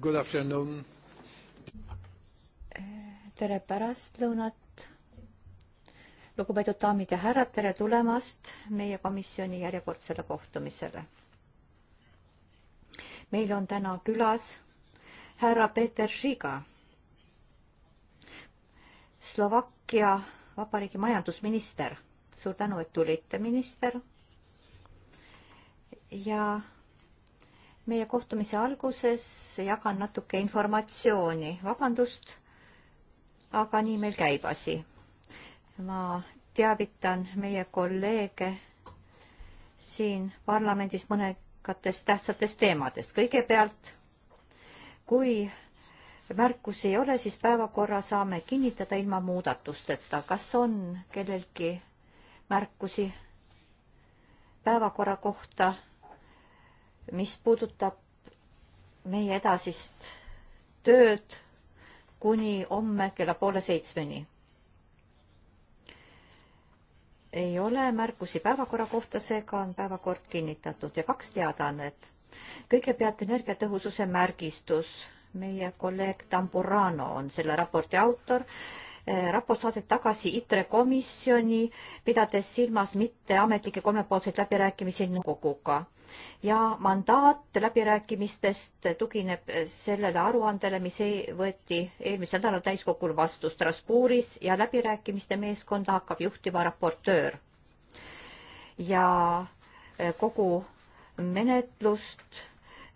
Good afternoon. tere pärastlõunat, lugupeetud daamid ja härrad, tere tulemast meie komisjoni järjekordsele kohtumisele. meil on täna külas härra Peeter Žiga, Slovakkia Vabariigi majandusminister. suur tänu, et tulite, minister. ja meie kohtumise alguses jagan natuke informatsiooni, vabandust, aga nii meil käib asi. ma teavitan meie kolleege siin parlamendis mõningatest tähtsatest teemadest. kõigepealt, kui märkusi ei ole, siis päevakorra saame kinnitada ilma muudatusteta. kas on kellelgi märkusi päevakorra kohta? mis puudutab meie edasist tööd kuni homme kella poole seitsmeni. ei ole märkusi päevakorra kohta, seega on päevakord kinnitatud ja kaks teadaannet. kõigepealt energiatõhususe märgistus. meie kolleeg Tamburano on selle raporti autor Eh, raport saadeti tagasi ITRE komisjoni, pidades silmas mitteametlikke kolmepoolseid läbirääkimisi nõukoguga. ja mandaat läbirääkimistest tugineb sellele aruandele, mis võeti eelmisel nädalal täiskogul vastu Strasbourgis ja läbirääkimiste meeskonda hakkab juhtima raportöör. ja eh, kogu menetlust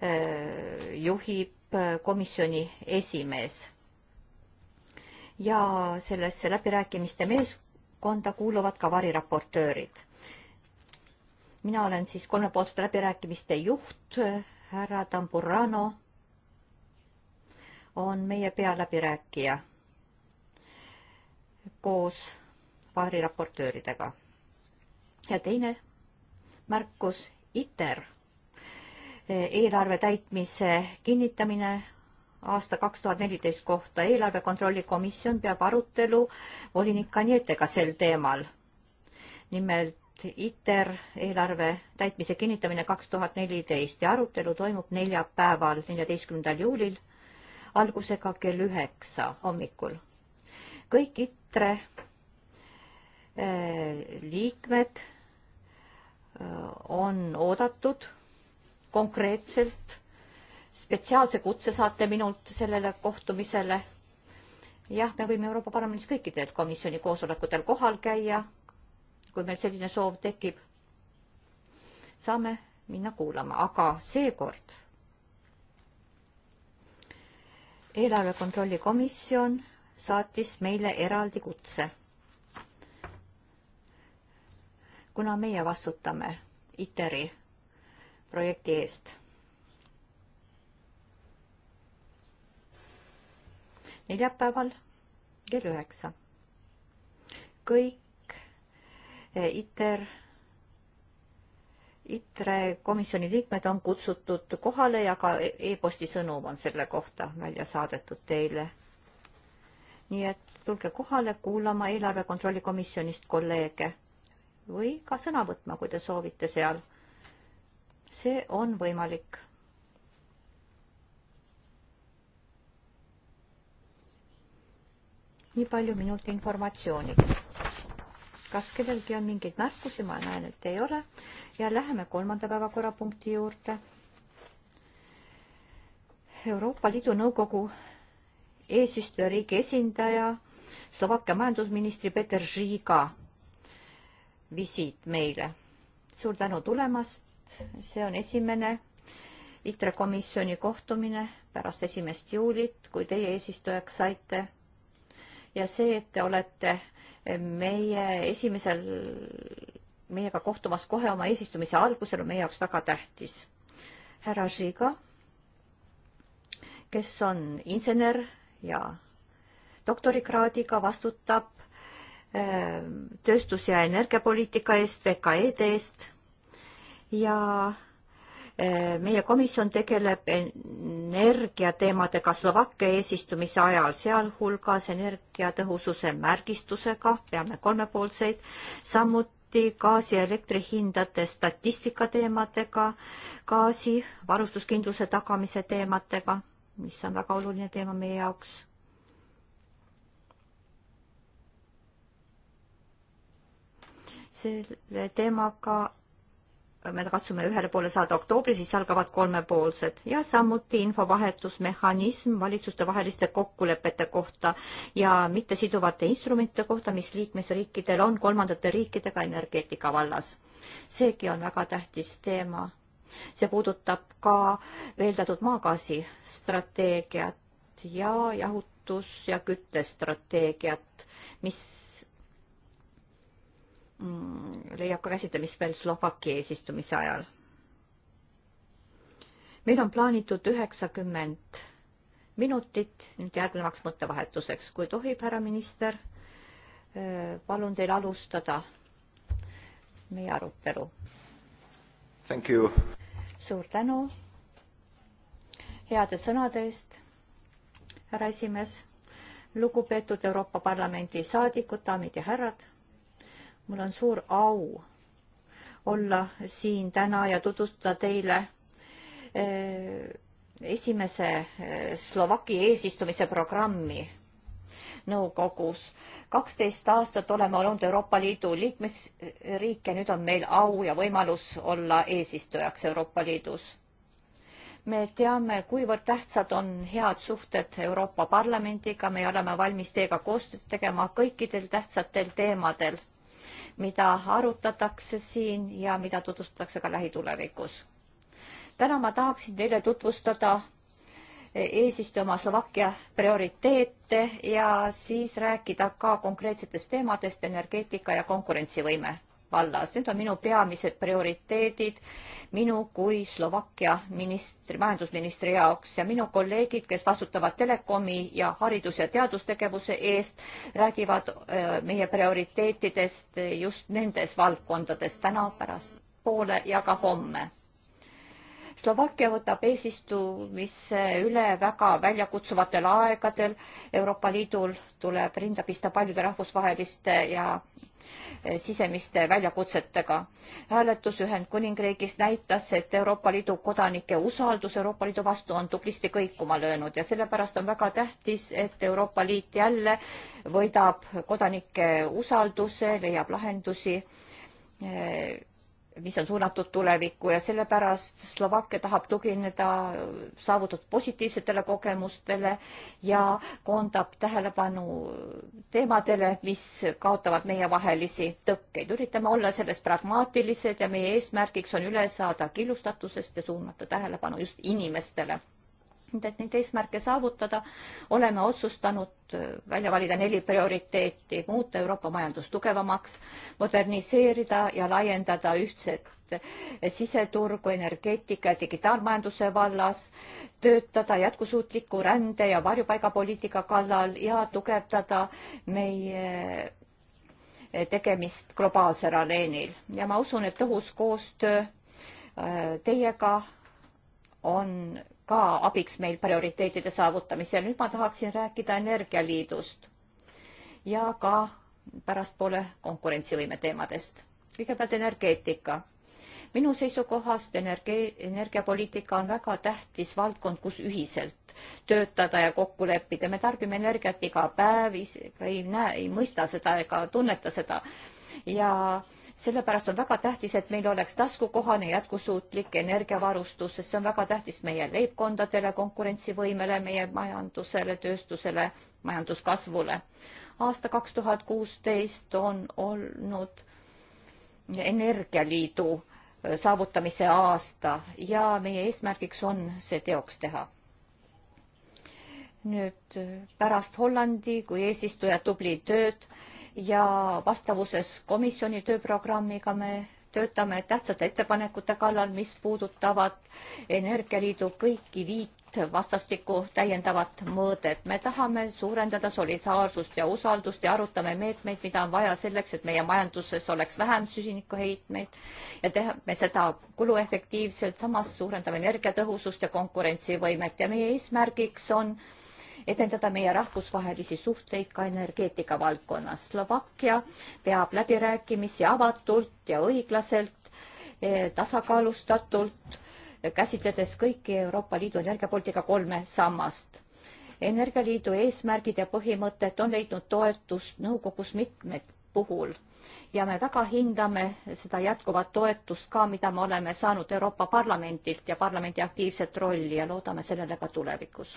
eh, juhib komisjoni esimees ja sellesse läbirääkimiste meeskonda kuuluvad ka variraportöörid. mina olen siis kolmepoolsete läbirääkimiste juht, härra Tamburano on meie pealäbirääkija koos variraportööridega. ja teine märkus, ITER, eelarve täitmise kinnitamine aasta kaks tuhat neliteist kohta. eelarve kontrolli komisjon peab arutelu volinik Kanietega sel teemal. nimelt ITER eelarve täitmise kinnitamine kaks tuhat neliteist ja arutelu toimub neljapäeval, neljateistkümnendal juulil algusega kell üheksa hommikul. kõik ITRE eh, liikmed eh, on oodatud konkreetselt spetsiaalse kutse saate minult sellele kohtumisele. jah, me võime Euroopa Parlamendis kõikidel komisjoni koosolekutel kohal käia, kui meil selline soov tekib. saame minna kuulama, aga seekord eelarve kontrolli komisjon saatis meile eraldi kutse. kuna meie vastutame ITER-i projekti eest neljapäeval kell üheksa. kõik eh, ITER, ITRE komisjoni liikmed on kutsutud kohale ja ka e-, e-posti sõnum on selle kohta välja saadetud teile. nii et tulge kohale kuulama eelarve kontrolli komisjonist kolleege või ka sõna võtma, kui te soovite seal. see on võimalik nii palju minult informatsiooniks. kas kellelgi on mingeid märkusi, ma näen, et ei ole ja läheme kolmanda päevakorrapunkti juurde. Euroopa Liidu Nõukogu eesistujariigi esindaja Slovakkia majandusministri Peter Žiga visiit meile. suur tänu tulemast, see on esimene ITRE komisjoni kohtumine pärast esimest juulit, kui teie eesistujaks saite ja see, et te olete meie esimesel, meiega kohtumas kohe oma eesistumise algusel, on meie jaoks väga tähtis. härra Žiga, kes on insener ja doktorikraadiga, vastutab öö, ähm, tööstus- ja energiapoliitika eest, VKE-de eest ja Eh, meie komisjon tegeleb energiateemadega Slovakkia eesistumise ajal, sealhulgas energiatõhususe märgistusega, peame kolmepoolseid, samuti gaasi ja elektri hindade statistika teemadega, gaasi varustuskindluse tagamise teemadega, mis on väga oluline teema meie jaoks. selle teemaga me katsume ühele poole saada oktoobri, siis algavad kolmepoolsed ja samuti infovahetusmehhanism valitsustevaheliste kokkulepete kohta ja mittesiduvate instrumente kohta, mis liikmesriikidel on kolmandate riikidega energeetika vallas. seegi on väga tähtis teema. see puudutab ka veeldatud maagaasi strateegiat ja jahutus- ja küttestrateegiat, mis Mm, leiab ka käsitlemist veel Slovakkia eesistumise ajal. meil on plaanitud üheksakümmend minutit nüüd järgnevaks mõttevahetuseks, kui tohib, härra minister, äh, palun teil alustada meie arutelu. suur tänu heade sõnade eest, härra esimees, lugupeetud Euroopa Parlamendi saadikud, daamid ja härrad mul on suur au olla siin täna ja tutvustada teile eh, esimese eh, Slovaki eesistumise programmi nõukogus. kaksteist aastat oleme olnud Euroopa Liidu liikmesriik ja nüüd on meil au ja võimalus olla eesistujaks Euroopa Liidus. me teame, kuivõrd tähtsad on head suhted Euroopa Parlamendiga, me oleme valmis teiega koostööd tegema kõikidel tähtsatel teemadel mida arutatakse siin ja mida tutvustatakse ka lähitulevikus. täna ma tahaksin teile tutvustada eesistuja oma Slovakkia prioriteete ja siis rääkida ka konkreetsetest teemadest energeetika ja konkurentsivõime vallas. Need on minu peamised prioriteedid minu kui Slovakkia ministri, majandusministri jaoks ja minu kolleegid, kes vastutavad telekomi ja haridus- ja teadustegevuse eest, räägivad meie prioriteetidest just nendes valdkondades täna pärastpoole ja ka homme Slovakkia võtab eesistumisse üle väga väljakutsuvatel aegadel. Euroopa Liidul tuleb rinda pista paljude rahvusvaheliste ja eh, sisemiste väljakutsetega. hääletus Ühendkuningriigis näitas, et Euroopa Liidu kodanike usaldus Euroopa Liidu vastu on tublisti kõikuma löönud ja sellepärast on väga tähtis, et Euroopa Liit jälle võidab kodanike usalduse, leiab lahendusi eh, mis on suunatud tulevikku ja sellepärast Slovakkia tahab tugineda saavutatud positiivsetele kogemustele ja koondab tähelepanu teemadele, mis kaotavad meievahelisi tõkkeid. üritame olla selles pragmaatilised ja meie eesmärgiks on üle saada killustatusest ja suunata tähelepanu just inimestele tahtnud, et neid eesmärke saavutada, oleme otsustanud äh, välja valida neli prioriteeti, muuta Euroopa majandus tugevamaks, moderniseerida ja laiendada ühtset äh, siseturgu energeetika ja digitaalmajanduse vallas, töötada jätkusuutliku rände ja varjupaigapoliitika kallal ja tugevdada meie äh, tegemist globaalsel areenil ja ma usun, et tõhus koostöö teiega on ka abiks meil prioriteetide saavutamisel. nüüd ma tahaksin rääkida Energialiidust ja ka pärastpoole konkurentsivõime teemadest. kõigepealt energeetika. minu seisukohast energia, energiapoliitika on väga tähtis valdkond, kus ühiselt töötada ja kokku leppida. me tarbime energiat iga päev, ei näe, ei mõista seda ega tunneta seda ja äh, sellepärast on väga tähtis, et meil oleks taskukohane jätkusuutlik energiavarustus, sest see on väga tähtis meie leibkondadele, konkurentsivõimele, meie majandusele, tööstusele, majanduskasvule. aasta kaks tuhat kuusteist on olnud energialiidu äh, saavutamise aasta ja meie eesmärgiks on see teoks teha. nüüd äh, pärast Hollandi kui eesistuja tubli tööd ja vastavuses komisjoni tööprogrammiga me töötame tähtsate ettepanekute kallal, mis puudutavad Energialiidu kõiki viit vastastikku täiendavat mõõdet. me tahame suurendada solidaarsust ja usaldust ja arutame meetmeid, mida on vaja selleks, et meie majanduses oleks vähem süsinikuheitmeid ja teeme seda kuluefektiivselt, samas suurendame energiatõhusust ja konkurentsivõimet ja meie eesmärgiks on äh, edendada meie rahvusvahelisi suhteid ka energeetika valdkonnas. Slovakkia peab läbirääkimisi avatult ja õiglaselt, eh, tasakaalustatult, käsitledes kõiki Euroopa Liidu energiapoliitika kolme sammast energialiidu eesmärgid ja põhimõtted on leidnud toetust nõukogus mitmed puhul ja me väga hindame seda jätkuvat toetust ka, mida me oleme saanud Euroopa Parlamendilt ja parlamendi aktiivset rolli ja loodame sellele ka tulevikus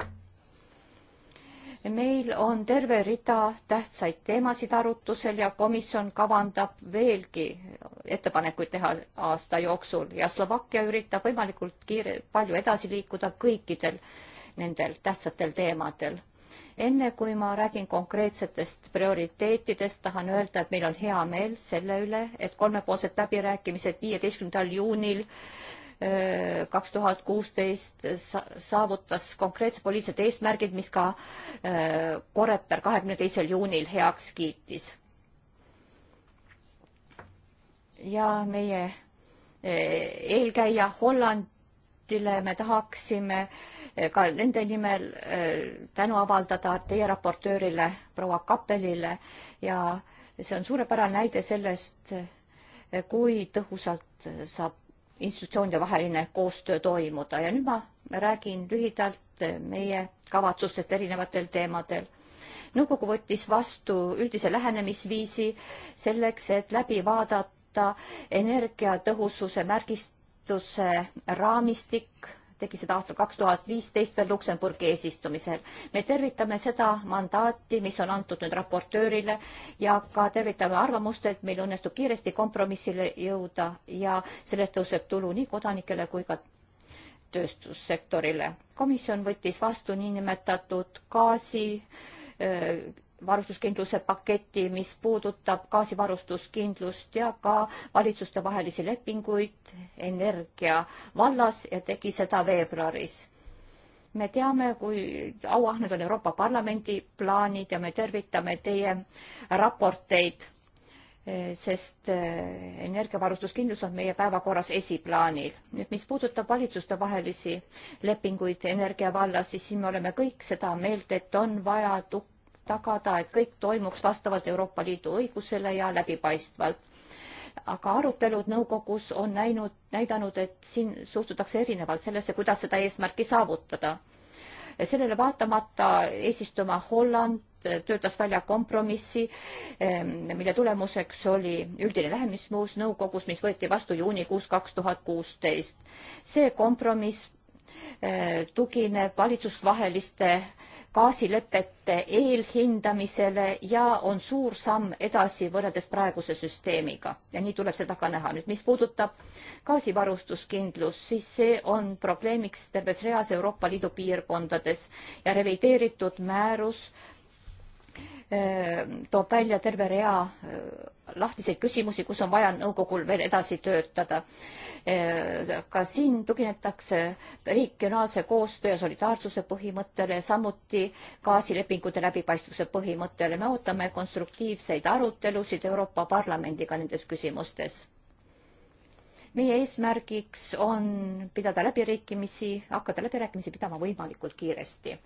meil on terve rida tähtsaid teemasid arutusel ja komisjon kavandab veelgi ettepanekuid teha aasta jooksul ja Slovakkia üritab võimalikult kiire, palju edasi liikuda kõikidel nendel tähtsatel teemadel. enne kui ma räägin konkreetsetest prioriteetidest, tahan öelda, et meil on hea meel selle üle, et kolmepoolsed läbirääkimised viieteistkümnendal juunil äh, kaks tuhat kuusteist saavutas konkreetsed poliitilised eesmärgid, mis ka äh, Koreper kahekümne teisel juunil heaks kiitis. ja meie äh, eelkäija Hollandile me tahaksime äh, ka nende nimel tänu avaldada teie raportöörile proua Kappelile ja see on suurepärane näide sellest, kui tõhusalt saab institutsioonide vaheline koostöö toimuda ja nüüd ma räägin lühidalt meie kavatsustest erinevatel teemadel. nõukogu võttis vastu üldise lähenemisviisi selleks, et läbi vaadata energiatõhususe märgistuse raamistik tegi seda aastal kaks tuhat viisteist veel Luksemburgi eesistumisel. me tervitame seda mandaati, mis on antud nüüd raportöörile ja ka tervitame arvamust, et meil õnnestub kiiresti kompromissile jõuda ja sellest tõuseb tulu nii kodanikele kui ka tööstussektorile. komisjon võttis vastu niinimetatud gaasi äh, varustuskindluse paketti, mis puudutab gaasivarustuskindlust ja ka valitsustevahelisi lepinguid energia vallas ja tegi seda veebruaris. me teame, kui auahned on Euroopa Parlamendi plaanid ja me tervitame teie raporteid, sest eh, energiavarustuskindlus on meie päevakorras esiplaanil. nüüd, mis puudutab valitsustevahelisi lepinguid energia vallas, siis siin me oleme kõik seda meelt, et on vaja tukk tagada, et kõik toimuks vastavalt Euroopa Liidu õigusele ja läbipaistvalt aga arutelud nõukogus on näinud, näidanud, et siin suhtutakse erinevalt sellesse, kuidas seda eesmärki saavutada. sellele vaatamata eesistuma Holland töötas välja kompromissi, mille tulemuseks oli üldine lähenemismuus nõukogus, mis võeti vastu juunikuus kaks tuhat kuusteist. see kompromiss eh, tugineb valitsusvaheliste gaasilepete eelhindamisele ja on suur samm edasi võrreldes praeguse süsteemiga ja nii tuleb seda ka näha. nüüd, mis puudutab gaasivarustuskindlust, siis see on probleemiks terves reas Euroopa Liidu piirkondades ja revideeritud määrus Ehm, toob välja terve rea ehm, lahtiseid küsimusi, kus on vaja nõukogul veel edasi töötada. Ehm, ka siin tuginetakse regionaalse koostöö ja solidaarsuse põhimõttele, samuti gaasilepingute läbipaistvuse põhimõttele. me ootame konstruktiivseid arutelusid Euroopa Parlamendiga nendes küsimustes meie eesmärgiks on pidada läbirääkimisi, hakata läbirääkimisi pidama võimalikult kiiresti.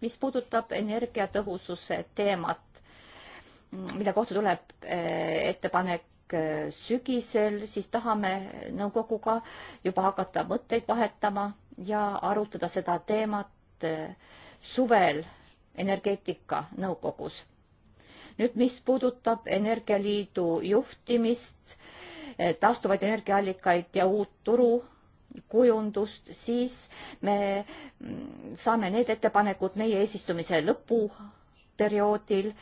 mis puudutab energiatõhususe teemat, mille kohta tuleb eh, ettepanek eh, sügisel, siis tahame nõukoguga juba hakata mõtteid vahetama ja arutada seda teemat eh, suvel energeetikanõukogus. nüüd, mis puudutab Energialiidu juhtimist, taastuvaid energiaallikaid ja uut turukujundust, siis me mm, saame need ettepanekud meie eesistumise lõpuperioodil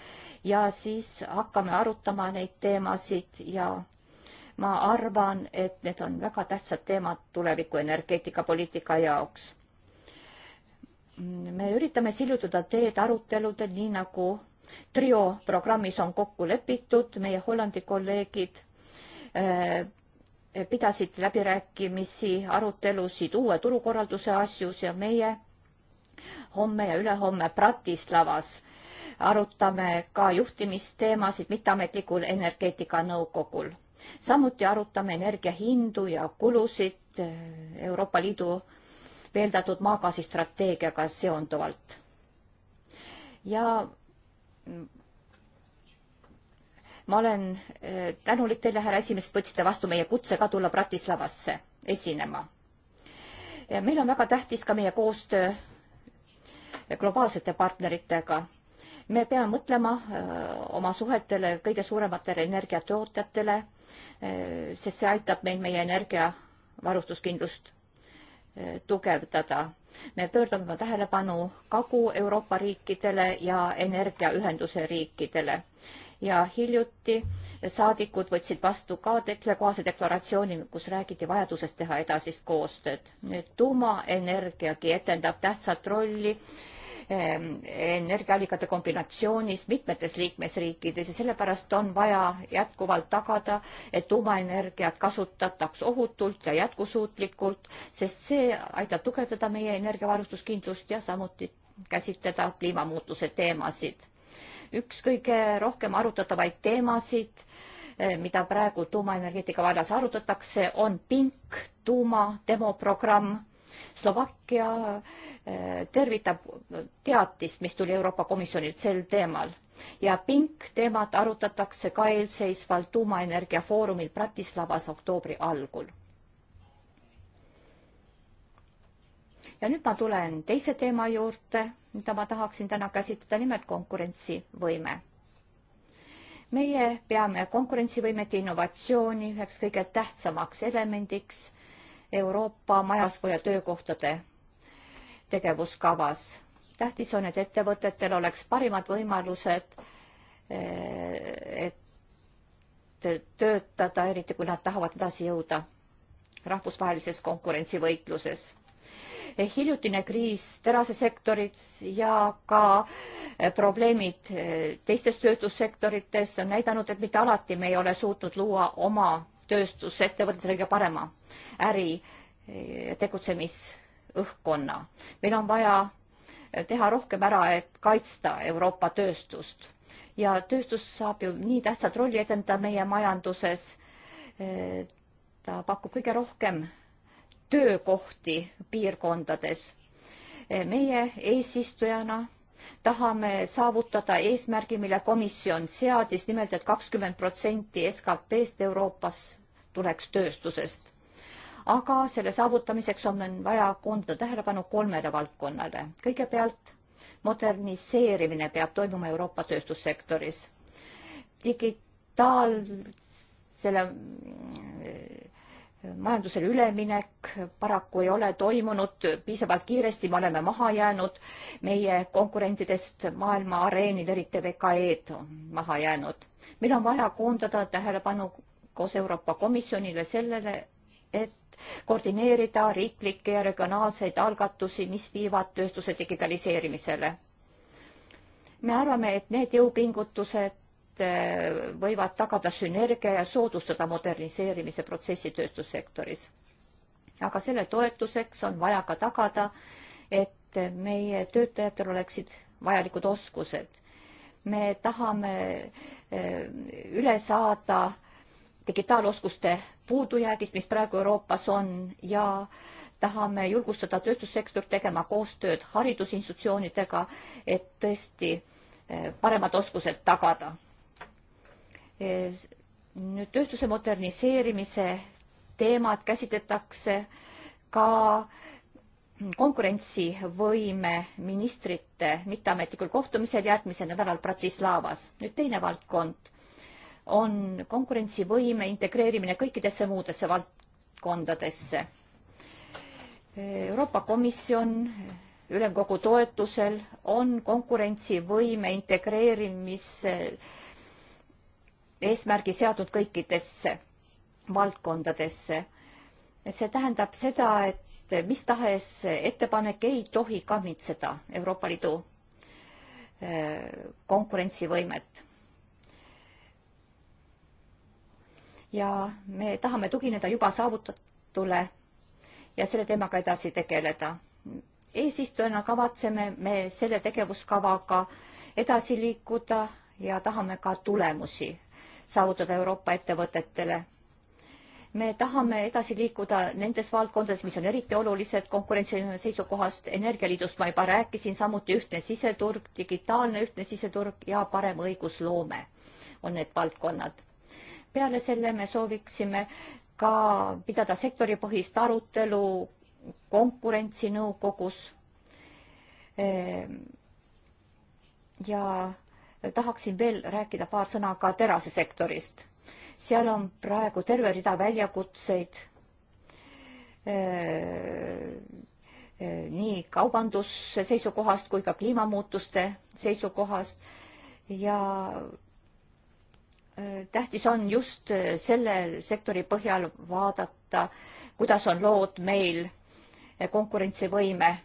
ja siis hakkame arutama neid teemasid ja ma arvan, et need on väga tähtsad teemad tuleviku energeetikapoliitika jaoks. me üritame sillutada teed aruteludel, nii nagu trio programmis on kokku lepitud, meie Hollandi kolleegid äh, pidasid läbirääkimisi, arutelusid uue turukorralduse asjus ja meie homme ja ülehomme Bratislavas arutame ka juhtimisteemasid mitteametlikul energeetikanõukogul. samuti arutame energiahindu ja kulusid eh, Euroopa Liidu veeldatud maagaasi strateegiaga seonduvalt. ja mm, ma olen eh, tänulik teile, härra esimees, et võtsite vastu meie kutse ka tulla Bratislavasse esinema. meil on väga tähtis ka meie koostöö globaalsete partneritega me peame mõtlema äh, oma suhetele kõige suurematele energiatootjatele, äh, sest see aitab meil meie energiavarustuskindlust äh, tugevdada. me pöördame oma tähelepanu Kagu-Euroopa riikidele ja energiaühenduse riikidele ja hiljuti saadikud võtsid vastu ka teklekohase deklaratsiooni, kus räägiti vajadusest teha edasist koostööd. nüüd tuumaenergiagi etendab tähtsat rolli äh, Ähm, energiaallikate kombinatsioonist mitmetes liikmesriikides ja sellepärast on vaja jätkuvalt tagada, et tuumaenergiat kasutataks ohutult ja jätkusuutlikult, sest see aitab tugevdada meie energiavarustuskindlust ja samuti käsitleda kliimamuutuse teemasid. üks kõige rohkem arutatavaid teemasid, eh, mida praegu tuumaenergeetika vallas arutatakse, on PINK tuumademoprogramm Slovakkia eh, tervitab teatist, mis tuli Euroopa Komisjonilt sel teemal ja pink teemat arutatakse ka eelseisval tuumaenergia foorumil Bratislavas oktoobri algul. ja nüüd ma tulen teise teema juurde, mida ma tahaksin täna käsitleda, nimelt konkurentsivõime. meie peame konkurentsivõimet ja innovatsiooni üheks kõige tähtsamaks elemendiks Euroopa majaskuu ja töökohtade tegevuskavas. tähtis on, et ettevõtetel oleks parimad võimalused, eh, et töötada, eriti kui nad tahavad edasi jõuda rahvusvahelises konkurentsivõitluses eh, hiljutine kriis terasesektoris ja ka eh, probleemid teistes tööstussektorites on näidanud, et mitte alati me ei ole suutnud luua oma tööstusettevõtted kõige parema äri eh, tegutsemisõhkkonna. meil on vaja teha rohkem ära, et kaitsta Euroopa tööstust ja tööstus saab ju nii tähtsat rolli edendada meie majanduses. Eh, ta pakub kõige rohkem töökohti piirkondades. Eh, meie eesistujana tahame saavutada eesmärgi, mille komisjon seadis, nimelt et kakskümmend protsenti SKP-st Euroopas tuleks tööstusest. aga selle saavutamiseks on meil vaja koondada tähelepanu kolmele valdkonnale. kõigepealt moderniseerimine peab toimuma Euroopa tööstussektoris. digitaalsele majandusele üleminek paraku ei ole toimunud piisavalt kiiresti, me oleme maha jäänud meie konkurentidest maailma areenil, eriti VKE-d on maha jäänud. meil on vaja koondada tähelepanu koos Euroopa Komisjonile sellele, et koordineerida riiklikke ja regionaalseid algatusi, mis viivad tööstuse digitaliseerimisele. me arvame, et need jõupingutused Eh, võivad tagada sünergia ja soodustada moderniseerimise protsessi tööstussektoris. aga selle toetuseks on vaja ka tagada, et meie töötajatel oleksid vajalikud oskused. me tahame eh, üle saada digitaaloskuste puudujäägist, mis praegu Euroopas on ja tahame julgustada tööstussektorit tegema koostööd haridusinstitutsioonidega, et tõesti eh, paremad oskused tagada nüüd tööstuse moderniseerimise teemad käsitletakse ka konkurentsivõime ministrite mitteametlikul kohtumisel järgmisel nädalal Bratislavas. nüüd teine valdkond on konkurentsivõime integreerimine kõikidesse muudesse valdkondadesse. Euroopa Komisjon ülemkogu toetusel on konkurentsivõime integreerimisel eesmärgi seatud kõikidesse valdkondadesse. see tähendab seda, et mis tahes ettepanek ei tohi kammitseda Euroopa Liidu äh, konkurentsivõimet. ja me tahame tugineda juba saavutatule ja selle teemaga edasi tegeleda. eesistujana kavatseme me selle tegevuskavaga edasi liikuda ja tahame ka tulemusi saavutada Euroopa ettevõtetele. me tahame edasi liikuda nendes valdkondades, mis on eriti olulised konkurentsi seisukohast, Energialiidust ma juba rääkisin, samuti ühtne siseturg, digitaalne ühtne siseturg ja parem õigusloome on need valdkonnad. peale selle me sooviksime ka pidada sektoripõhist arutelu konkurentsinõukogus ehm, ja tahaksin veel rääkida paar sõna ka terasesektorist. seal on praegu terve rida väljakutseid nii kaubanduse seisukohast kui ka kliimamuutuste seisukohast ja tähtis on just selle sektori põhjal vaadata, kuidas on lood meil konkurentsivõime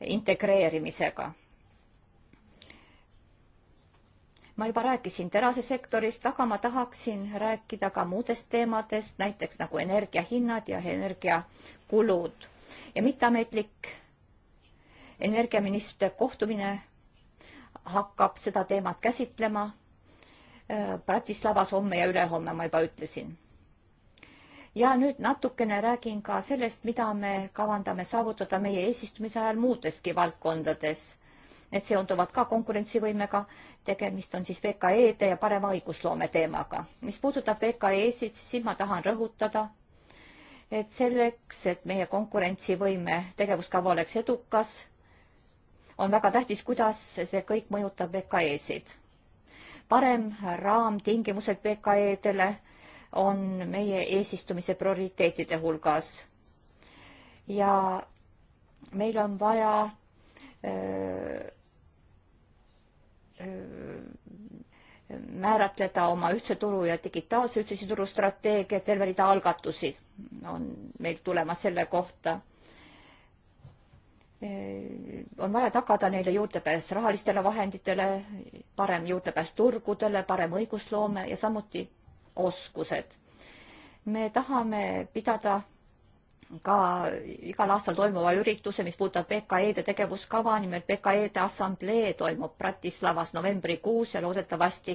integreerimisega ma juba rääkisin terasesektorist, aga ma tahaksin rääkida ka muudest teemadest, näiteks nagu energiahinnad ja energiakulud ja mitteametlik energiaministrite kohtumine hakkab seda teemat käsitlema Bratislavas homme ja ülehomme, ma juba ütlesin. ja nüüd natukene räägin ka sellest, mida me kavandame saavutada meie eesistumise ajal muudeski valdkondades need seonduvad ka konkurentsivõimega. tegemist on siis VKE-de ja parema õigusloome teemaga. mis puudutab VKE-sid, siis siin ma tahan rõhutada, et selleks, et meie konkurentsivõime tegevuskava oleks edukas, on väga tähtis, kuidas see kõik mõjutab VKE-sid. parem raamtingimused VKE-dele on meie eesistumise prioriteetide hulgas. ja meil on vaja öö, äh, määratleda oma ühtse turu ja digitaalse ühtse turu strateegia, terve rida algatusi on meil tulemas selle kohta. on vaja tagada neile juurdepääs rahalistele vahenditele, parem juurdepääs turgudele, parem õigusloome ja samuti oskused. me tahame pidada ka igal aastal toimuva ürituse, mis puudutab VKE-de tegevuskava, nimelt VKE-de assamblee toimub Bratislavas novembrikuus ja loodetavasti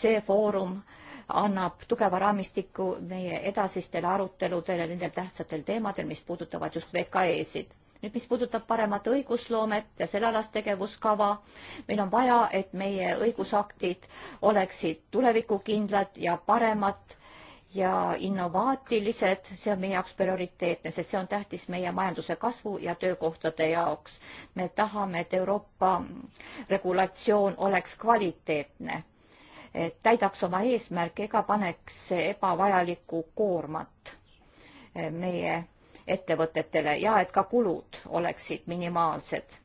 see foorum annab tugeva raamistiku meie edasistele aruteludele nendel tähtsatel teemadel, mis puudutavad just VKE-sid nüüd, mis puudutab paremat õigusloomet ja sellealast tegevuskava, meil on vaja, et meie õigusaktid oleksid tulevikukindlad ja paremad ja innovaatilised, see on meie jaoks prioriteetne, sest see on tähtis meie majanduse kasvu ja töökohtade jaoks. me tahame, et Euroopa regulatsioon oleks kvaliteetne, et täidaks oma eesmärke ega paneks ebavajalikku koormat eh, meie ettevõtetele ja et ka kulud oleksid minimaalsed.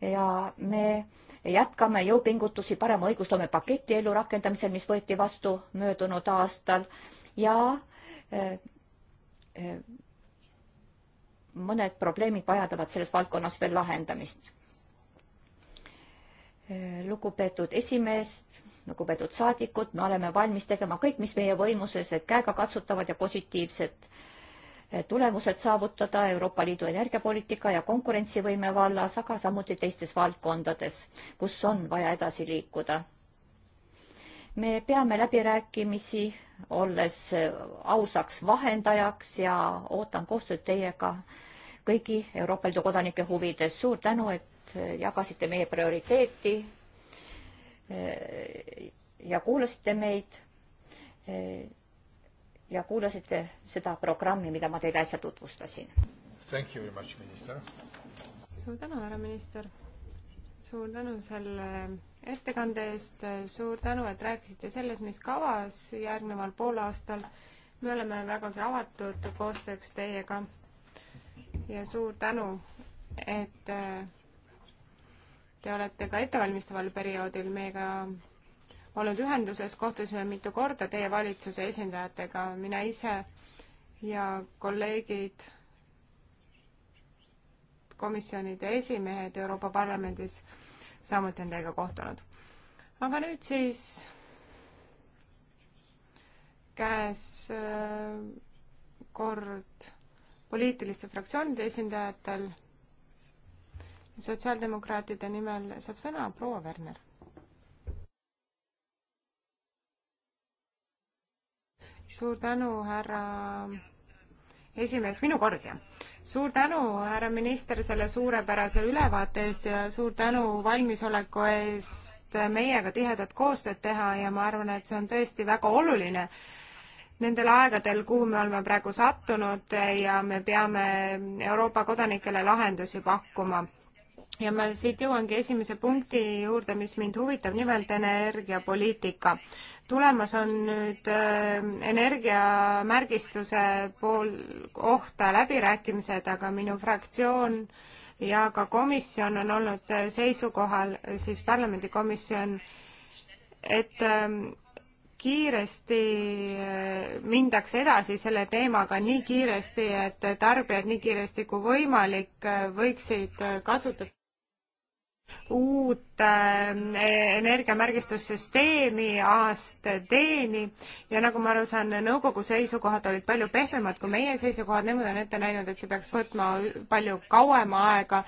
ja me me jätkame jõupingutusi parema õigusloome paketi ellurakendamisel, mis võeti vastu möödunud aastal ja äh, äh, mõned probleemid vajadavad selles valdkonnas veel lahendamist. Äh, lugupeetud esimees, lugupeetud saadikud, me oleme valmis tegema kõik, mis meie võimuses, et käegakatsutavad ja positiivsed Eh, tulemused saavutada Euroopa Liidu energiapoliitika ja konkurentsivõime vallas, aga samuti teistes valdkondades, kus on vaja edasi liikuda. me peame läbirääkimisi, olles eh, ausaks vahendajaks ja ootan koostööd teiega kõigi Euroopa Liidu kodanike huvides. suur tänu, et eh, jagasite meie prioriteeti ja kuulasite meid ja kuulasite seda programmi, mida ma teile äsja tutvustasin. suur tänu, härra minister! suur tänu selle ettekande eest, suur tänu, et rääkisite selles, mis kavas järgneval poolaastal. me oleme vägagi avatud koostööks teiega ja suur tänu, et te olete ka ettevalmistaval perioodil meiega olnud ühenduses, kohtusime mitu korda teie valitsuse esindajatega, mina ise ja kolleegid, komisjonide esimehed Euroopa Parlamendis samuti on teiega kohtunud. aga nüüd siis käes äh, kord poliitiliste fraktsioonide esindajatel. sotsiaaldemokraatide nimel saab sõna proua Werner. suur tänu, härra esimees, minu kord jah. suur tänu, härra minister, selle suurepärase ülevaate eest ja suur tänu valmisoleku eest meiega tihedat koostööd teha ja ma arvan, et see on tõesti väga oluline nendel aegadel, kuhu me oleme praegu sattunud ja me peame Euroopa kodanikele lahendusi pakkuma ja ma siit jõuangi esimese punkti juurde, mis mind huvitab, nimelt energiapoliitika. tulemas on nüüd äh, energiamärgistuse pool kohta läbirääkimised, aga minu fraktsioon ja ka komisjon on olnud seisukohal, siis parlamendikomisjon, et ähm, kiiresti äh, mindaks edasi selle teemaga nii kiiresti, et tarbijad nii kiiresti kui võimalik äh, võiksid kasutada uut ähm, e-, energiamärgistussüsteemi ASTD-ni ja nagu ma aru saan, nõukogu seisukohad olid palju pehmemad kui meie seisukohad, nemad on ette näinud, et see peaks võtma palju kauem aega.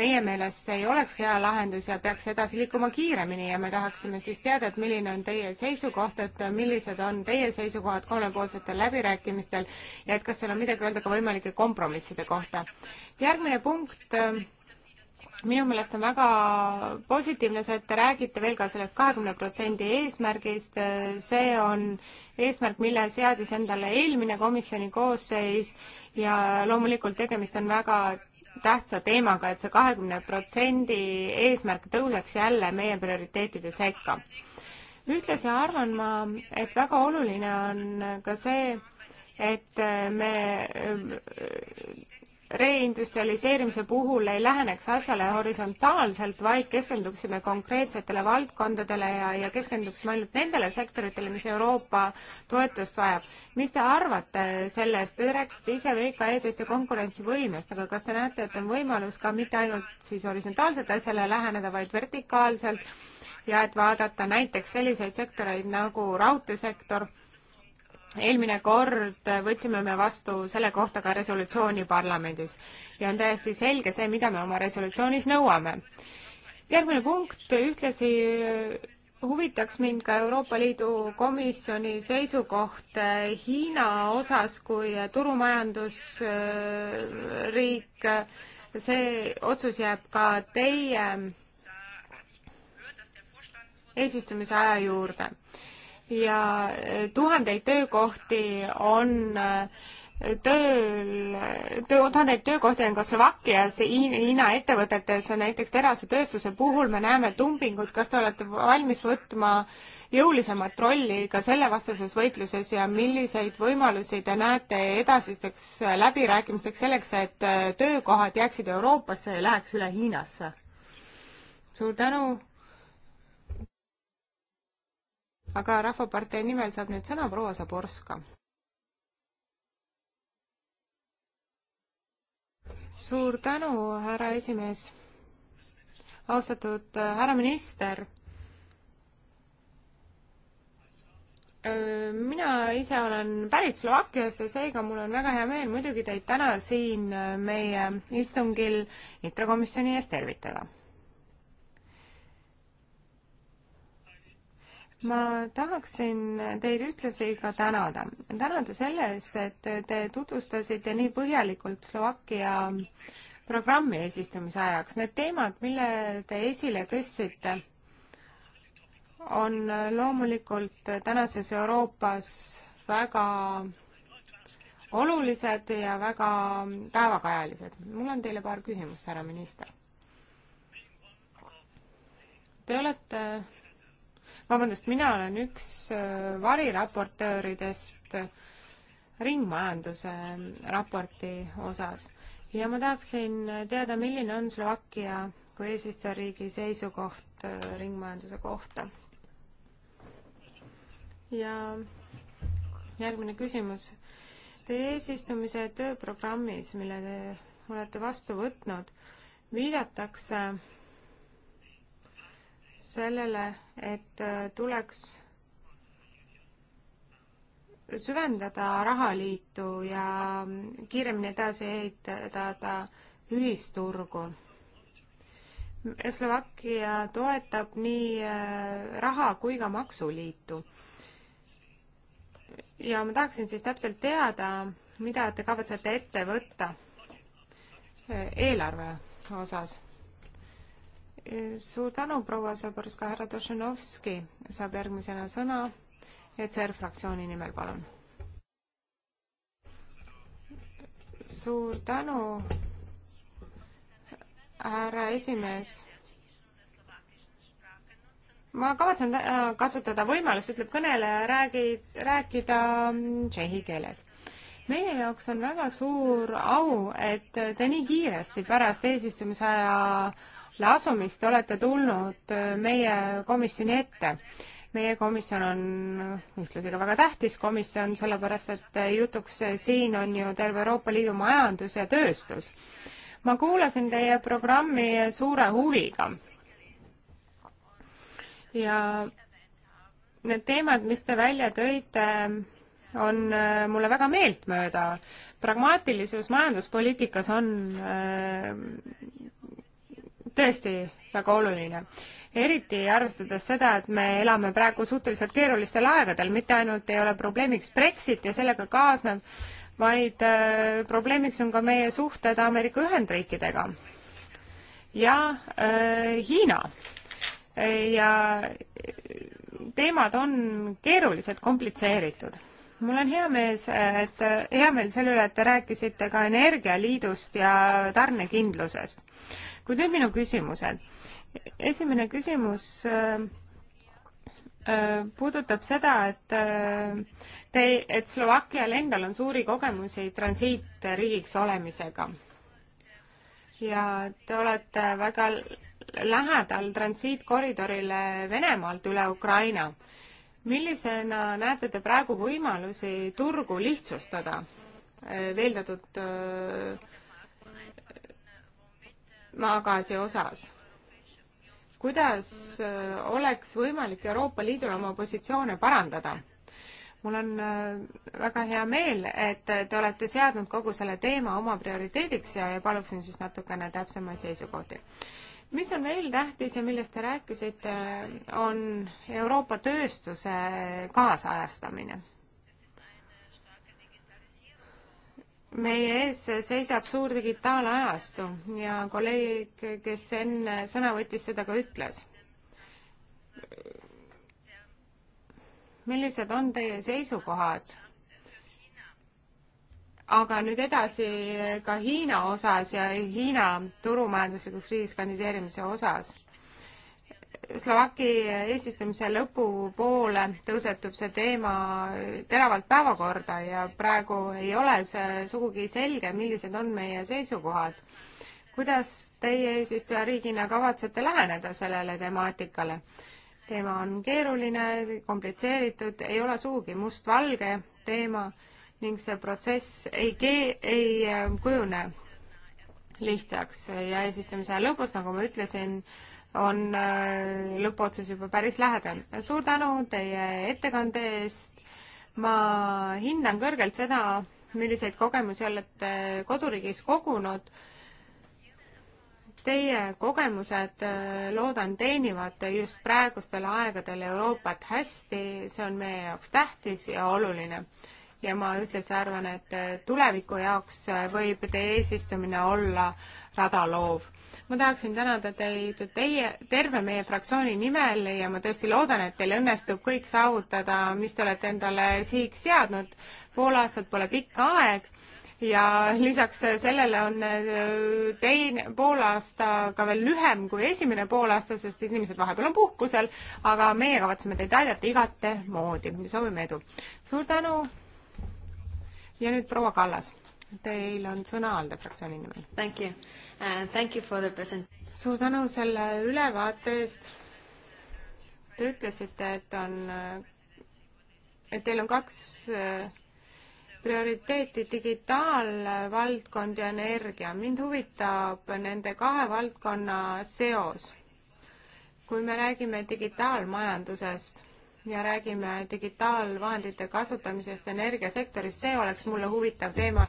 meie meelest see ei oleks hea lahendus ja peaks edasi liikuma kiiremini ja me tahaksime siis teada, et milline on teie seisukoht, et millised on teie seisukohad kolmepoolsetel läbirääkimistel ja et kas seal on midagi öelda ka võimalike kompromisside kohta. järgmine punkt ähm, minu meelest on väga positiivne see, et te räägite veel ka sellest kahekümne protsendi eesmärgist, see on eesmärk, mille seadis endale eelmine komisjoni koosseis ja loomulikult tegemist on väga tähtsa teemaga, et see kahekümne protsendi eesmärk tõuseks jälle meie prioriteetide sekka. ühtlasi arvan ma, et väga oluline on ka see, et me reindustrialiseerimise puhul ei läheneks asjale horisontaalselt, vaid keskenduksime konkreetsetele valdkondadele ja, ja keskenduksime ainult nendele sektoritele, mis Euroopa toetust vajab. mis te arvate sellest, te rääkisite ise VKE-dest ja konkurentsivõimest, aga kas te näete, et on võimalus ka mitte ainult siis horisontaalselt asjale läheneda, vaid vertikaalselt ja et vaadata näiteks selliseid sektoreid nagu raudteesektor eelmine kord võtsime me vastu selle kohta ka resolutsiooni parlamendis ja on täiesti selge see, mida me oma resolutsioonis nõuame. järgmine punkt ühtlasi huvitaks mind ka Euroopa Liidu komisjoni seisukoht Hiina osas kui turumajandusriik. see otsus jääb ka teie eesistumise aja juurde ja eh, tuhandeid töökohti on eh, tööl, töö, tuhandeid töökohti on ka Slovakkias, Hiina ettevõtetes, näiteks terasetööstuse puhul me näeme dumpingut, kas te olete valmis võtma jõulisemat rolli ka sellevastases võitluses ja milliseid võimalusi te näete edasisteks läbirääkimisteks selleks, et eh, töökohad jääksid Euroopasse ja läheks üle Hiinasse? suur tänu aga Rahvapartei nimel saab nüüd sõna proua Zaborska. suur tänu, härra esimees. austatud äh, härra minister äh, mina ise olen pärit Slovakkiast ja seega mul on väga hea meel muidugi teid täna siin äh, meie istungil intrakomisjoni ees tervitada. ma tahaksin teid ühtlasi ka tänada. tänada selle eest, et te tutvustasite nii põhjalikult Slovakkia programmi eesistumise ajaks. Need teemad, mille te esile tõstsite, on loomulikult tänases Euroopas väga olulised ja väga päevakajalised. mul on teile paar küsimust, härra minister. Te olete vabandust, mina olen üks äh, variraportööridest ringmajanduse raporti osas ja ma tahaksin teada, milline on Slovakkia kui eesistujariigi seisukoht äh, ringmajanduse kohta. ja järgmine küsimus. Teie eesistumise tööprogrammis, mille te olete vastu võtnud, viidatakse sellele, et äh, tuleks süvendada rahaliitu ja mm, kiiremini edasi ehitada ühisturgu. Slovakkia toetab nii äh, raha kui ka maksuliitu. ja ma tahaksin siis täpselt teada, mida te kavatsete ette võtta äh, eelarve osas suur tänu, proua Zaborska, härra Tošenovski saab järgmisena sõna ECR fraktsiooni nimel, palun. suur tänu, härra esimees ma kavatsen äh, kasutada võimalust, ütleb kõneleja, räägi, rääkida mm, tšehhi keeles. meie jaoks on väga suur au, et te nii kiiresti pärast eesistumisaja asumist olete tulnud äh, meie komisjoni ette. meie komisjon on ühtlasi ka väga tähtis komisjon, sellepärast et äh, jutuks äh, siin on ju terve Euroopa Liidu majandus ja tööstus. ma kuulasin teie programmi suure huviga. ja need teemad, mis te välja tõite, on mulle väga meeltmööda. pragmaatilisus majanduspoliitikas on tõesti väga oluline. eriti arvestades seda, et me elame praegu suhteliselt keerulistel aegadel, mitte ainult ei ole probleemiks Brexit ja sellega kaasnev, vaid äh, probleemiks on ka meie suhted Ameerika Ühendriikidega ja äh, Hiina ja teemad on keerulised, komplitseeritud mul on hea mees, et, hea meel selle üle, et te rääkisite ka Energialiidust ja tarnekindlusest. kuid nüüd minu küsimused. esimene küsimus äh, äh puudutab seda, et äh, te, et Slovakkial endal on suuri kogemusi transiitriigiks olemisega. ja te olete väga lähedal transiitkoridorile Venemaalt üle Ukraina millisena näete te praegu võimalusi turgu lihtsustada veeldatud äh, maagaasi osas? kuidas äh, oleks võimalik Euroopa Liidul oma positsioone parandada? mul on äh, väga hea meel, et te olete seadnud kogu selle teema oma prioriteediks ja paluksin siis natukene täpsemaid seisukohti mis on veel tähtis ja millest te rääkisite, on Euroopa tööstuse kaasajastamine. meie ees seisab suur digitaalajastu ja kolleeg, kes enne sõna võttis, seda ka ütles. millised on teie seisukohad aga nüüd edasi ka Hiina osas ja Hiina turumajanduslikuks riigis kandideerimise osas. Slovaki eesistumise lõpupoole tõusetub see teema teravalt päevakorda ja praegu ei ole see sugugi selge, millised on meie seisukohad. kuidas teie eesistujariigina kavatsete läheneda sellele temaatikale? teema on keeruline, komplitseeritud, ei ole sugugi mustvalge teema ning see protsess ei kee-, ei ähm, kujune lihtsaks ja eesistumise aja lõpus, nagu ma ütlesin, on äh, lõppotsus juba päris lähedal. suur tänu teie ettekande eest, ma hindan kõrgelt seda, milliseid kogemusi olete koduriigis kogunud. Teie kogemused, äh, loodan, teenivad just praegustel aegadel Euroopat hästi, see on meie jaoks tähtis ja oluline ja ma ühtlasi arvan, et eh, tuleviku jaoks eh, võib teie eesistumine olla radaloov. ma tahaksin tänada teid teie, terve meie fraktsiooni nimel ja ma tõesti loodan, et teil õnnestub kõik saavutada, mis te olete endale sihiks seadnud. pool aastat pole pikk aeg ja lisaks sellele on eh, teine poolaasta ka veel lühem kui esimene poolaasta, sest inimesed vahepeal on puhkusel, aga meie kavatseme teid aidata igate moodi, soovime edu. suur tänu ja nüüd proua Kallas, teil on sõna ALDE fraktsiooni nimel. Thank you uh,, thank you for the present-. suur tänu selle ülevaate eest. Te ütlesite, et on, et teil on kaks eh, prioriteeti, digitaalvaldkond ja energia. mind huvitab nende kahe valdkonna seos. kui me räägime digitaalmajandusest, ja räägime digitaalvahendite kasutamisest energiasektoris, see oleks mulle huvitav teema.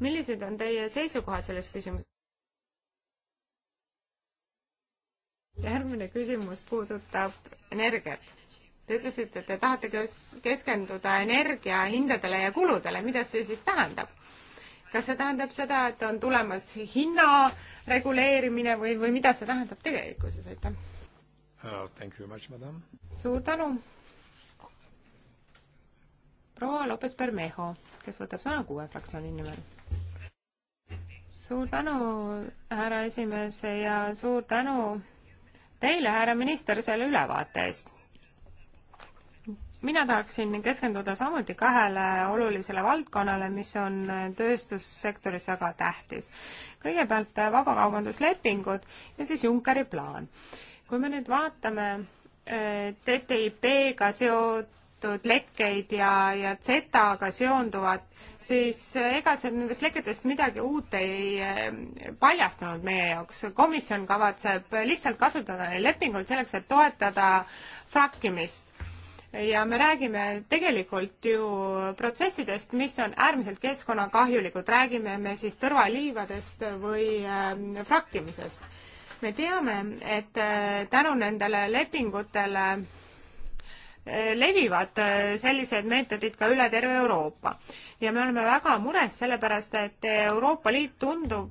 millised on teie seisukohad selles küsimuses? järgmine küsimus puudutab energiat. Te ütlesite, et te tahate keskenduda energiahindadele ja kuludele, mida see siis tähendab? kas see tähendab seda, et on tulemas hinna reguleerimine või, või mida see tähendab tegelikkuses, aitäh? Uh, thank you very much, madam. suur tänu. proua Lopes-Bermejo, kes võtab sõna kuue fraktsiooni nimel. suur tänu, härra esimees ja suur tänu teile, härra minister, selle ülevaate eest. mina tahaksin keskenduda samuti kahele olulisele valdkonnale, mis on tööstussektoris väga tähtis. kõigepealt vabakaubanduslepingud ja siis Junckeri plaan kui me nüüd vaatame äh, TTIP-ga seotud lekkeid ja, ja Z-ga seonduvat, siis äh, ega seal nendest leketest midagi uut ei äh, paljastunud meie jaoks. komisjon kavatseb lihtsalt kasutada neid lepinguid selleks, et toetada frakkimist. ja me räägime tegelikult ju protsessidest, mis on äärmiselt keskkonnakahjulikud, räägime me siis tõrvaliivadest või frakkimisest me teame, et äh, tänu nendele lepingutele äh, levivad äh, sellised meetodid ka üle terve Euroopa. ja me oleme väga mures sellepärast, et Euroopa Liit tundub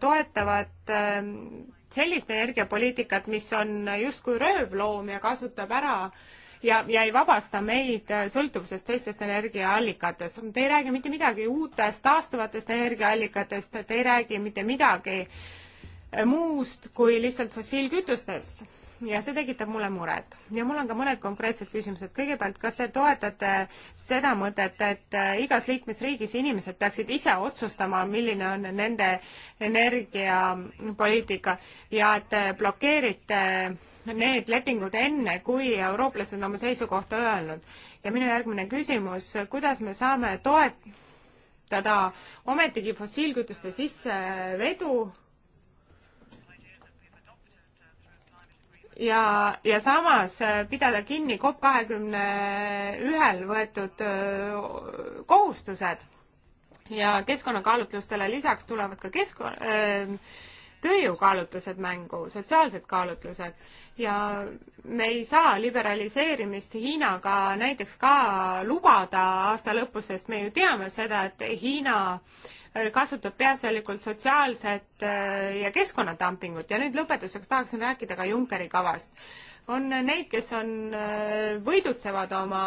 toetavat ähm, sellist energiapoliitikat, mis on justkui röövloom ja kasutab ära ja, ja ei vabasta meid sõltuvusest teistest energiaallikatest. Te ei räägi mitte midagi uutest taastuvatest energiaallikatest, te ei räägi mitte midagi äh, muust kui lihtsalt fossiilkütustest ja see tekitab mulle muret. ja mul on ka mõned konkreetsed küsimused. kõigepealt, kas te toetate seda mõtet, et äh, igas liikmesriigis inimesed peaksid ise otsustama, milline on nende energiapoliitika ja et äh, blokeerite need lepingud enne, kui eurooplased on oma seisukohta öelnud? ja minu järgmine küsimus, kuidas me saame toetada ometigi fossiilkütuste sissevedu ja, ja samas äh, pidada kinni COP kahekümne ühel võetud äh, kohustused ja keskkonnakaalutlustele lisaks tulevad ka keskkon-, äh, tööjõukaalutlused mängu, sotsiaalsed kaalutlused ja me ei saa liberaliseerimist Hiinaga näiteks ka lubada aasta lõpus, sest me ju teame seda, et Hiina äh, Äh, kasutab peaasjalikult sotsiaalset äh, ja keskkonnadumpingut ja nüüd lõpetuseks tahaksin rääkida ka Junckeri kavast on neid, kes on, äh, võidutsevad oma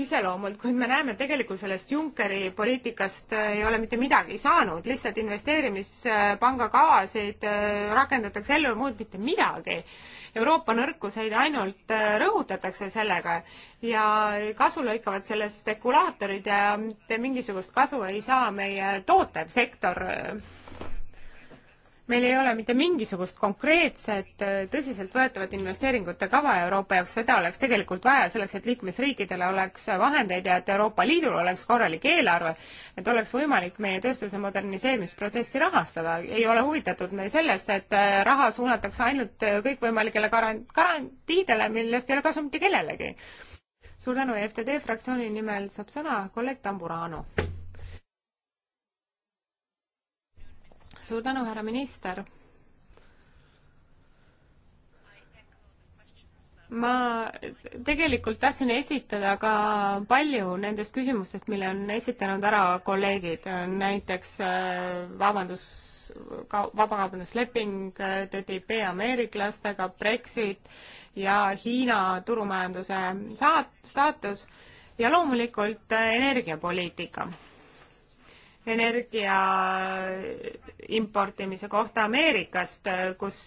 iseloomult, kuid me näeme, et tegelikult sellest Junckeri poliitikast äh, ei ole mitte midagi saanud, lihtsalt investeerimispanga kavasid äh, rakendatakse ellu ja muud mitte midagi. Euroopa nõrkuseid ainult rõhutatakse sellega ja kasu lõikavad sellest spekulaatorid ja mitte mingisugust kasu ei saa meie tootev sektor meil ei ole mitte mingisugust konkreetset äh, tõsiseltvõetavat investeeringute kava Euroopa jaoks, seda oleks tegelikult vaja selleks, et liikmesriikidel oleks vahendeid ja et Euroopa Liidul oleks korralik eelarve, et oleks võimalik meie tööstuse moderniseerimisprotsessi rahastada. ei ole huvitatud me sellest, et äh, raha suunatakse ainult äh, kõikvõimalikele garant-, garantiidele, millest ei ole kasu mitte kellelegi. suur tänu, EFTD fraktsiooni nimel saab sõna kolleeg Tamburano suur tänu, härra minister. ma tegelikult tahtsin esitada ka palju nendest küsimustest, mille on esitanud ära kolleegid, näiteks äh, vabandus, vabakaubandusleping, äh, TTIP ameeriklastega, Brexit ja Hiina turumajanduse saat-, staatus ja loomulikult äh, energiapoliitika energia importimise kohta Ameerikast, kus,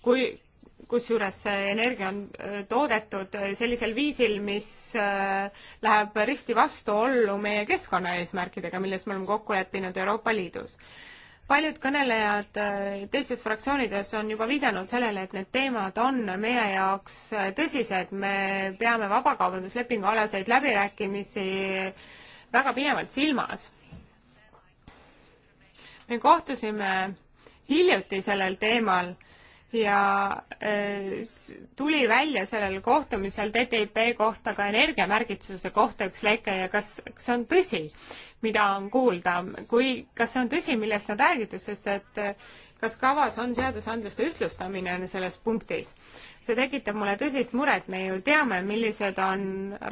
kui, kusjuures see energia on äh, toodetud sellisel viisil, mis äh, läheb risti vastuollu meie keskkonnaeesmärkidega, milles me oleme kokku leppinud Euroopa Liidus. paljud kõnelejad äh, teistes fraktsioonides on juba viidanud sellele, et need teemad on meie jaoks tõsised, me peame vabakaubanduslepingu alaseid läbirääkimisi väga pinevalt silmas me kohtusime hiljuti sellel teemal ja eh, tuli välja sellel kohtumisel TTIP kohta ka energiamärgitsuse kohta üks leke ja kas, kas see on tõsi, mida on kuulda, kui, kas see on tõsi, millest on räägitud, sest et eh, kas kavas on seadusandluste ühtlustamine selles punktis? see tekitab mulle tõsist muret, me ju teame, millised on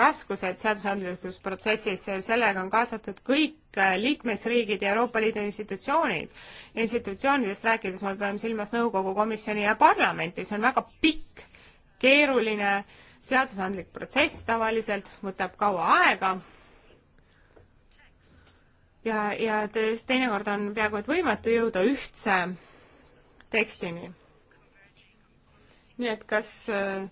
raskused seadusandlusprotsessis, sellega on kaasatud kõik liikmesriigid ja Euroopa Liidu institutsioonid. institutsioonidest rääkides me peame silmas nõukogu, komisjoni ja parlamenti, see on väga pikk, keeruline seadusandlik protsess tavaliselt, võtab kaua aega ja, ja teinekord on peaaegu et võimatu jõuda ühtse tekstini nii et kas äh,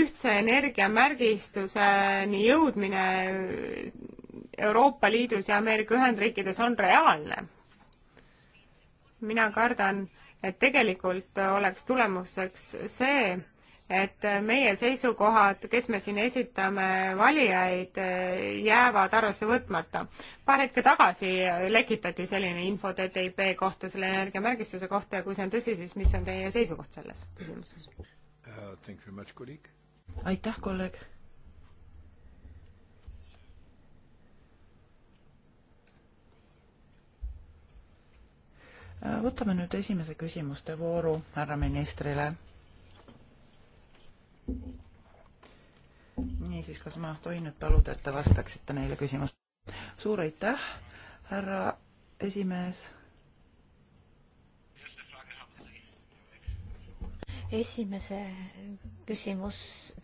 ühtse energiamärgistuseni jõudmine Euroopa Liidus ja Ameerika Ühendriikides on reaalne? mina kardan, et tegelikult oleks tulemuseks see, et meie seisukohad, kes me siin esitame, valijaid, jäävad arvesse võtmata. paar hetke tagasi lekitati selline info TTIP kohta, selle energiamärgistuse kohta ja kui see on tõsi, siis mis on teie seisukoht selles küsimuses uh,? aitäh, kolleeg. Uh, võtame nüüd esimese küsimuste vooru härra ministrile niisiis, kas ma tohin nüüd paluda, et te vastaksite neile küsimustele? suur aitäh, härra esimees. esimese küsimus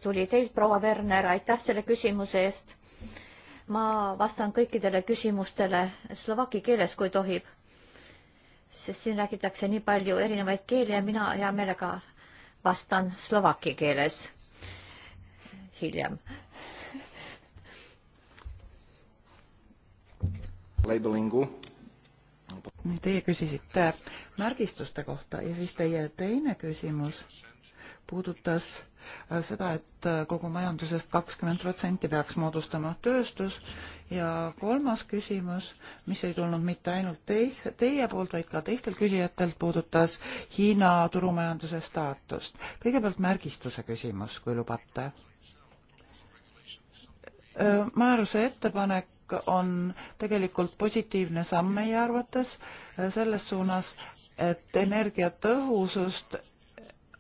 tuli teilt, proua Werner, aitäh selle küsimuse eest. ma vastan kõikidele küsimustele slovaki keeles, kui tohib. sest siin räägitakse nii palju erinevaid keeli ja mina hea meelega vastan slovaki keeles hiljem labelingu. Teie küsisite märgistuste kohta ja siis teie teine küsimus puudutas äh, seda, et äh, kogu majandusest kakskümmend protsenti peaks moodustama tööstus ja kolmas küsimus, mis ei tulnud mitte ainult teis, teie poolt, vaid ka teistel küsijatelt, puudutas Hiina turumajanduse staatust. kõigepealt märgistuse küsimus, kui lubate määruse ettepanek on tegelikult positiivne samm meie arvates selles suunas, et energiatõhusust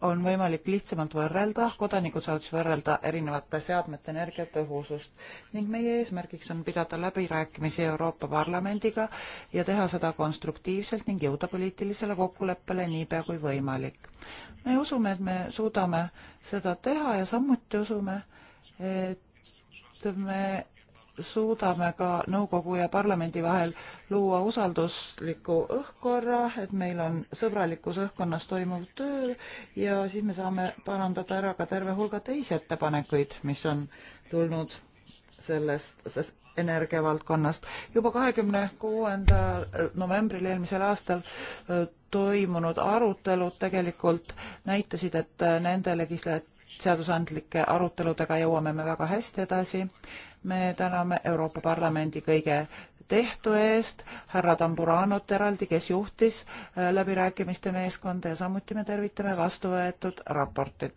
on võimalik lihtsamalt võrrelda, kodanikud saavad siis võrrelda erinevate seadmete energiatõhusust ning meie eesmärgiks on pidada läbirääkimisi Euroopa Parlamendiga ja teha seda konstruktiivselt ning jõuda poliitilisele kokkuleppele niipea kui võimalik. me usume, et me suudame seda teha ja samuti usume, et et me suudame ka nõukogu ja parlamendi vahel luua usaldusliku õhkkorra, et meil on sõbralikus õhkkonnas toimuv töö ja siis me saame parandada ära ka terve hulga teisi ettepanekuid, mis on tulnud sellest, sest energiavaldkonnast. juba kahekümne kuuendal äh, novembril eelmisel aastal äh, toimunud arutelud tegelikult näitasid, et äh, nende legislat-, seadusandlike aruteludega jõuame me väga hästi edasi. me täname Euroopa Parlamendi kõige tehtu eest, härra Tamburanot eraldi, kes juhtis äh, läbirääkimiste meeskonda ja samuti me tervitame vastu võetud raportit.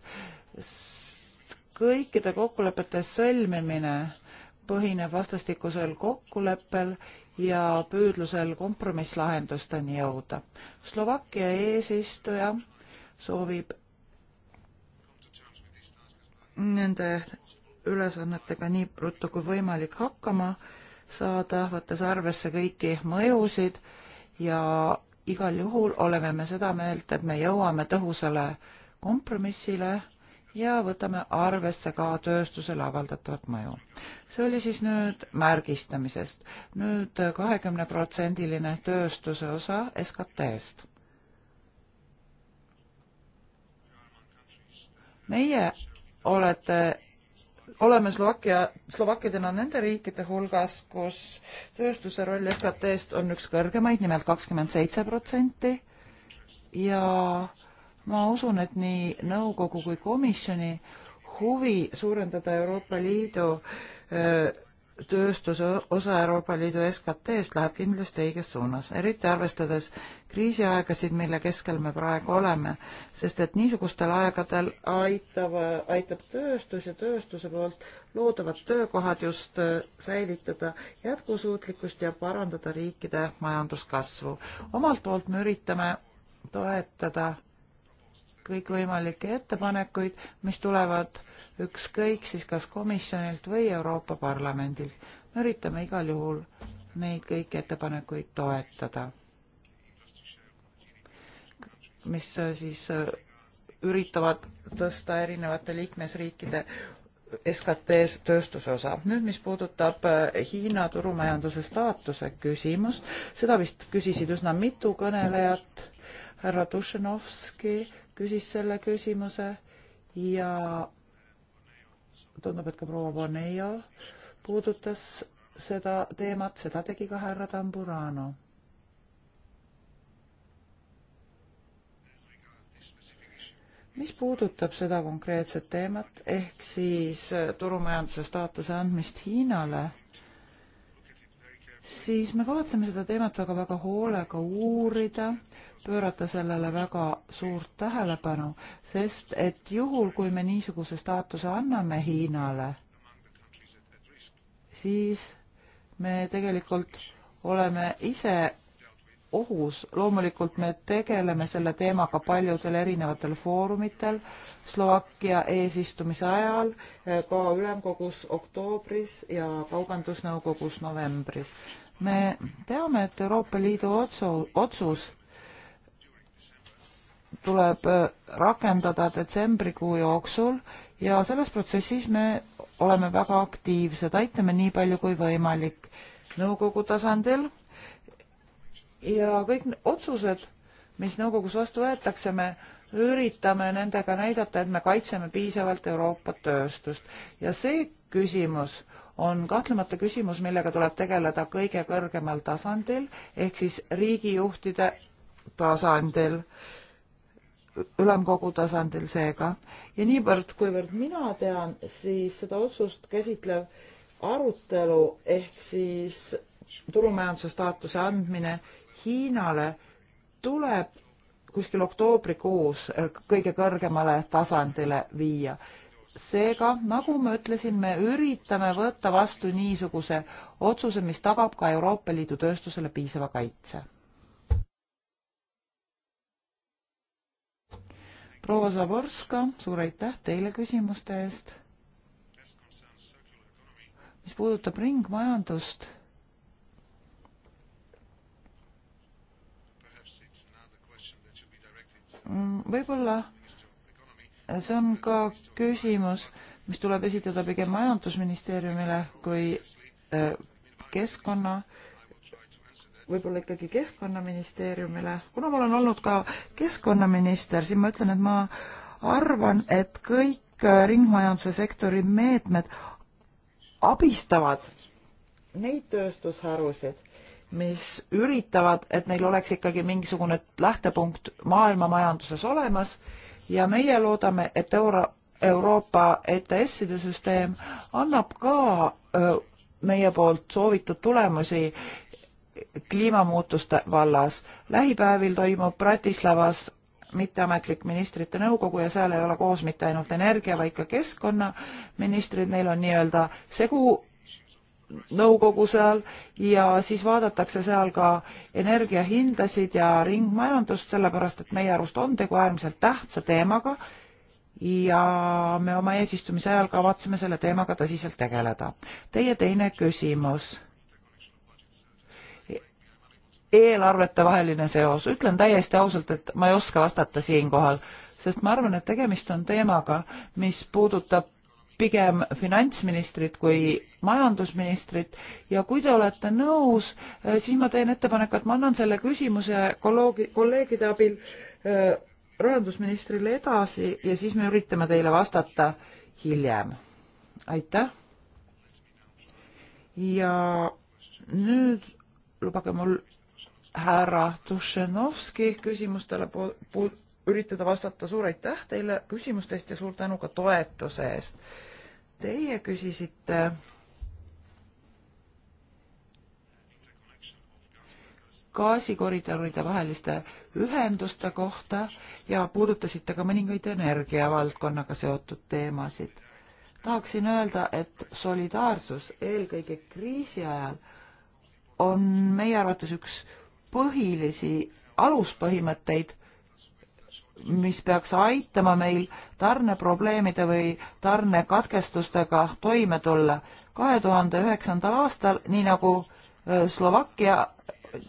kõikide kokkulepete sõlmimine põhineb vastastikusel kokkuleppel ja püüdlusel kompromisslahendusteni jõuda. Slovakkia eesistuja soovib nende ülesannetega nii ruttu kui võimalik hakkama saada, võttes arvesse kõiki mõjusid ja igal juhul oleme me seda meelt, et me jõuame tõhusale kompromissile ja võtame arvesse ka tööstusele avaldatavat mõju. see oli siis nüüd märgistamisest nüüd. nüüd kahekümneprotsendiline tööstuse osa SKT-st. meie olete, oleme Slovakkia, Slovakkidena nende riikide hulgas, kus tööstuse roll SKT-st on üks kõrgemaid, nimelt kakskümmend seitse protsenti ja ma usun, et nii nõukogu kui komisjoni huvi suurendada Euroopa Liidu öö, äh, tööstuse osa Euroopa Liidu SKT-st läheb kindlasti õiges suunas, eriti arvestades kriisiaegasid, mille keskel me praegu oleme, sest et niisugustel aegadel aitab, aitab tööstus ja tööstuse poolt loodavad töökohad just äh, säilitada jätkusuutlikkust ja parandada riikide majanduskasvu. omalt poolt me üritame toetada kõikvõimalikke ettepanekuid, mis tulevad ükskõik siis kas komisjonilt või Euroopa Parlamendilt. me üritame igal juhul neid kõiki ettepanekuid toetada, mis äh, siis äh, üritavad tõsta erinevate liikmesriikide SKT-s tööstuse osa. nüüd, mis puudutab äh, Hiina turumajanduse staatuse küsimust, seda vist küsisid üsna mitu kõnelejat. härra Dušanovski küsis selle küsimuse ja tundub, et ka proua Bonneio puudutas seda teemat, seda tegi ka härra Tamburano. mis puudutab seda konkreetset teemat ehk siis äh, turumajanduse staatuse andmist Hiinale, siis me kavatseme seda teemat väga-väga hoolega uurida pöörata sellele väga suurt tähelepanu, sest et juhul, kui me niisuguse staatuse anname Hiinale, siis me tegelikult oleme ise ohus. loomulikult me tegeleme selle teemaga paljudel erinevatel foorumitel, Slovakkia eesistumise ajal, eh, ka ülemkogus oktoobris ja kaubandusnõukogus novembris. me teame, et Euroopa Liidu otsu, otsus tuleb äh, rakendada detsembrikuu jooksul ja selles protsessis me oleme väga aktiivsed, aitame nii palju kui võimalik nõukogu tasandil ja kõik otsused, mis nõukogus vastu võetakse, me üritame nendega näidata, et me kaitseme piisavalt Euroopa tööstust ja see küsimus on kahtlemata küsimus, millega tuleb tegeleda kõige kõrgemal tasandil ehk siis riigijuhtide tasandil ülemkogu tasandil seega ja niivõrd, kuivõrd mina tean, siis seda otsust käsitlev arutelu ehk siis turumajanduse staatuse andmine Hiinale tuleb kuskil oktoobrikuus kõige kõrgemale tasandile viia. seega, nagu ma ütlesin, me üritame võtta vastu niisuguse otsuse, mis tagab ka Euroopa Liidu tööstusele piisava kaitse proua Zaborska, suur aitäh teile küsimuste eest. mis puudutab ringmajandust võib-olla see on ka küsimus, mis tuleb esitada pigem majandusministeeriumile kui äh, keskkonna võib-olla ikkagi Keskkonnaministeeriumile, kuna mul on olnud ka keskkonnaminister, siis ma ütlen, et ma arvan, et kõik ringmajanduse sektori meetmed abistavad neid tööstusharusid, mis üritavad, et neil oleks ikkagi mingisugune lähtepunkt maailmamajanduses olemas ja meie loodame, et euro, Euroopa ETS-ide süsteem annab ka öö, meie poolt soovitud tulemusi kliimamuutuste vallas. lähipäevil toimub Bratislavas mitteametlik ministrite nõukogu ja seal ei ole koos mitte ainult energia, vaid ka keskkonnaministrid, neil on nii-öelda segu nõukogu seal ja siis vaadatakse seal ka energiahindasid ja ringmajandust, sellepärast et meie arust on tegu äärmiselt tähtsa teemaga ja me oma eesistumise ajal kavatseme selle teemaga tõsiselt tegeleda. Teie teine küsimus eelarvete vaheline seos. ütlen täiesti ausalt, et ma ei oska vastata siinkohal, sest ma arvan, et tegemist on teemaga, mis puudutab pigem finantsministrit kui majandusministrit ja kui te olete nõus, eh, siis ma teen ettepaneku, et ma annan selle küsimuse koloogi, kolleegide abil eh, rahandusministrile edasi ja siis me üritame teile vastata hiljem. aitäh. ja nüüd lubage mul härra Dušenovski küsimustele üritada vastata. suur aitäh teile küsimuste eest ja suur tänu ka toetuse eest. Teie küsisite gaasikoridoride vaheliste ühenduste kohta ja puudutasite ka mõningaid energiavaldkonnaga seotud teemasid. tahaksin öelda, et solidaarsus eelkõige kriisi ajal on meie arvates üks põhilisi aluspõhimõtteid, mis peaks aitama meil tarneprobleemide või tarnekatkestustega toime tulla. kahe tuhande üheksandal aastal, nii nagu äh, Slovakkia,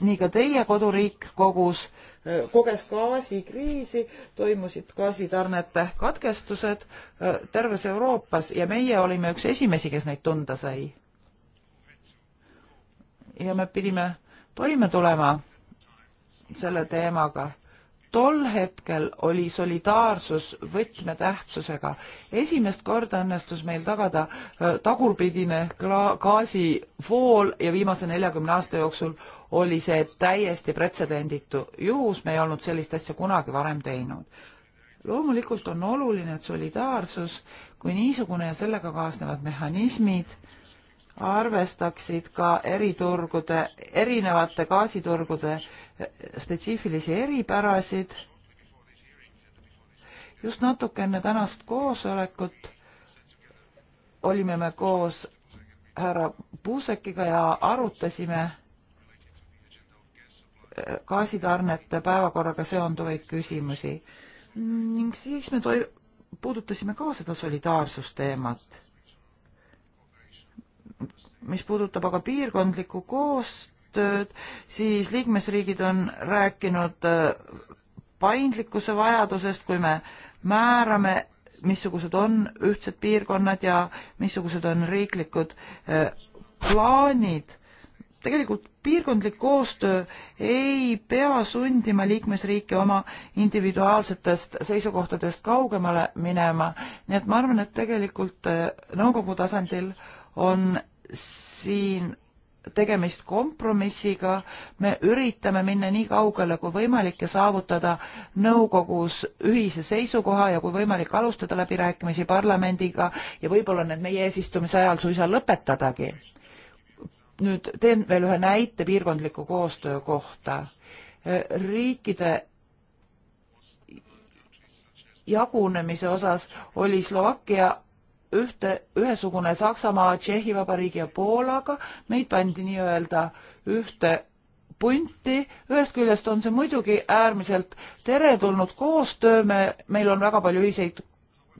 nii ka teie koduriik kogus, äh, koges gaasikriisi, toimusid gaasitarnete katkestused äh, terves Euroopas ja meie olime üks esimesi, kes neid tunda sai. ja me pidime toime tulema selle teemaga. tol hetkel oli solidaarsus võtmetähtsusega. esimest korda õnnestus meil tagada äh, tagurpidine gaasivool ja viimase neljakümne aasta jooksul oli see täiesti pretsedenditu juhus, me ei olnud sellist asja kunagi varem teinud loomulikult on oluline, et solidaarsus kui niisugune ja sellega kaasnevad mehhanismid arvestaksid ka eriturgude, erinevate gaasiturgude spetsiifilisi eripärasid. just natuke enne tänast koosolekut olime me koos härra Puusekiga ja arutasime äh, gaasitarnete päevakorraga seonduvaid küsimusi ning siis me toi-, puudutasime ka seda solidaarsusteemat, mis puudutab aga piirkondlikku koos-, koostööd, siis liikmesriigid on rääkinud äh, paindlikkuse vajadusest, kui me määrame, missugused on ühtsed piirkonnad ja missugused on riiklikud äh, plaanid tegelikult piirkondlik koostöö ei pea sundima liikmesriike oma individuaalsetest seisukohtadest kaugemale minema. nii et ma arvan, et tegelikult äh, nõukogu tasandil on siin tegemist kompromissiga, me üritame minna nii kaugele kui võimalik ja saavutada nõukogus ühise seisukoha ja kui võimalik, alustada läbirääkimisi parlamendiga ja võib-olla need meie eesistumise ajal suisa lõpetadagi. nüüd teen veel ühe näite piirkondliku koostöö kohta. Eh, riikide jagunemise osas oli Slovakkia ühte, ühesugune Saksamaa, Tšehhi Vabariigi ja Poolaga, neid pandi nii-öelda ühte punti, ühest küljest on see muidugi äärmiselt teretulnud koostöö, me, meil on väga palju ühiseid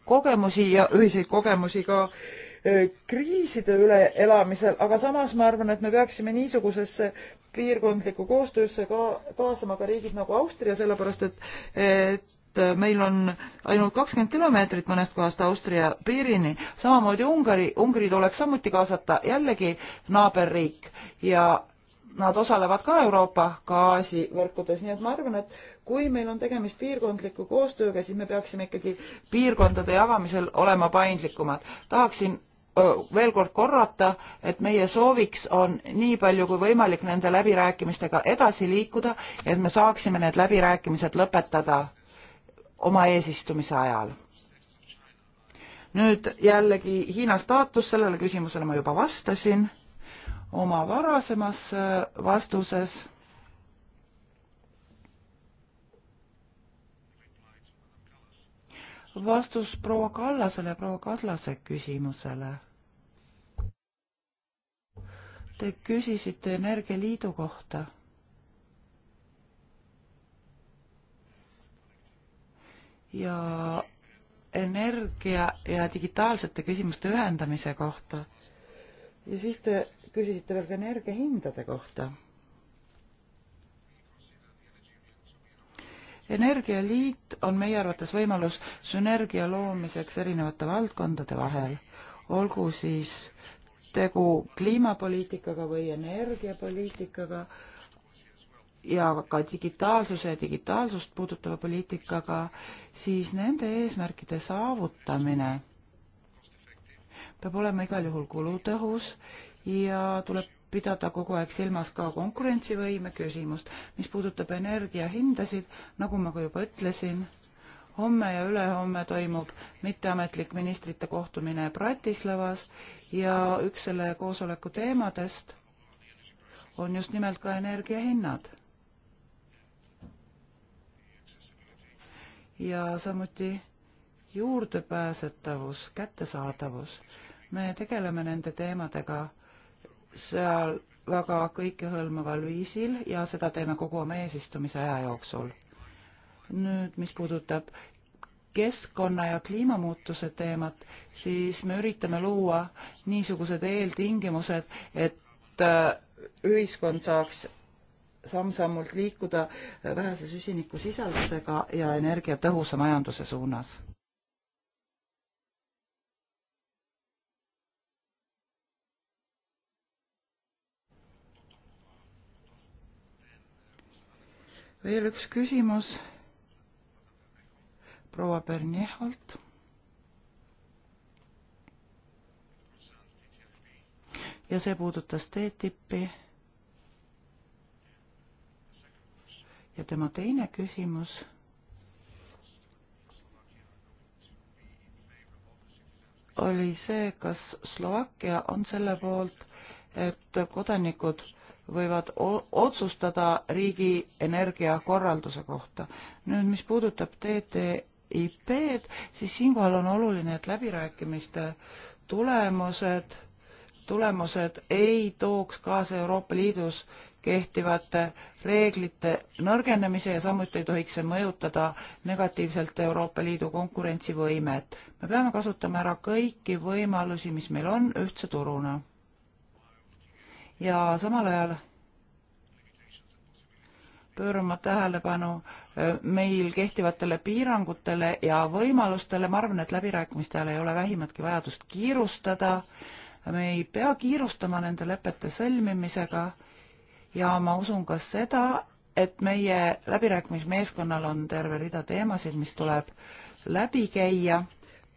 kogemusi ja ühiseid kogemusi ka äh, kriiside üleelamisel, aga samas ma arvan, et me peaksime niisugusesse piirkondlikku koostöösse ka kaasama ka riigid nagu Austria, sellepärast et, et Äh, meil on ainult kakskümmend kilomeetrit mõnest kohast Austria piirini, samamoodi Ungari, Ungari tuleks samuti kaasata, jällegi naaberriik ja nad osalevad ka Euroopa gaasivõrkudes, nii et ma arvan, et kui meil on tegemist piirkondliku koostööga, siis me peaksime ikkagi piirkondade jagamisel olema paindlikumad. tahaksin veel kord korrata, et meie sooviks on nii palju kui võimalik nende läbirääkimistega edasi liikuda, et me saaksime need läbirääkimised lõpetada oma eesistumise ajal. nüüd jällegi Hiina staatus, sellele küsimusele ma juba vastasin oma varasemas äh, vastuses vastus proua Kallasele, proua Kallase küsimusele. Te küsisite Energialiidu kohta ja energia ja digitaalsete küsimuste ühendamise kohta. ja siis te küsisite veel ka energiahindade kohta. energialiit on meie arvates võimalus sünergia loomiseks erinevate valdkondade vahel, olgu siis tegu kliimapoliitikaga või energiapoliitikaga äh,, ja ka digitaalsuse ja digitaalsust puudutava poliitikaga, siis nende eesmärkide saavutamine peab olema igal juhul kulutõhus ja tuleb pidada kogu aeg silmas ka konkurentsivõime küsimust, mis puudutab energiahindasid, nagu ma ka juba ütlesin, homme ja ülehomme toimub mitteametlik ministrite kohtumine Bratislavas ja üks selle koosoleku teemadest on just nimelt ka energiahinnad ja samuti juurdepääsetavus, kättesaadavus. me tegeleme nende teemadega seal väga kõikehõlmaval viisil ja seda teeme kogu oma eesistumise aja jooksul. nüüd, mis puudutab keskkonna ja kliimamuutuse teemat, siis me üritame luua niisugused eeltingimused, et äh, ühiskond saaks samm-sammult liikuda vähese süsinikusisaldusega ja energiatõhusa majanduse suunas. veel üks küsimus proua Bernieholt. ja see puudutas TTIP-i ja tema teine küsimus oli see, kas Slovakkia on selle poolt, et kodanikud võivad otsustada riigi energiakorralduse kohta. nüüd, mis puudutab TTIP-d, siis siinkohal on oluline, et läbirääkimiste tulemused tulemused ei tooks kaasa Euroopa Liidus kehtivate reeglite nõrgenemise ja samuti ei tohiks see mõjutada negatiivselt Euroopa Liidu konkurentsivõimet. me peame kasutama ära kõiki võimalusi, mis meil on ühtse turuna. ja samal ajal pöörama tähelepanu äh, meil kehtivatele piirangutele ja võimalustele, ma arvan, et läbirääkimiste ajal ei ole vähimatki vajadust kiirustada, me ei pea kiirustama nende lepete sõlmimisega ja ma usun ka seda, et meie läbirääkimismeeskonnal on terve rida teemasid, mis tuleb läbi käia,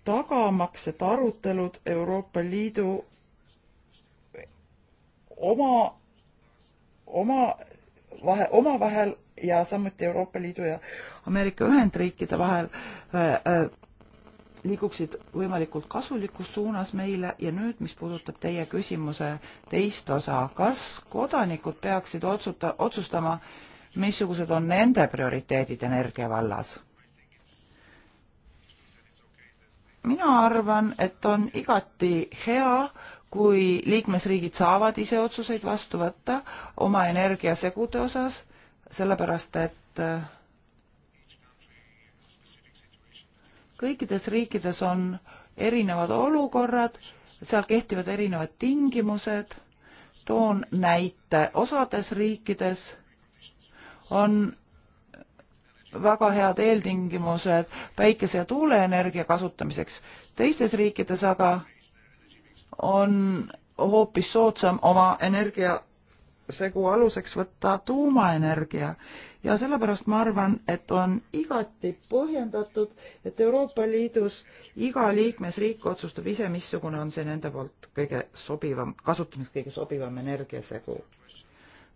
tagamaks, et arutelud Euroopa Liidu oma, oma vahe, omavahel ja samuti Euroopa Liidu ja Ameerika Ühendriikide vahel äh, äh, liiguksid võimalikult kasulikus suunas meile ja nüüd, mis puudutab teie küsimuse teist osa, kas kodanikud peaksid otsuta, otsustama, missugused on nende prioriteedid energia vallas? mina arvan, et on igati hea, kui liikmesriigid saavad ise otsuseid vastu võtta oma energiasegude osas, sellepärast et äh, kõikides riikides on erinevad olukorrad, seal kehtivad erinevad tingimused. toon näite, osades riikides on väga head eeltingimused päikese ja tuuleenergia kasutamiseks, teistes riikides aga on hoopis soodsam oma energia segu aluseks võtta tuumaenergia ja sellepärast ma arvan, et on igati põhjendatud, et Euroopa Liidus iga liikmesriik otsustab ise, missugune on see nende poolt kõige sobivam, kasutamiseks kõige sobivam energiasegu.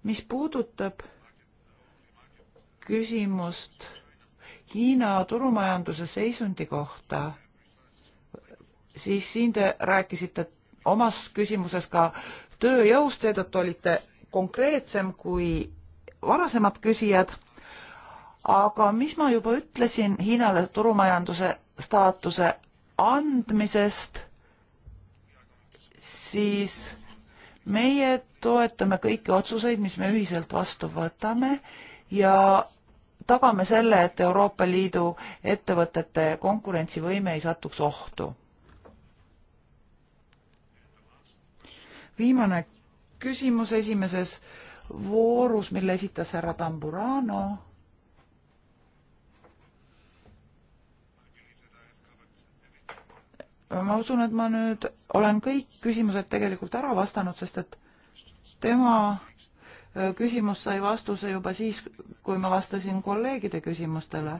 mis puudutab küsimust Hiina turumajanduse seisundi kohta, siis siin te rääkisite omas küsimuses ka tööjõust, seetõttu olite konkreetsem kui varasemad küsijad. aga mis ma juba ütlesin Hiinale turumajanduse staatuse andmisest, siis meie toetame kõiki otsuseid, mis me ühiselt vastu võtame ja tagame selle, et Euroopa Liidu ettevõtete konkurentsivõime ei satuks ohtu. viimane küsimus esimeses voorus, mille esitas härra Tamburano. ma usun, et ma nüüd olen kõik küsimused tegelikult ära vastanud, sest et tema äh, küsimus sai vastuse juba siis, kui ma vastasin kolleegide küsimustele.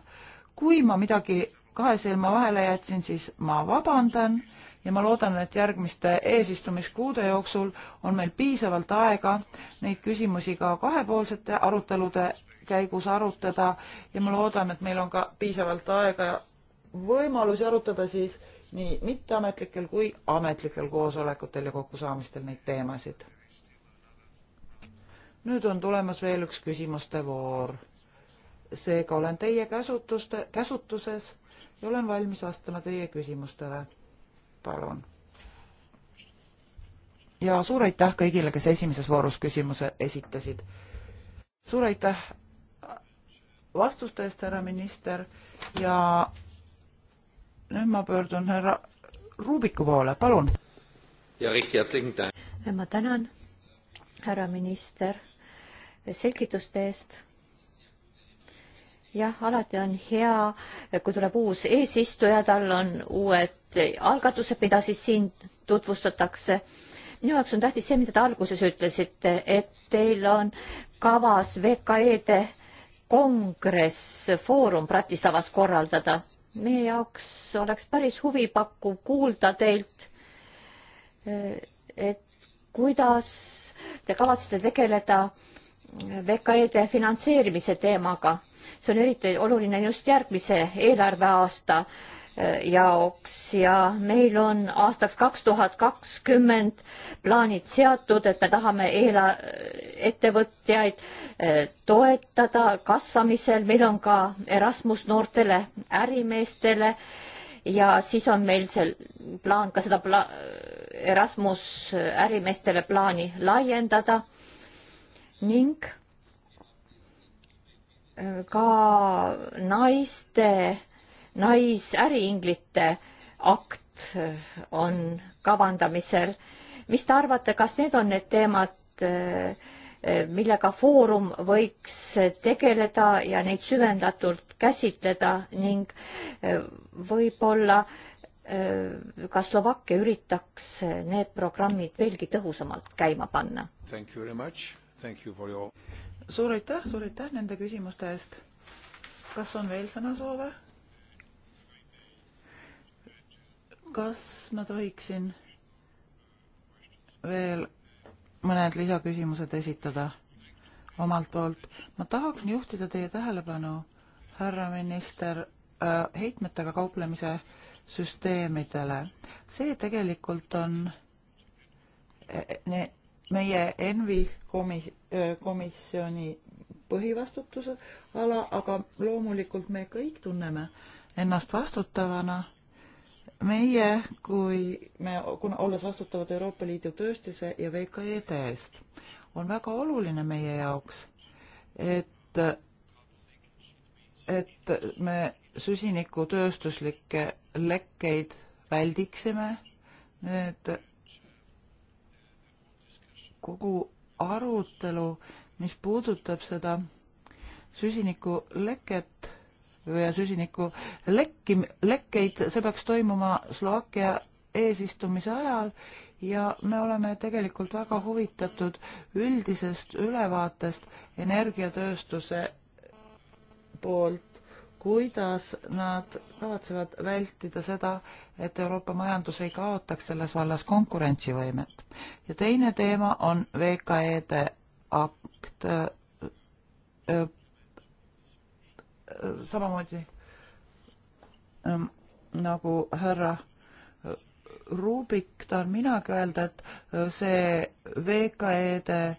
kui ma midagi kahe silma vahele jätsin, siis ma vabandan ja ma loodan, et järgmiste eesistumiskuude jooksul on meil piisavalt aega neid küsimusi ka kahepoolsete arutelude käigus arutada ja ma loodan, et meil on ka piisavalt aega ja võimalusi arutada siis nii mitteametlikel kui ametlikel koosolekutel ja kokkusaamistel neid teemasid. nüüd on tulemas veel üks küsimuste voor. seega olen teie käsutuste, käsutuses ja olen valmis vastama teie küsimustele palun. ja suur aitäh kõigile, kes esimeses voorus küsimuse esitasid. suur aitäh vastuste eest, härra minister ja nüüd ma pöördun härra Ruubiku poole, palun. ma tänan, härra minister, selgituste eest jah, alati on hea, kui tuleb uus eesistuja, tal on uued algatused, mida siis siin tutvustatakse. minu jaoks on tähtis see, mida te alguses ütlesite, et teil on kavas VKE-de kongress, foorum Bratislavas korraldada. meie jaoks oleks päris huvipakkuv kuulda teilt, eh, et kuidas te kavatsete tegeleda VKE-de finantseerimise teemaga. see on eriti oluline just järgmise eelarveaasta äh, jaoks ja meil on aastaks kaks tuhat kakskümmend plaanid seatud, et me tahame eela-, ettevõtjaid äh, toetada kasvamisel, meil on ka Erasmus noortele ärimeestele ja siis on meil seal plaan ka seda pla-, Erasmus ärimeestele plaani laiendada ning äh, ka naiste, naisäriinglite akt äh, on kavandamisel. mis te arvate, kas need on need teemad, äh, millega Foorum võiks tegeleda ja neid süvendatult käsitleda ning võib-olla ka Slovakkia üritaks need programmid veelgi tõhusamalt käima panna. Your... suur aitäh, suur aitäh nende küsimuste eest. kas on veel sõnasoove? kas ma tohiksin veel mõned lisaküsimused esitada omalt poolt? ma tahaksin juhtida teie tähelepanu, härra minister, äh, heitmetega kauplemise süsteemidele. see tegelikult on äh, meie ENVI komi-, komisjoni põhivastutuse ala, aga loomulikult me kõik tunneme ennast vastutavana. meie, kui me, kuna olles vastutavad Euroopa Liidu tööstuse ja VKE-de eest, on väga oluline meie jaoks, et, et me süsinikutööstuslikke lekkeid väldiksime, need kogu arutelu, mis puudutab seda süsinikuleket ja süsiniku lekki, lekkeid, see peaks toimuma Slovakkia eesistumise ajal ja me oleme tegelikult väga huvitatud üldisest ülevaatest energiatööstuse poolt kuidas nad kavatsevad vältida seda, et Euroopa majandus ei kaotaks selles vallas konkurentsivõimet. ja teine teema on VKE-de akt äh,, äh samamoodi äh, nagu härra äh, Rubik tahan minagi öelda, et äh, see VKE-de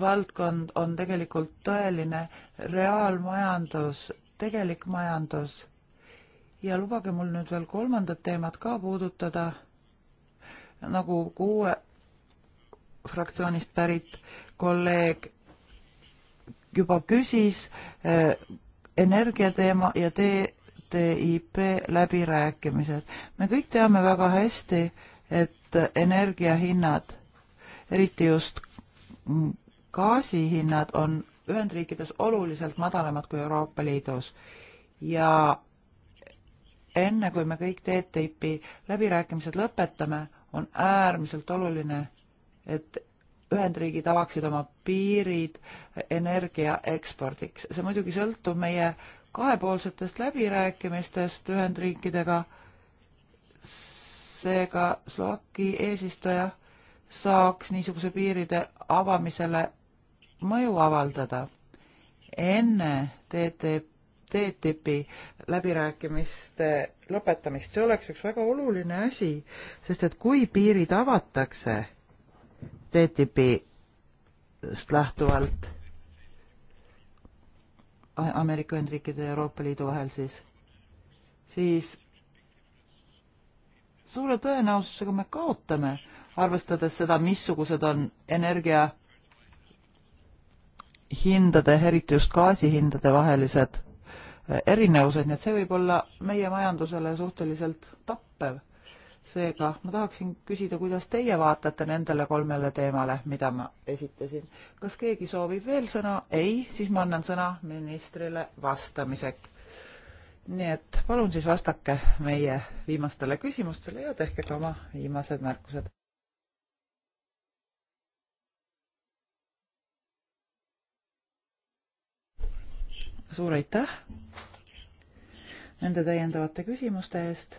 valdkond on tegelikult tõeline reaalmajandus tegelik majandus. ja lubage mul nüüd veel kolmandat teemat ka puudutada, nagu kuue fraktsioonist pärit kolleeg juba küsis eh,, energiateema ja TTIP läbirääkimised. me kõik teame väga hästi, et energiahinnad, eriti just gaasihinnad on Ühendriikides oluliselt madalamad kui Euroopa Liidus. ja enne, kui me kõik TTIP-i läbirääkimised lõpetame, on äärmiselt oluline, et Ühendriigid avaksid oma piirid energia ekspordiks. see muidugi sõltub meie kahepoolsetest läbirääkimistest Ühendriikidega, seega Slovakki eesistuja saaks niisuguse piiride avamisele mõju avaldada. enne TTP TTIP-i läbirääkimiste lõpetamist, see oleks üks väga oluline asi, sest et kui piirid avatakse TTIP-ist lähtuvalt Ameerika Ühendriikide ja Euroopa Liidu vahel siis, siis suure tõenäosusega me kaotame, arvestades seda, missugused on energia hindade, eriti just gaasihindade vahelised eh, erinevused, nii et see võib olla meie majandusele suhteliselt tappev. seega ma tahaksin küsida, kuidas teie vaatate nendele kolmele teemale, mida ma esitasin. kas keegi soovib veel sõna? ei, siis ma annan sõna ministrile vastamiseks. nii et palun siis vastake meie viimastele küsimustele ja tehke ka oma viimased märkused. suur aitäh nende täiendavate küsimuste eest.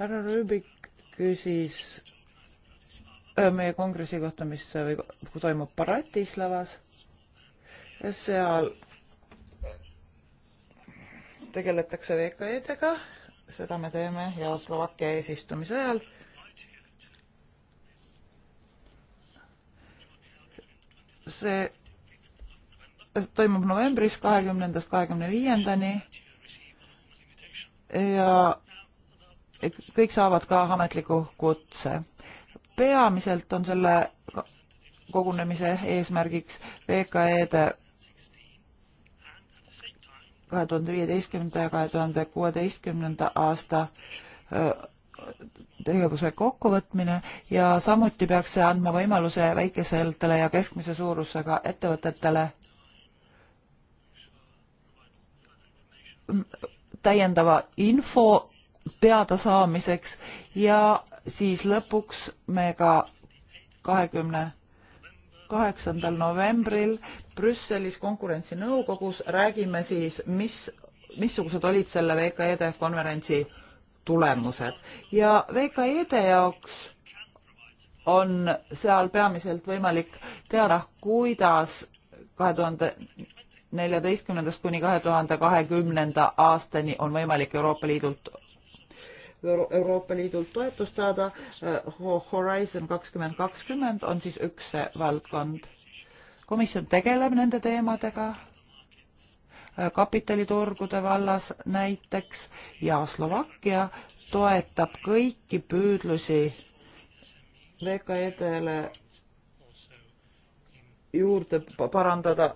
härra Rüübik küsis äh, meie kongressi kohta, mis äh, või, toimub Bratislavas ja seal tegeletakse VKE-dega, seda me teeme ja Slovakkia eesistumise ajal see toimub novembris kahekümnendast kahekümne viiendani ja kõik saavad ka ametliku kutse. peamiselt on selle kogunemise eesmärgiks VKE-de kahe tuhande viieteistkümnenda ja kahe tuhande kuueteistkümnenda aasta tegevuse kokkuvõtmine ja samuti peaks see andma võimaluse väikeseltele ja keskmise suurusega ettevõtetele täiendava info teadasaamiseks ja siis lõpuks me ka kahekümne kaheksandal novembril Brüsselis konkurentsinõukogus räägime siis, mis, missugused olid selle VKED konverentsi tulemused ja VKE-de jaoks on seal peamiselt võimalik teada, kuidas kahe tuhande neljateistkümnendast kuni kahe tuhande kahekümnenda aastani on võimalik Euroopa Liidult Euro Euroopa Liidult toetust saada. Horizon kakskümmend kakskümmend on siis üks see valdkond. komisjon tegeleb nende teemadega kapitaliturgude vallas näiteks ja Slovakkia toetab kõiki püüdlusi VKE-dele juurde parandada,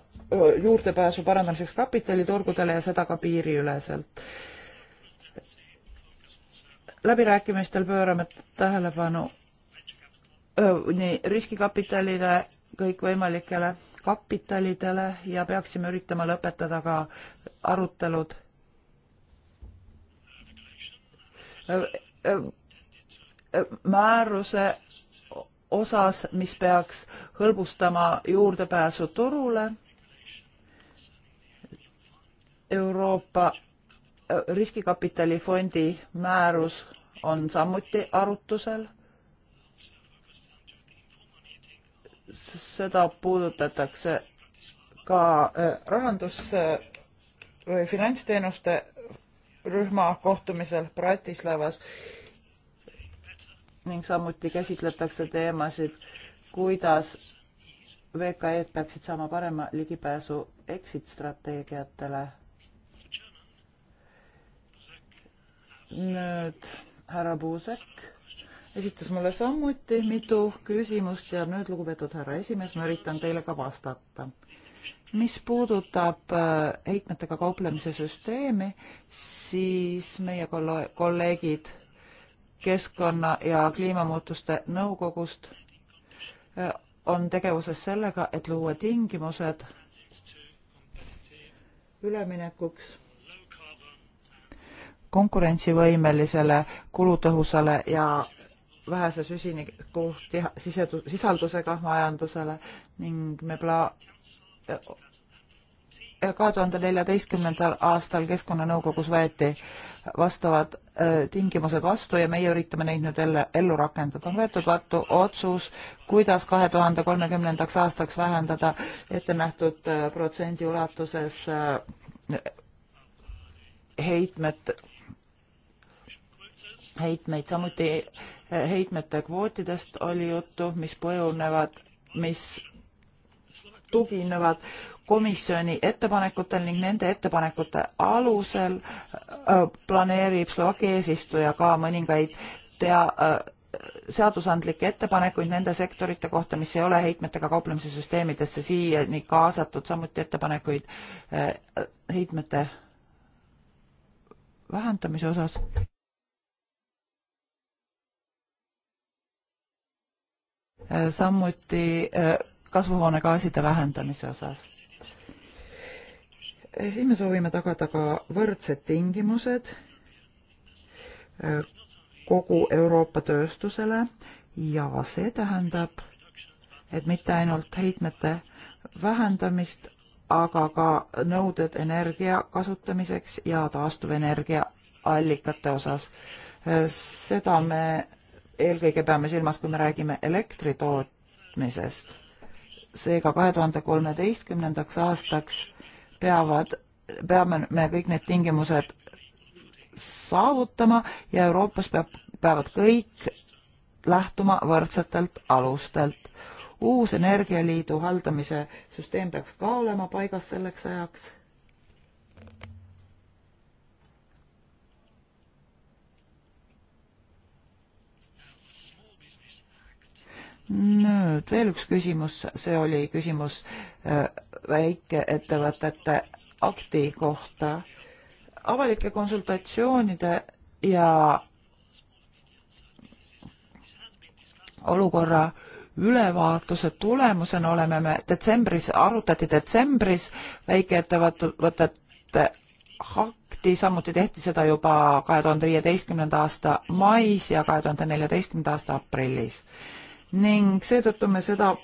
juurdepääsu parandamiseks kapitaliturgudele ja seda ka piiriüleselt. läbirääkimistel pöörame tähelepanu öö, nii riskikapitalile, kõikvõimalikele kapitalidele ja peaksime üritama lõpetada ka arutelud määruse osas, mis peaks hõlbustama juurdepääsu turule. Euroopa riskikapitalifondi määrus on samuti arutusel seda puudutatakse ka äh, rahandus- või finantsteenuste rühma kohtumisel Bratislavas ning samuti käsitletakse teemasid, kuidas VKE-d peaksid saama parema ligipääsu exit strateegiatele. nüüd härra Puusek esitas mulle samuti mitu küsimust ja nüüd, lugupeetud härra esimees, ma üritan teile ka vastata. mis puudutab äh, heitmetega kauplemise süsteemi, siis meie kolleegid Keskkonna ja Kliimamuutuste Nõukogust äh, on tegevuses sellega, et luua tingimused üleminekuks konkurentsivõimelisele, kulutõhusale ja vähese süsiniku sisedu-, sisaldusega majandusele ning me pla-, kahe tuhande neljateistkümnendal aastal Keskkonnanõukogus võeti vastavad äh, tingimused vastu ja meie üritame neid nüüd jälle ellu rakendada. on võetud vastu otsus, kuidas kahe tuhande kolmekümnendaks aastaks vähendada ette nähtud äh, protsendi ulatuses äh, heitmed heitmeid, samuti eh, heitmete kvootidest oli juttu, mis põjunevad, mis tuginevad komisjoni ettepanekutel ning nende ettepanekute alusel eh, planeerib Slovakkia eesistuja ka mõningaid tea-, eh, seadusandlikke ettepanekuid nende sektorite kohta, mis ei ole heitmetega kauplemise süsteemidesse siiani kaasatud, samuti ettepanekuid heitmete vähendamise osas. Äh, samuti äh, kasvuhoonegaaside vähendamise osas. Äh, siin me soovime tagada ka võrdsed tingimused kogu Euroopa tööstusele ja see tähendab, et mitte ainult heitmete vähendamist, aga ka nõuded energia kasutamiseks ja taastuvenergia allikate osas. seda me eelkõige peame silmas, kui me räägime elektri tootmisest. seega kahe tuhande kolmeteistkümnendaks aastaks peavad, peame me kõik need tingimused saavutama ja Euroopas peab, peavad kõik lähtuma võrdsetelt alustelt. uus Energialiidu haldamise süsteem peaks ka olema paigas selleks ajaks nüüd veel üks küsimus, see oli küsimus äh, väikeettevõtete akti kohta. avalike konsultatsioonide ja olukorra ülevaatuse tulemusena oleme me detsembris, arutati detsembris väikeettevõtete hakti, samuti tehti seda juba kahe tuhande viieteistkümnenda aasta mais ja kahe tuhande neljateistkümnenda aasta aprillis ning seetõttu me seda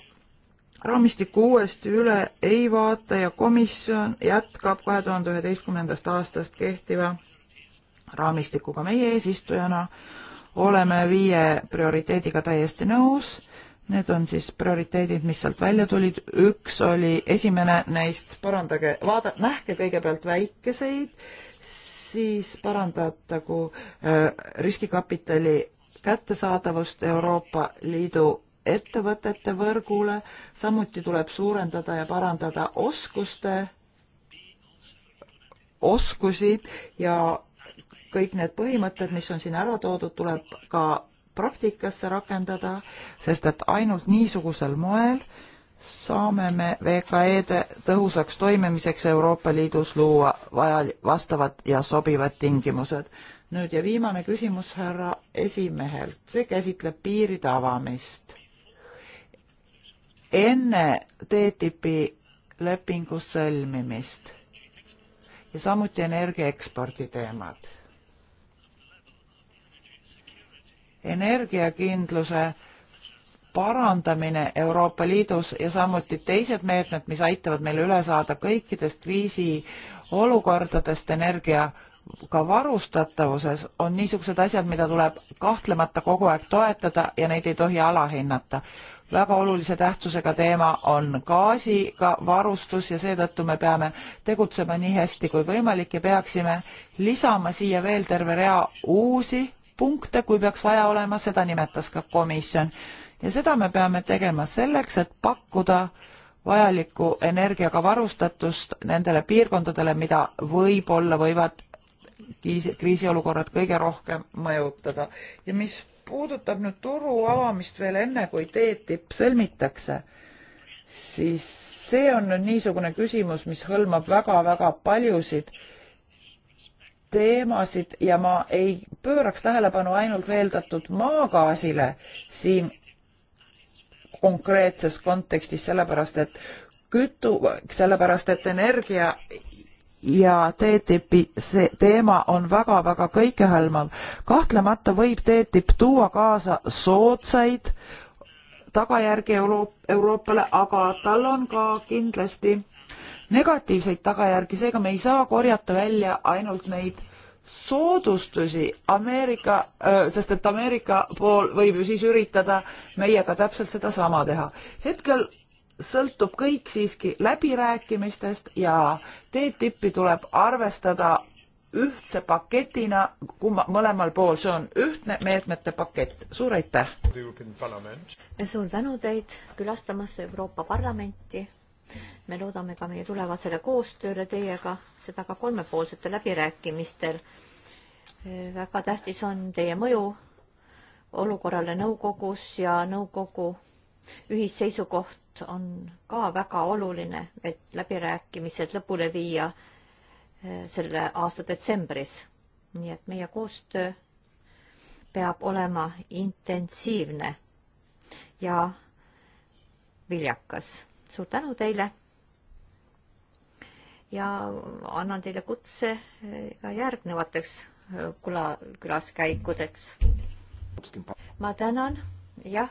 raamistikku uuesti üle ei vaata ja komisjon jätkab kahe tuhande üheteistkümnendast aastast kehtiva raamistikuga. meie eesistujana oleme viie prioriteediga täiesti nõus. Need on siis prioriteedid, mis sealt välja tulid. üks oli esimene neist, parandage, vaada-, nähke kõigepealt väikeseid, siis parandatagu äh, riskikapitali kättesaadavust Euroopa Liidu ettevõtete võrgule, samuti tuleb suurendada ja parandada oskuste, oskusi ja kõik need põhimõtted, mis on siin ära toodud, tuleb ka praktikasse rakendada, sest et ainult niisugusel moel saame me VKE-de tõhusaks toimimiseks Euroopa Liidus luua vajal-, vastavad ja sobivad tingimused nüüd ja viimane küsimus härra esimehelt, see käsitleb piiride avamist. enne TTIP-i lepingu sõlmimist ja samuti energiaekspordi teemad. energiakindluse parandamine Euroopa Liidus ja samuti teised meetmed, mis aitavad meil üle saada kõikidest kriisiolukordadest energia ka varustatavuses on niisugused asjad, mida tuleb kahtlemata kogu aeg toetada ja neid ei tohi alahinnata. väga olulise tähtsusega teema on gaasiga varustus ja seetõttu me peame tegutsema nii hästi kui võimalik ja peaksime lisama siia veel terve rea uusi punkte, kui peaks vaja olema, seda nimetas ka komisjon. ja seda me peame tegema selleks, et pakkuda vajalikku energiaga varustatust nendele piirkondadele, mida võib-olla võivad kriisiolukorrad kõige rohkem mõjutada. ja mis puudutab nüüd turu avamist veel enne, kui TTIP sõlmitakse, siis see on nüüd niisugune küsimus, mis hõlmab väga-väga paljusid teemasid ja ma ei pööraks tähelepanu ainult veeldatud maagaasile siin konkreetses kontekstis, sellepärast et kütu, sellepärast et energia ja TTIP-i see teema on väga-väga kõikehõlmav. kahtlemata võib TTIP tuua kaasa soodsaid tagajärgi Euro Euroopale, aga tal on ka kindlasti negatiivseid tagajärgi, seega me ei saa korjata välja ainult neid soodustusi Ameerika, sest et Ameerika pool võib ju siis üritada meiega täpselt sedasama teha. hetkel sõltub kõik siiski läbirääkimistest ja TTIP-i tuleb arvestada ühtse paketina kumma, mõlemal pool, see on ühtne meetmete pakett. suur aitäh! suur tänu teid külastamast Euroopa Parlamenti. me loodame ka meie tulevasele koostööle teiega, seda ka kolmepoolsetel läbirääkimistel. väga tähtis on teie mõju olukorrale nõukogus ja nõukogu ühisseisukoht on ka väga oluline, et läbirääkimised lõpule viia eh, selle aasta detsembris. nii et meie koostöö peab olema intensiivne ja viljakas. suur tänu teile. ja annan teile kutse eh, ka järgnevateks eh, küla, külaskäikudeks. ma tänan, jah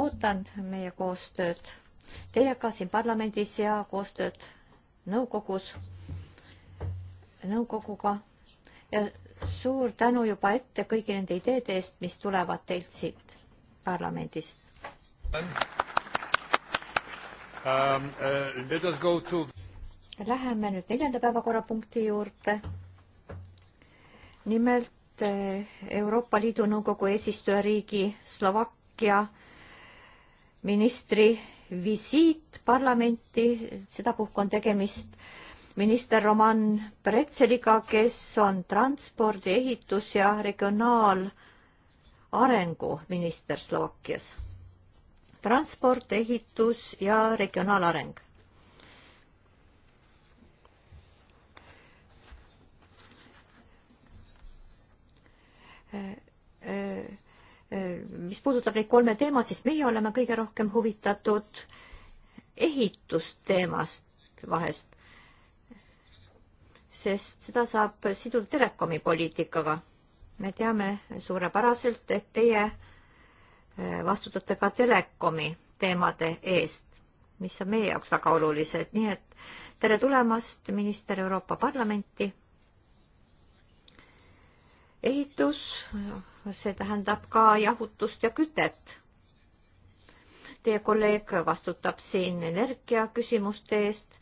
ootan meie koostööd teiega siin parlamendis ja koostööd nõukogus, nõukoguga ja suur tänu juba ette kõigi nende ideede eest, mis tulevad teilt siit parlamendist. Um, uh, to... Läheme nüüd neljanda päevakorrapunkti juurde. nimelt eh, Euroopa Liidu Nõukogu eesistujariigi Slovakkia ministri visiit parlamenti, sedapuhku on tegemist minister Roman Pretseliga, kes on transpordi, ehitus ja regionaalarengu minister Slovakkias. transport, ehitus ja regionaalareng. Äh, äh, mis puudutab neid kolme teemat, siis meie oleme kõige rohkem huvitatud ehitusteemast vahest, sest seda saab siduda telekomi poliitikaga. me teame suurepäraselt, et teie äh, vastutate ka telekomi teemade eest, mis on meie jaoks väga olulised, nii et tere tulemast, minister Euroopa Parlamenti ehitus, see tähendab ka jahutust ja kütet. Teie kolleeg vastutab siin energiaküsimuste eest.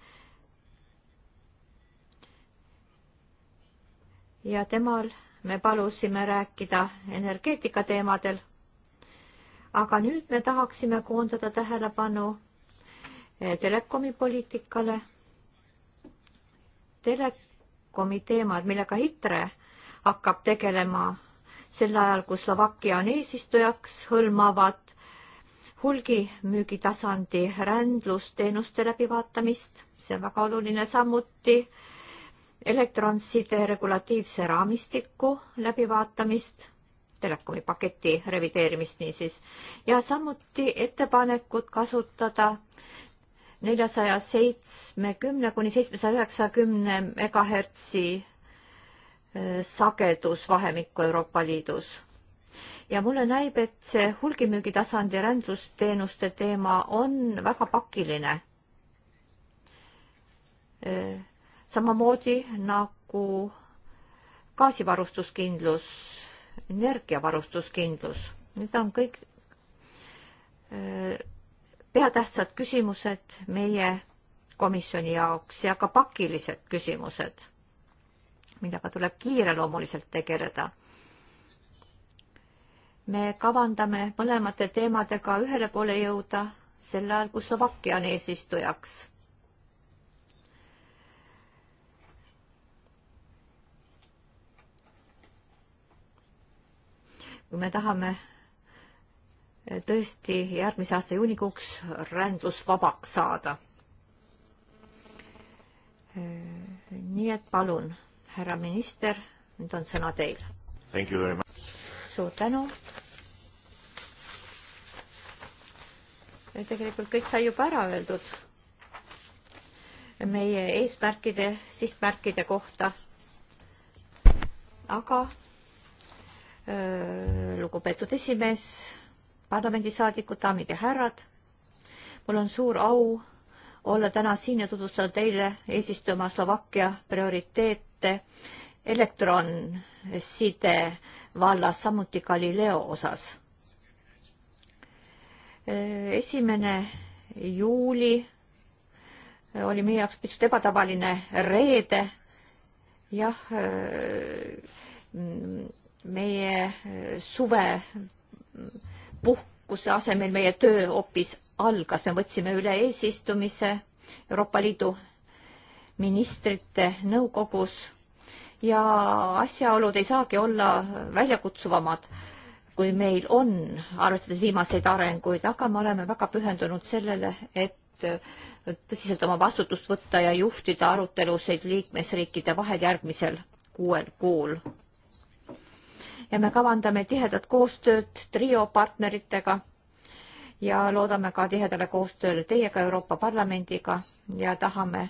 ja temal me palusime rääkida energeetika teemadel. aga nüüd me tahaksime koondada tähelepanu telekomi poliitikale. telekomi teemad, millega ITRE hakkab tegelema sel ajal, kui Slovakkia on eesistujaks, hõlmavad hulgimüügi tasandi rändlusteenuste läbivaatamist, see on väga oluline, samuti elektronside regulatiivse raamistiku läbivaatamist, telekomi paketi revideerimist niisiis, ja samuti ettepanekud kasutada neljasaja seitsmekümne kuni seitsmesaja üheksakümne megahertsi sagedusvahemikku Euroopa Liidus. ja mulle näib, et see hulgimüügi tasandi rändlusteenuste teema on väga pakiline. samamoodi nagu gaasivarustuskindlus, energiavarustuskindlus, need on kõik peatähtsad küsimused meie komisjoni jaoks ja ka pakilised küsimused millega tuleb kiireloomuliselt tegeleda. me kavandame mõlemate teemadega ühele poole jõuda sel ajal, kui Slovakkia on eesistujaks. kui me tahame tõesti järgmise aasta juunikuuks rändlusvabaks saada nii et palun härra minister, nüüd on sõna teil. suur tänu. tegelikult kõik sai juba ära öeldud meie eesmärkide, sihtmärkide kohta. aga öö, lugupeetud esimees, parlamendisaadikud, daamid ja härrad, mul on suur au olla täna siin ja tutvustada teile eesistuma Slovakkia prioriteet ette elektronside vallas, samuti Galileo osas. esimene juuli oli meie jaoks pisut ebatavaline reede. jah, meie suvepuhkuse asemel meie töö hoopis algas, me võtsime üle eesistumise Euroopa Liidu ministrite nõukogus ja asjaolud ei saagi olla väljakutsuvamad, kui meil on, arvestades viimaseid arenguid, aga me oleme väga pühendunud sellele, et tõsiselt oma vastutust võtta ja juhtida arutelusid liikmesriikide vahel järgmisel kuuel kuul. ja me kavandame tihedat koostööd trio partneritega ja loodame ka tihedale koostööle teiega, Euroopa Parlamendiga ja tahame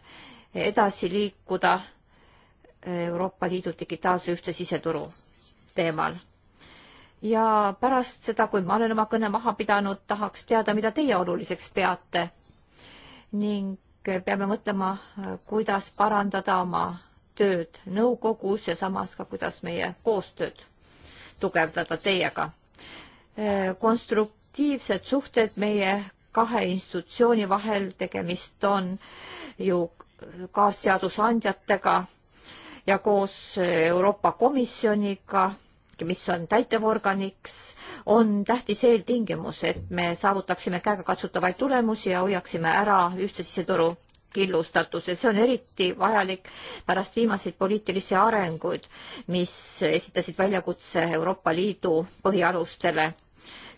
edasi liikuda Euroopa Liidu digitaalse ühtse siseturu teemal. ja pärast seda, kui ma olen oma kõne maha pidanud, tahaks teada, mida teie oluliseks peate ning peame mõtlema, kuidas parandada oma tööd nõukogus ja samas ka, kuidas meie koostööd tugevdada teiega. konstruktiivsed suhted meie kahe institutsiooni vahel, tegemist on ju kaasseadusandjatega ja koos Euroopa Komisjoniga, mis on täitevorganiks, on tähtis eeltingimus, et me saavutaksime käegakatsutavaid tulemusi ja hoiaksime ära ühtse siseturu killustatuse, see on eriti vajalik pärast viimaseid poliitilisi arenguid, mis esitasid väljakutse Euroopa Liidu põhialustele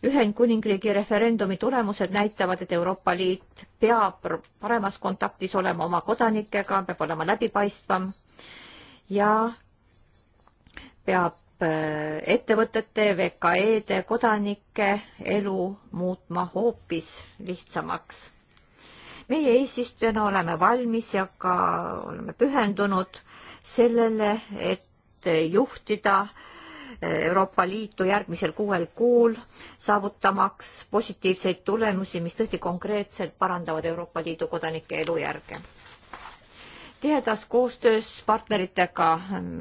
Ühendkuningriigi referendumi tulemused näitavad, et Euroopa Liit peab paremas kontaktis olema oma kodanikega, peab olema läbipaistvam ja peab äh, ettevõtete, VKE-de, kodanike elu muutma hoopis lihtsamaks. meie eesistujana oleme valmis ja ka oleme pühendunud sellele, et juhtida äh, Euroopa Liitu järgmisel kuuel kuul, saavutamaks positiivseid tulemusi, mis tõesti konkreetselt parandavad Euroopa Liidu kodanike elujärge. tihedas koostöös partneritega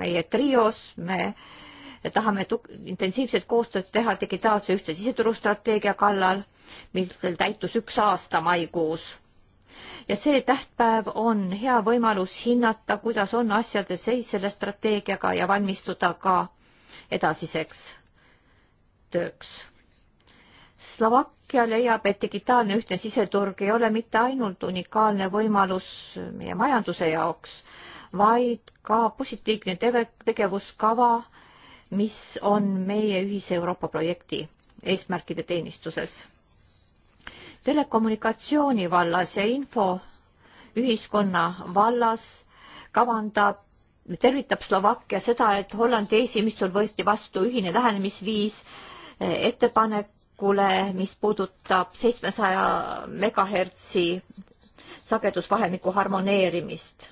meie trios me tahame intensiivset koostööd teha digitaalse ühtse siseturustrateegia kallal, millel täitus üks aasta maikuus ja see tähtpäev on hea võimalus hinnata, kuidas on asjade seis selle strateegiaga ja valmistuda ka edasiseks tööks. Slovakkia leiab, et digitaalne ühtne siseturg ei ole mitte ainult unikaalne võimalus meie majanduse jaoks, vaid ka positiivne tege-, tegevuskava, mis on meie ühise Euroopa projekti eesmärkide teenistuses. telekommunikatsiooni vallas ja infoühiskonna vallas kavandab tervitab Slovakkia seda, et Hollandi eesimistul võeti vastu ühine lähenemisviis eh, ettepanekule, mis puudutab seitsmesaja megahertsi sagedusvahemiku harmoneerimist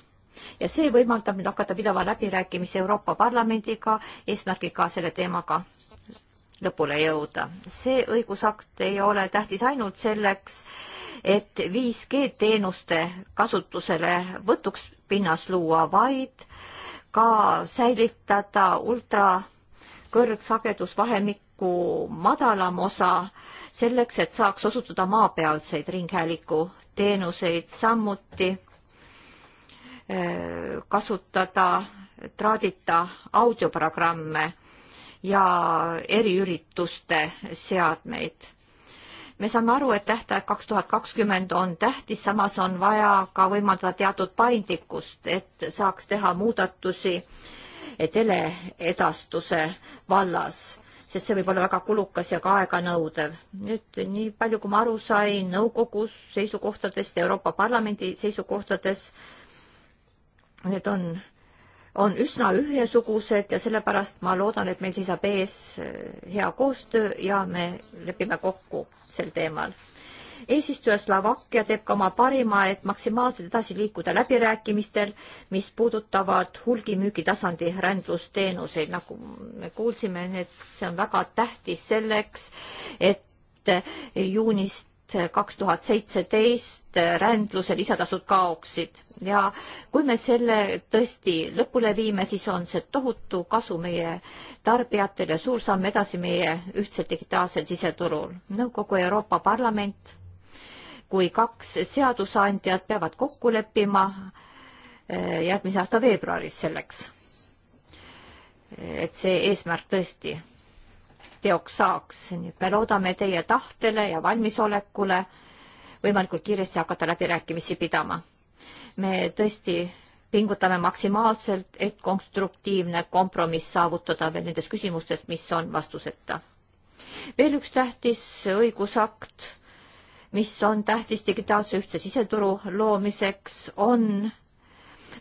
ja see võimaldab nüüd hakata pidama läbirääkimisi Euroopa Parlamendiga eesmärgiga selle teemaga lõpule jõuda. see õigusakt ei ole tähtis ainult selleks, et 5G teenuste kasutusele võtuks pinnas luua, vaid ka säilitada ultra kõrgsagedusvahemiku madalam osa selleks, et saaks osutada maapealseid ringhäälingu teenuseid, samuti äh, kasutada traadita audioprogramme ja eriürituste seadmeid me saame aru, et tähtaeg kaks tuhat kakskümmend on tähtis, samas on vaja ka võimaldada teatud paindlikkust, et saaks teha muudatusi teleedastuse vallas, sest see võib olla väga kulukas ja ka aeganõudev. nüüd nii palju, kui ma aru sain nõukogus seisukohtadest, Euroopa Parlamendi seisukohtades, need on äh, on üsna ühesugused ja sellepärast ma loodan, et meil seisab ees eh, hea koostöö ja me lepime kokku sel teemal. eesistuja Slovakkia teeb ka oma parima, et maksimaalselt edasi liikuda läbirääkimistel, mis puudutavad hulgimüügi tasandi rändlusteenuseid, nagu me kuulsime, et see on väga tähtis selleks, et juunist et kaks tuhat seitseteist rändluse lisatasud kaoksid ja kui me selle tõesti lõpule viime, siis on see tohutu kasu meie tarbijatele, suur samm edasi meie ühtsel digitaalsel siseturul. nõukogu Euroopa Parlament kui kaks seadusandjat peavad kokku leppima eh, järgmise aasta veebruaris selleks, eh, et see eesmärk tõesti teoks saaks. nii et me loodame teie tahtele ja valmisolekule võimalikult kiiresti hakata läbirääkimisi pidama. me tõesti pingutame maksimaalselt, et konstruktiivne kompromiss saavutada veel nendes küsimustes, mis on vastuseta. veel üks tähtis õigusakt, mis on tähtis digitaalse ühtse siseturu loomiseks, on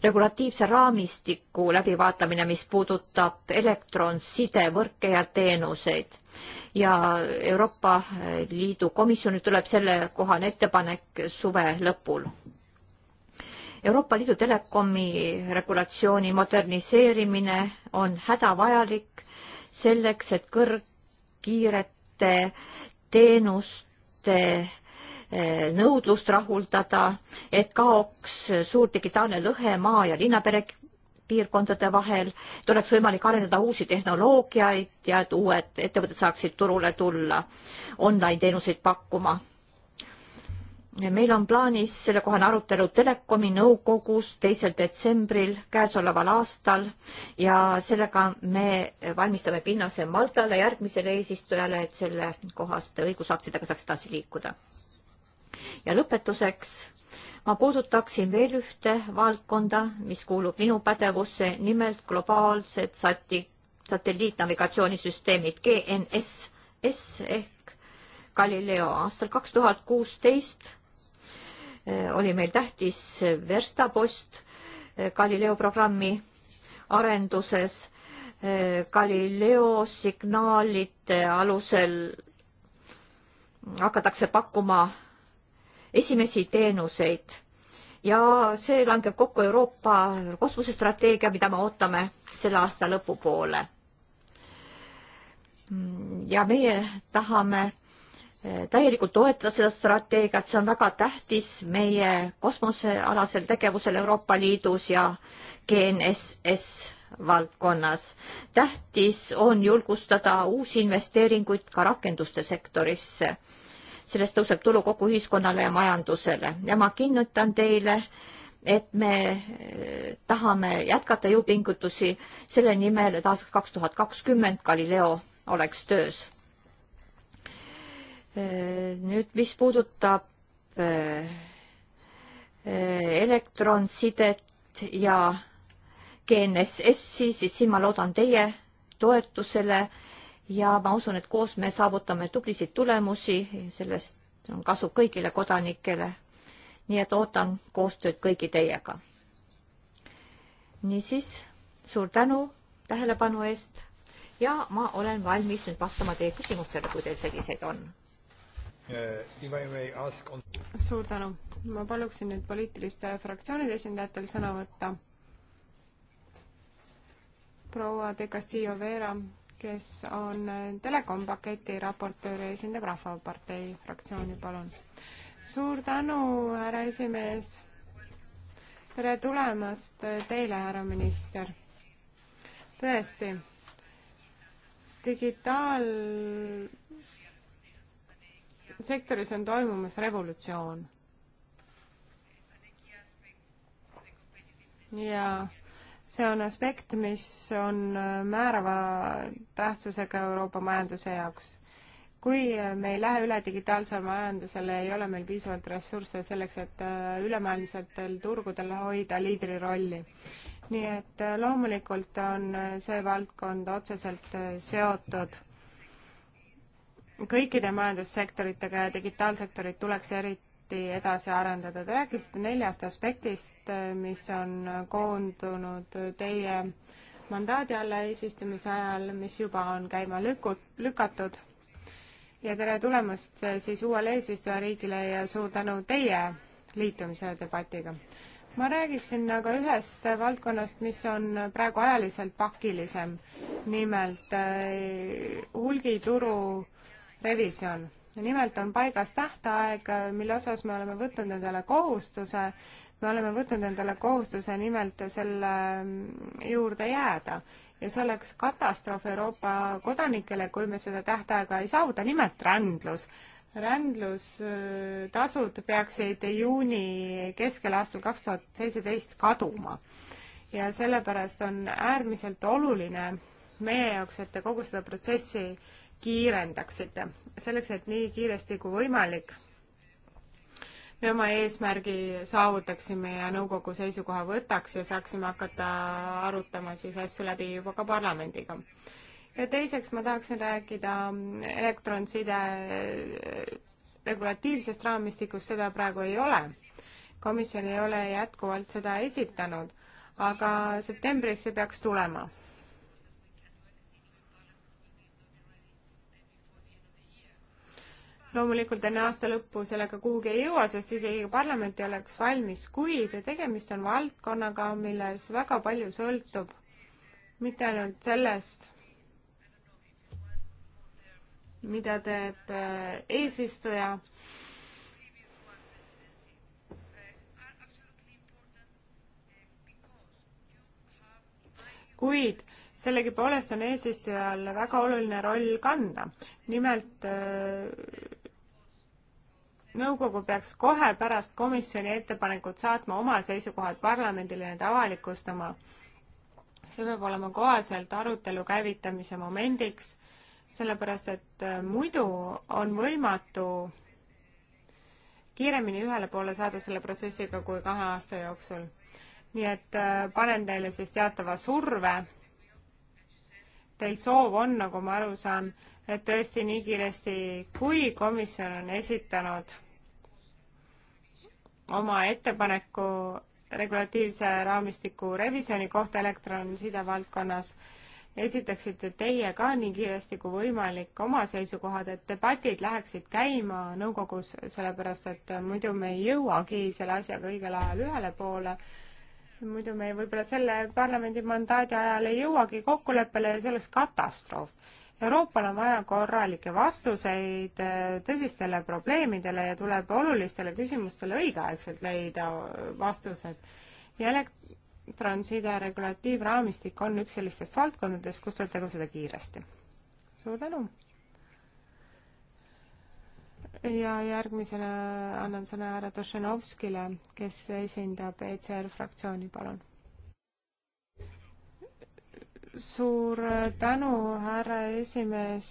regulatiivse raamistiku läbivaatamine, mis puudutab elektronside, võrke ja teenuseid. ja Euroopa Liidu komisjonil tuleb sellekohane ettepanek suve lõpul. Euroopa Liidu telekomi regulatsiooni moderniseerimine on hädavajalik selleks, et kõrgkiirete teenuste Eh, nõudlust rahuldada, et kaoks suur digitaalne lõhe maa ja linnapere piirkondade vahel, et oleks võimalik arendada uusi tehnoloogiaid ja et uued ettevõtted saaksid turule tulla online teenuseid pakkuma. meil on plaanis sellekohane arutelu Telekomi nõukogus teisel detsembril käesoleval aastal ja sellega me valmistame pinnase Maltale järgmisele eesistujale, et sellekohaste õigusaktidega saaks edasi liikuda ja lõpetuseks ma puudutaksin veel ühte valdkonda, mis kuulub minu pädevusse, nimelt globaalsed sati, satelliitnavigatsioonisüsteemid GNSS ehk Galileo. aastal kaks tuhat kuusteist eh, oli meil tähtis verstapost eh, Galileo programmi arenduses. Eh, Galileo signaalide alusel hakatakse pakkuma esimesi teenuseid ja see langeb kokku Euroopa kosmosestrateegia, mida me ootame selle aasta lõpupoole. ja meie tahame eh, täielikult toetada seda strateegiat, see on väga tähtis meie kosmosealasel tegevusel Euroopa Liidus ja GNSS valdkonnas. tähtis on julgustada uusi investeeringuid ka rakenduste sektorisse sellest tõuseb tulu kogu ühiskonnale ja majandusele ja ma kinnitan teile, et me eh, tahame jätkata jõupingutusi selle nimel, et aastaks kaks tuhat kakskümmend Galileo oleks töös. Eh, nüüd, mis puudutab eh, elektronsidet ja GNSS-i, siis siin ma loodan teie toetusele ja ma usun, et koos me saavutame tublisid tulemusi, sellest on kasu kõigile kodanikele. nii et ootan koostööd kõigi teiega. niisiis, suur tänu tähelepanu eest ja ma olen valmis nüüd vastama teie küsimustele, kui teil selliseid on. Eh, on... suur tänu. ma paluksin nüüd poliitiliste fraktsioonide esindajatel sõna võtta. proua De Castillo Vera kes on telekom paketi raportöör ja esindab Rahvapartei fraktsiooni, palun. suur tänu, härra esimees. tere tulemast teile, härra minister. tõesti, digitaalsektoris on toimumas revolutsioon. jaa see on aspekt, mis on äh, määrava tähtsusega Euroopa majanduse jaoks. kui äh, me ei lähe üle digitaalsele majandusele, ei ole meil piisavalt ressursse selleks, et äh, ülemaailmsetel turgudel hoida liidri rolli. nii et loomulikult on see valdkond otseselt seotud kõikide majandussektoritega ja digitaalsektorit tuleks eriti debatti edasi arendada. Te rääkisite neljast aspektist, mis on koondunud teie mandaadi alla eesistumise ajal, mis juba on käima lükut-, lükatud. ja tere tulemast siis uuele eesistujariigile ja suur tänu teie liitumise debatiga. ma räägiksin aga ühest valdkonnast, mis on praegu ajaliselt pakilisem, nimelt eh, hulgituru revisjon nimelt on paigas tähtaeg, mille osas me oleme võtnud endale kohustuse, me oleme võtnud endale kohustuse nimelt selle mm, juurde jääda ja see oleks katastroof Euroopa kodanikele, kui me seda tähtaega ei saavuta, nimelt rändlus. rändlustasud äh, peaksid juuni keskel aastal kaks tuhat seitseteist kaduma ja sellepärast on äärmiselt oluline meie jaoks, et te kogu seda protsessi kiirendaksite, selleks et nii kiiresti kui võimalik me oma eesmärgi saavutaksime ja nõukogu seisukoha võtaks ja saaksime hakata arutama siis asju läbi juba ka parlamendiga. ja teiseks ma tahaksin rääkida elektronside äh, regulatiivsest raamistikust, seda praegu ei ole. komisjon ei ole jätkuvalt seda esitanud, aga septembris see peaks tulema loomulikult enne aasta lõppu sellega kuhugi ei jõua, sest isegi parlament ei oleks valmis, kuid tegemist on valdkonnaga, milles väga palju sõltub mitte ainult sellest, mida teeb äh, eesistuja, kuid sellegipoolest on eesistujal väga oluline roll kanda. nimelt äh, nõukogu peaks kohe pärast komisjoni ettepanekut saatma oma seisukohad parlamendile, need avalikustama. see peab olema koheselt arutelu käivitamise momendiks, sellepärast et äh, muidu on võimatu kiiremini ühele poole saada selle protsessiga kui kahe aasta jooksul. nii et äh, panen teile siis teatava surve. Teil soov on, nagu ma aru saan, et tõesti nii kiiresti, kui komisjon on esitanud oma ettepaneku regulatiivse raamistiku revisjoni kohta elektronside valdkonnas esitaksite teie ka nii kiiresti kui võimalik oma seisukohad, et debatid läheksid käima nõukogus, sellepärast et muidu me ei jõuagi selle asjaga õigel ajal ühele poole. muidu me võib-olla selle parlamendi mandaadi ajal ei jõuagi kokkuleppele ja see oleks katastroof. Euroopal on vaja korralikke vastuseid eh, tõsistele probleemidele ja tuleb olulistele küsimustele õigeaegselt leida vastused. ja elektronside regulatiivraamistik on üks sellistest valdkondadest, kus tuleb tegutseda kiiresti. suur tänu! ja järgmisena annan sõna härra Tošenovskile, kes esindab ECR fraktsiooni, palun suur tänu, härra esimees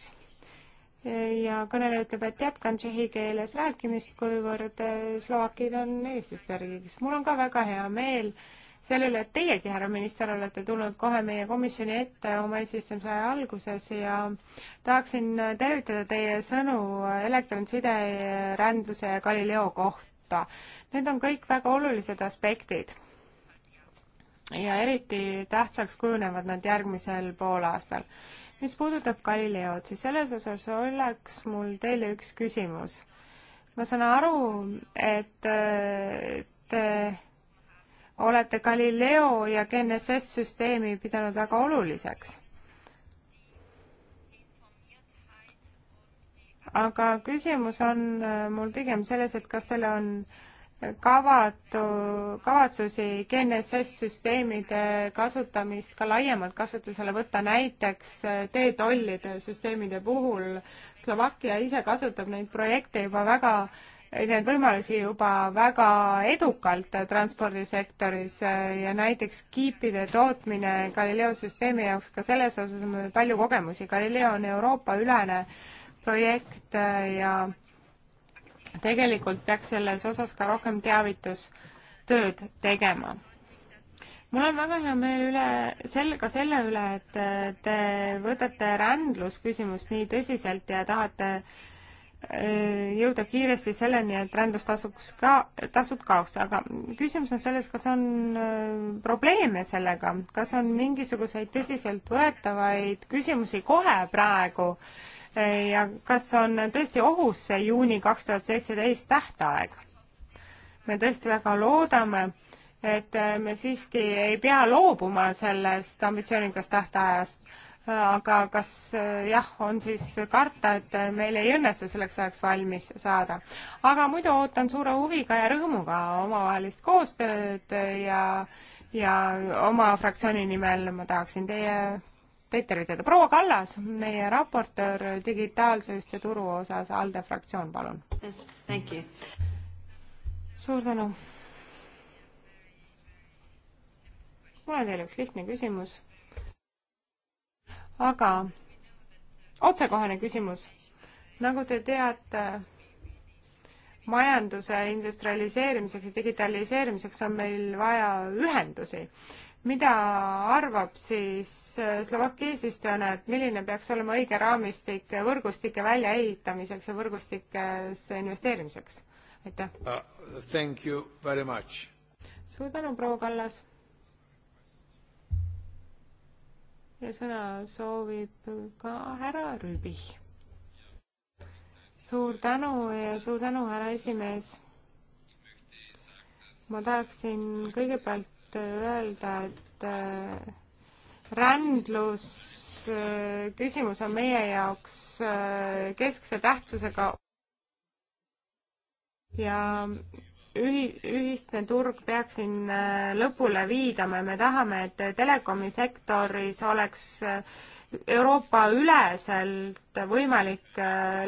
ja kõneleja ütleb, et jätkan tšehhi keeles rääkimist, kuivõrd eh, slovakid on Eestist järgiks. mul on ka väga hea meel selle üle, et teiegi, härra minister, olete tulnud kohe meie komisjoni ette oma eesistumise aja alguses ja tahaksin tervitada teie sõnu elektronside, eh, rändluse ja Galileo kohta. Need on kõik väga olulised aspektid ja eriti tähtsaks kujunevad nad järgmisel poolaastal. mis puudutab Galileod, siis selles osas oleks mul teile üks küsimus. ma saan aru, et äh, te olete Galileo ja GNSS süsteemi pidanud väga oluliseks. aga küsimus on äh, mul pigem selles, et kas teil on äh, kavatu, kavatsusi GNSS-süsteemide kasutamist ka laiemalt kasutusele võtta, näiteks äh, teetollide süsteemide puhul. Slovakkia ise kasutab neid projekte juba väga, neid võimalusi juba väga edukalt äh, transpordisektoris äh, ja näiteks kiipide tootmine Galileo süsteemi jaoks, ka selles osas on meil palju kogemusi. Galileo on Euroopa ülene projekt ja tegelikult peaks selles osas ka rohkem teavitustööd tegema. mul on väga hea meel üle, sel-, ka selle üle, et te võtate rändlusküsimust nii tõsiselt ja tahate äh, jõuda kiiresti selleni, et rändus tasuks ka, tasud kaoks, aga küsimus on selles, kas on äh, probleeme sellega, kas on mingisuguseid tõsiseltvõetavaid küsimusi kohe praegu äh, ja kas on tõesti ohus see juuni kaks tuhat seitseteist tähtaeg? me tõesti väga loodame, et me siiski ei pea loobuma sellest ambitsioonikast tähtajast, aga kas jah, on siis karta, et meil ei õnnestu selleks ajaks valmis saada. aga muidu ootan suure huviga ja rõõmuga omavahelist koostööd ja ja oma fraktsiooni nimel ma tahaksin teie Peeter ütleb, proua Kallas, meie raportöör digitaalse ühtse turu osas, ALDE fraktsioon, palun yes,. suur tänu. mul on teile üks lihtne küsimus. aga otsekohane küsimus. nagu te teate, majanduse industrialiseerimiseks ja digitaliseerimiseks on meil vaja ühendusi mida arvab siis äh, Slovakkia eesistujana, et milline peaks olema õige raamistik võrgustike väljaehitamiseks ja võrgustikesse investeerimiseks? aitäh uh,! Thank you very much! suur tänu, proua Kallas! ja sõna soovib ka härra Rüübich. suur tänu ja suur tänu, härra esimees! ma tahaksin kõigepealt nüüd öelda, et äh, rändlus äh, küsimus on meie jaoks äh, keskse tähtsusega ja ühi-, ühistne turg peaks siin lõpule viidama ja me tahame, et telekomisektoris oleks Euroopa üleselt võimalik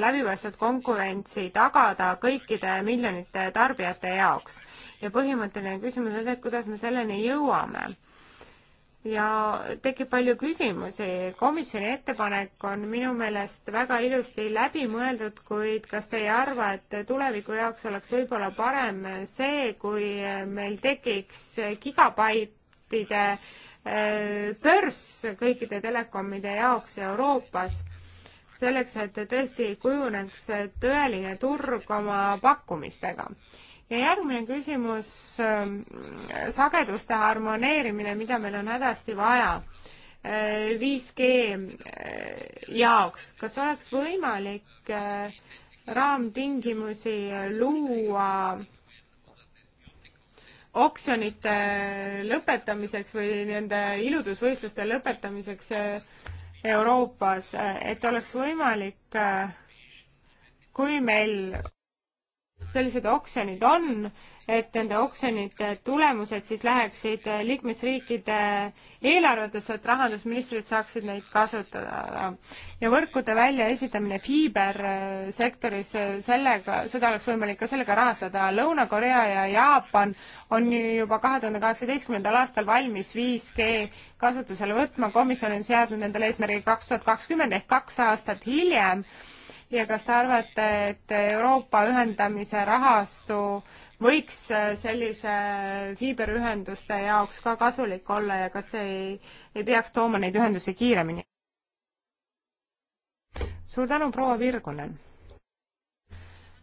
läbipaistvat konkurentsi tagada kõikide miljonite tarbijate jaoks ja põhimõtteline küsimus on see, et kuidas me selleni jõuame ja tekib palju küsimusi. komisjoni ettepanek on minu meelest väga ilusti läbi mõeldud, kuid kas te ei arva, et tuleviku jaoks oleks võib-olla parem see, kui meil tekiks gigabaitide äh, börs kõikide telekomide jaoks Euroopas, selleks et tõesti kujuneks tõeline turg oma pakkumistega ja järgmine küsimus, ähm, sageduste harmoneerimine, mida meil on hädasti vaja 5G äh, äh, jaoks, kas oleks võimalik äh, raamtingimusi luua oksjonite lõpetamiseks või nende iludusvõistluste lõpetamiseks Euroopas, et oleks võimalik, kui meil sellised oksjonid on, et nende oksjonite tulemused siis läheksid liikmesriikide eelarvetesse, et rahandusministrid saaksid neid kasutada. ja võrkude väljaesitamine fiibersektoris, äh, äh, sellega, seda oleks võimalik ka sellega rahastada. Lõuna-Korea ja Jaapan on juba kahe tuhande kaheksateistkümnendal aastal valmis 5G kasutusele võtma, komisjon on seadnud endale eesmärgi kaks tuhat kakskümmend ehk kaks aastat hiljem ja kas te arvate, et Euroopa ühendamise rahastu võiks äh, sellise fiiberühenduste jaoks ka kasulik olla ja kas see ei, ei peaks tooma neid ühendusi kiiremini? suur tänu, proua Virgunen!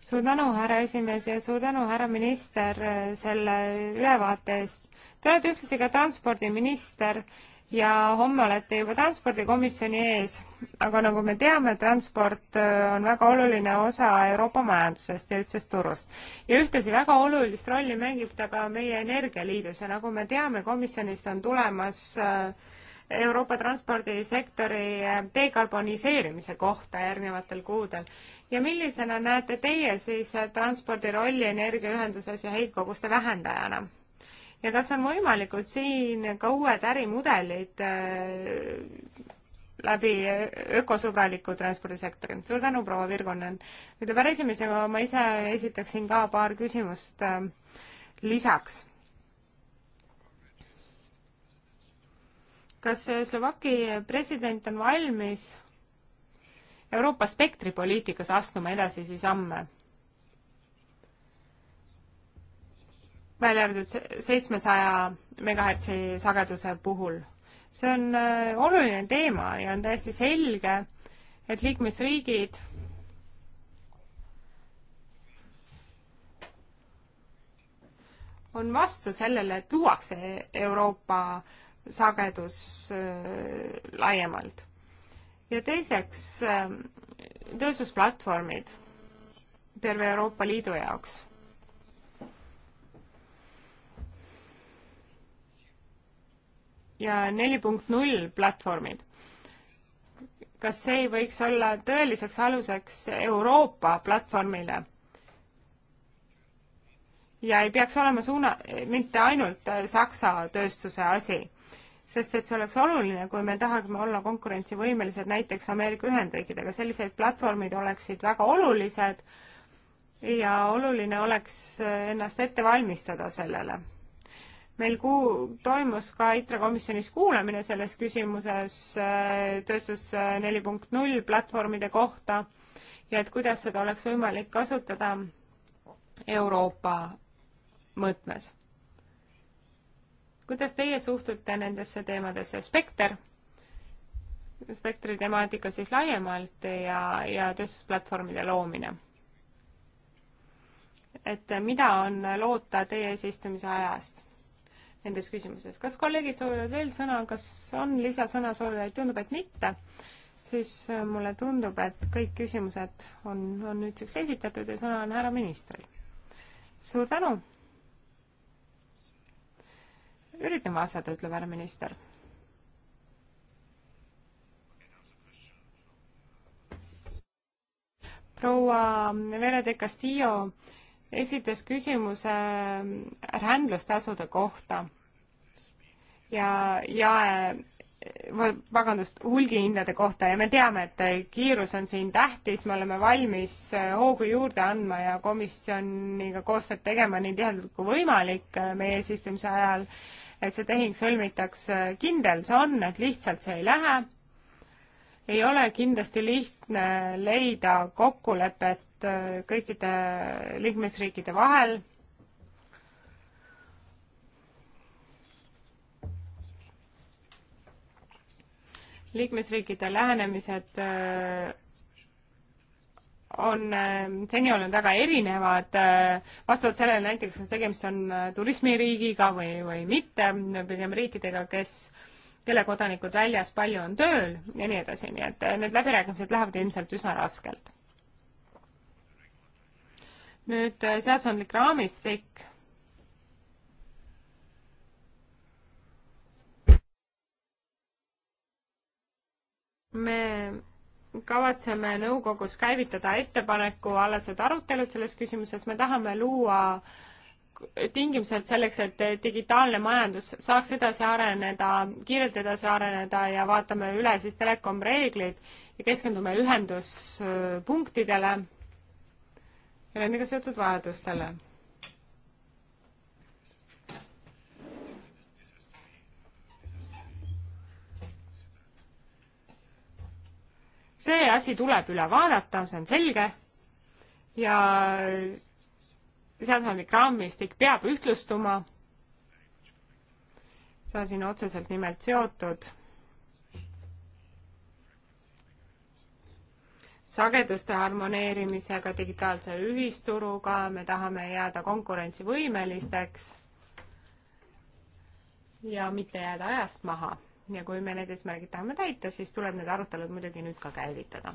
suur tänu, härra esimees ja suur tänu, härra minister, äh, selle ülevaate eest. Te olete ühtlasi ka transpordiminister ja homme olete juba transpordikomisjoni ees, aga nagu me teame, transport äh, on väga oluline osa Euroopa majandusest ja ühtsest turust. ja ühtlasi väga olulist rolli mängib ta ka meie energialiidus ja nagu me teame, komisjonist on tulemas äh, Euroopa transpordisektori äh, dekarboniseerimise kohta järgnevatel kuudel. ja millisena näete teie siis transpordi rolli energiaühenduses ja heitkoguste vähendajana? ja kas on võimalikud siin ka uued ärimudelid äh, läbi äh, ökosõbraliku transpordisektori. suur tänu, proua Virgonen. ütleb härra esimees, aga ma ise esitaksin ka paar küsimust äh, lisaks. kas Slovaki president on valmis Euroopa spektripoliitikas astuma edasisi samme? välja arvatud seitsmesaja megahertsi sageduse puhul. see on äh, oluline teema ja on täiesti selge, et liikmesriigid on vastu sellele, et luuakse Euroopa sagedus äh, laiemalt. ja teiseks, äh, tööstusplatvormid terve Euroopa Liidu jaoks ja neli punkt null platvormid. kas see ei võiks olla tõeliseks aluseks Euroopa platvormile? ja ei peaks olema suuna, mitte ainult Saksa tööstuse asi, sest et see oleks oluline, kui me tahame olla konkurentsivõimelised näiteks Ameerika Ühendriikidega, sellised platvormid oleksid väga olulised ja oluline oleks ennast ette valmistada sellele meil kuu-, toimus ka ITRA komisjonis kuulamine selles küsimuses äh, tööstus äh, neli punkt null platvormide kohta ja et kuidas seda oleks võimalik kasutada Euroopa mõõtmes. kuidas teie suhtute nendesse teemadesse, spekter? spektri temaatika siis laiemalt ja, ja tööstusplatvormide loomine. et mida on loota teie eesistumise ajast? nendes küsimuses. kas kolleegid soovivad veel sõna, kas on lisasõna soovijaid, tundub, et mitte, siis äh, mulle tundub, et kõik küsimused on, on nüüdseks esitatud ja sõna on härra ministril. suur tänu! üritan vastata, ütleb härra minister. proua Vere de Castillo esitas küsimuse ähm, rändlustasude kohta ja jae, vabandust, hulgihindade kohta ja me teame, et äh, kiirus on siin tähtis, me oleme valmis äh, hoogu juurde andma ja komisjoniga koostööd tegema nii tihedalt kui võimalik äh, meie eesistumise ajal, et see tehing sõlmitaks. kindel see on, et lihtsalt see ei lähe. ei ole kindlasti lihtne leida kokkulepet et äh, kõikide liikmesriikide vahel liikmesriikide lähenemised äh, on äh, seni olnud väga erinevad, vastavalt sellele näiteks, kas tegemist on turismiriigiga või, või mitte, pigem riikidega, kes, kelle kodanikud väljas palju on tööl ja nii edasi, nii et need läbirääkimised lähevad ilmselt üsna raskelt nüüd äh, seadusandlik raamistik. me kavatseme nõukogus käivitada ettepanekualased arutelud selles küsimuses, me tahame luua tingimused selleks, et digitaalne majandus saaks edasi areneda, kiirelt edasi areneda ja vaatame üle siis telekom reeglid ja keskendume ühenduspunktidele ja nendega seotud vajadustele. see asi tuleb üle vaadata, see on selge ja seadusandlik raamistik peab ühtlustuma. see asi on otseselt nimelt seotud sageduste harmoneerimisega, digitaalse ühisturuga, me tahame jääda konkurentsivõimelisteks ja mitte jääda ajast maha. ja kui me need eesmärgid tahame täita, siis tuleb need arutelud muidugi nüüd ka käivitada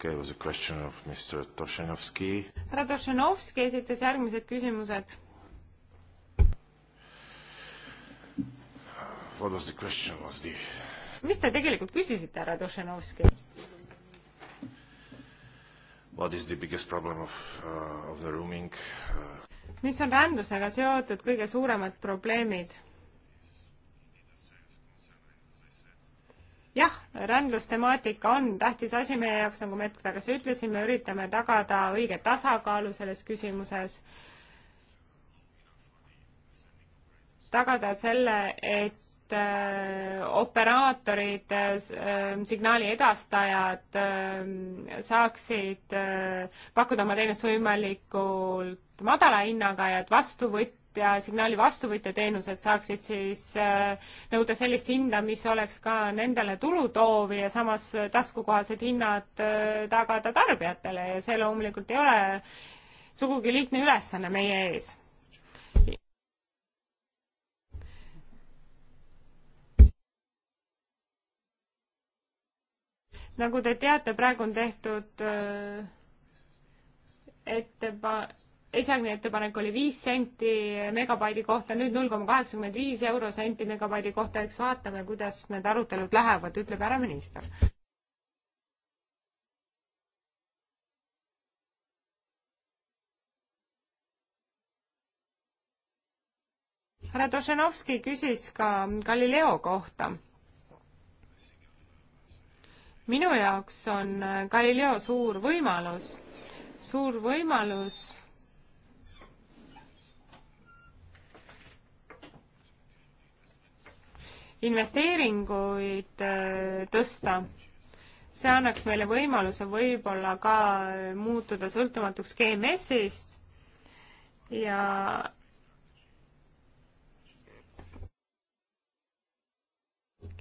Okay, was a question of Mr Tošenovski. härra Tošenovski esitas järgmised küsimused. What was the question was the mis te tegelikult küsisite, härra Tošenovski? What is the biggest problem of uh,, of the rooming uh...? mis on rändusega seotud kõige suuremad probleemid? jah, rändlustemaatika on tähtis asi meie jaoks, nagu me hetk tagasi ütlesime, üritame tagada õige tasakaalu selles küsimuses. tagada selle, et äh, operaatorid äh,, signaali edastajad äh, saaksid äh, pakkuda oma teenust võimalikult madala hinnaga ja et vastuvõtt ja signaali vastuvõtjateenused saaksid siis äh, nõuda sellist hinda, mis oleks ka nendele tulu toov ja samas taskukohased hinnad äh, tagada tarbijatele ja see loomulikult ei ole sugugi lihtne ülesanne meie ees nagu te teate, praegu on tehtud äh, ettepa-, esialgne ettepanek oli viis senti megabaidi kohta, nüüd null koma kaheksakümmend viis eurosenti megabaidi kohta, eks vaatame, kuidas need arutelud lähevad, ütleb härra minister. härra Tošenovski küsis ka Galileo kohta. minu jaoks on Galileo suur võimalus, suur võimalus investeeringuid äh, tõsta, see annaks meile võimaluse võib-olla ka äh, muutuda sõltumatuks GMS-ist ja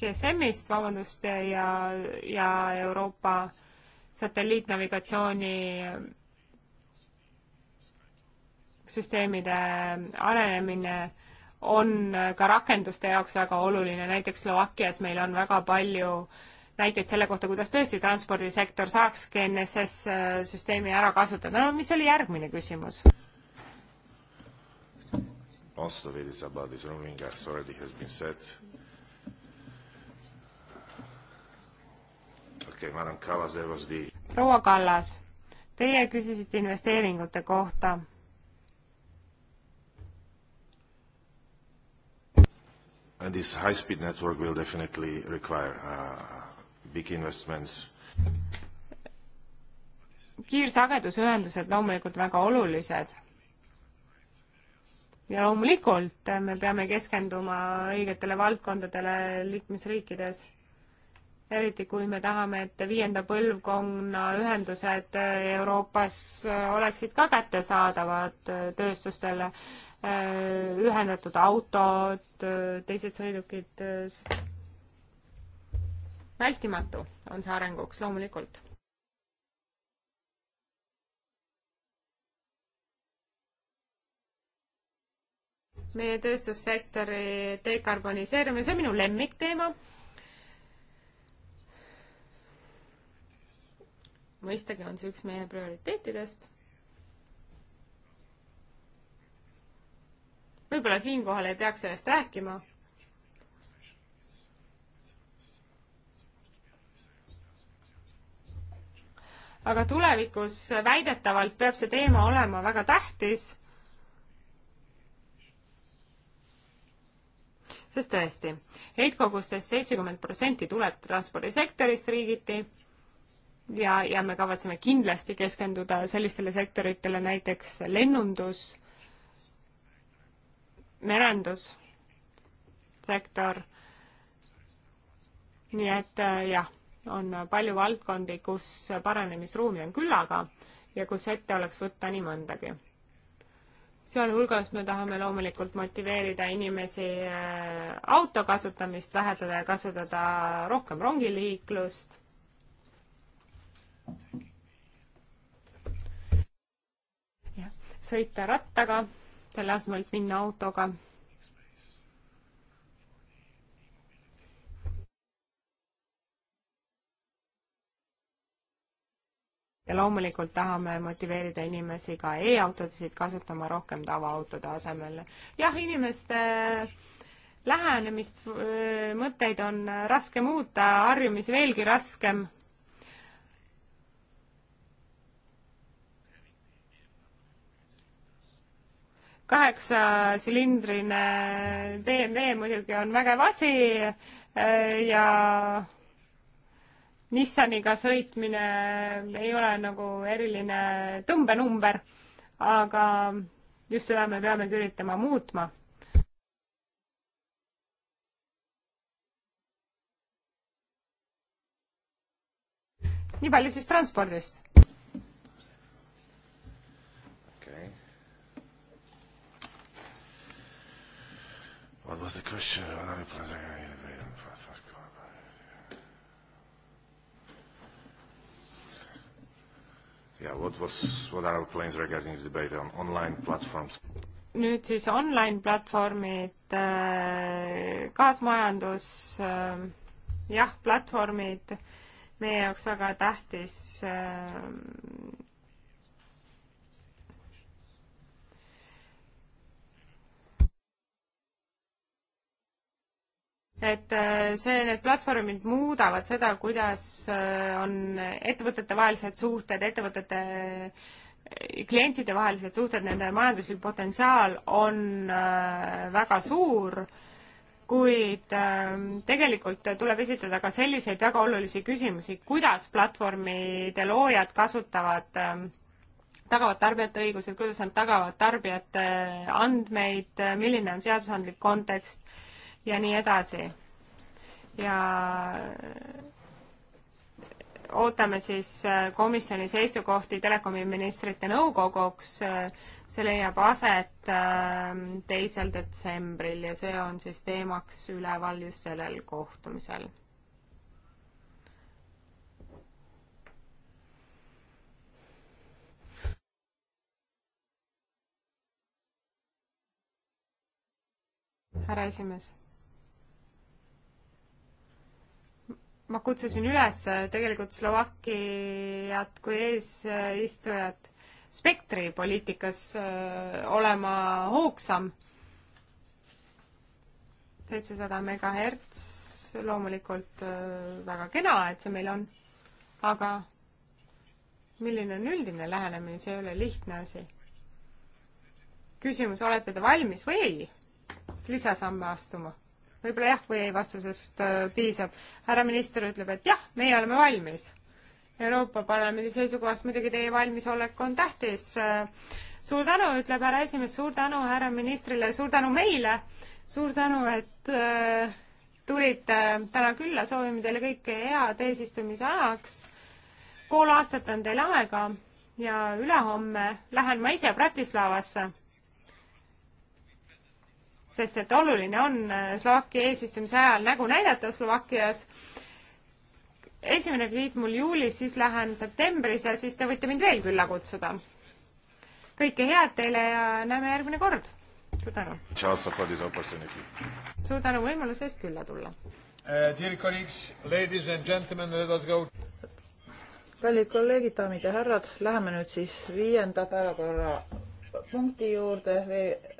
GSM-ist, vabandust, ja, ja Euroopa satelliitnavigatsiooni äh, süsteemide arenemine on ka rakenduste jaoks väga oluline, näiteks Slovakkias meil on väga palju näiteid selle kohta, kuidas tõesti transpordisektor saakski NSS äh, süsteemi ära kasutada. no mis oli järgmine küsimus? Most of it is about this ruling as already has been said. Okay, Madam Kallas, there was the proua Kallas, teie küsisite investeeringute kohta and this high-speed network will definitely require uh, big investments. kiirsagedusühendused loomulikult väga olulised. ja loomulikult äh, me peame keskenduma õigetele valdkondadele liikmesriikides, eriti kui me tahame, et viienda põlvkonna ühendused äh, Euroopas äh, oleksid ka kättesaadavad tööstustele Äh, ühendatud autod, äh, teised sõidukid. Äh, vältimatu on see arenguks loomulikult meie tööstussektori dekarboniseerimine, see on minu lemmikteema. mõistagi on see üks meie prioriteetidest. võib-olla siinkohal ei peaks sellest rääkima. aga tulevikus väidetavalt peab see teema olema väga tähtis. sest tõesti, heitkogustest seitsekümmend protsenti tuleb transpordisektorist riigiti ja, ja me kavatseme kindlasti keskenduda sellistele sektoritele, näiteks lennundus merendussektor. nii et äh, jah, on palju valdkondi, kus paranemisruumi on küllaga ja kus ette oleks võtta nii mõndagi. sealhulgas me tahame loomulikult motiveerida inimesi äh, auto kasutamist, vähendada ja kasutada rohkem rongiliiklust sõita rattaga selle asemel, et minna autoga. ja loomulikult tahame motiveerida inimesi ka e-autosid kasutama rohkem tavaautode asemel. jah, inimeste äh, lähenemist, äh, mõtteid on raske muuta, harjumisi veelgi raskem kaheksasilindrine DMV muidugi on vägev asi äh, ja Nissaniga sõitmine ei ole nagu eriline tõmbenumber, aga just seda me peamegi üritama muutma. nii palju siis transpordist What was the question? Yeah, what was, what are our plans regarding the debate on online platforms? nüüd siis online platvormid, äh, kaasmajandus, äh, jah, platvormid, meie jaoks väga tähtis äh, et äh, see, need platvormid muudavad seda, kuidas äh, on ettevõtetevahelised suhted, ettevõtete äh, klientide vahelised suhted, nende majanduslik potentsiaal on väga suur, kuid ähm, tegelikult tuleb esitada ka selliseid väga olulisi küsimusi, kuidas platvormide loojad kasutavad, ähm, tagavad tarbijate õigused, kuidas nad tagavad tarbijate andmeid, milline on seadusandlik kontekst ja nii edasi. ja ootame siis äh, komisjoni seisukohti Telekomi ministrite nõukoguks, äh, see leiab aset äh, teisel detsembril ja see on siis teemaks üleval just sellel kohtumisel. härra esimees ma kutsusin üles äh, tegelikult Slovakkiat kui eesistujat spektri poliitikas äh, olema hoogsam. seitsesada megahertz loomulikult äh, väga kena, et see meil on, aga milline on üldine lähenemine, see ei ole lihtne asi. küsimus, olete te valmis või ei lisasamme astuma? võib-olla jah või ei vastusest äh, piisab. härra minister ütleb, et jah, meie oleme valmis. Euroopa Parlamendi seisukohast muidugi teie valmisolek on tähtis. suur tänu, ütleb härra esimees, suur tänu härra ministrile, suur tänu meile, suur tänu, et äh, tulite täna külla, soovime teile kõike head eesistumise ajaks. pool aastat on teil aega ja ülehomme lähen ma ise Bratislavasse sest et oluline on äh, Slovakkia eesistumise ajal nägu näidata Slovakkias. esimene visiit mul juulis, siis lähen septembris ja siis te võite mind veel külla kutsuda. kõike head teile ja näeme järgmine kord. suur tänu. suur tänu võimaluse eest külla tulla uh,. Dear colleagues, ladies and gentlemen, let us go kallid kolleegid, daamid ja härrad, läheme nüüd siis viienda päevakorra punkti juurde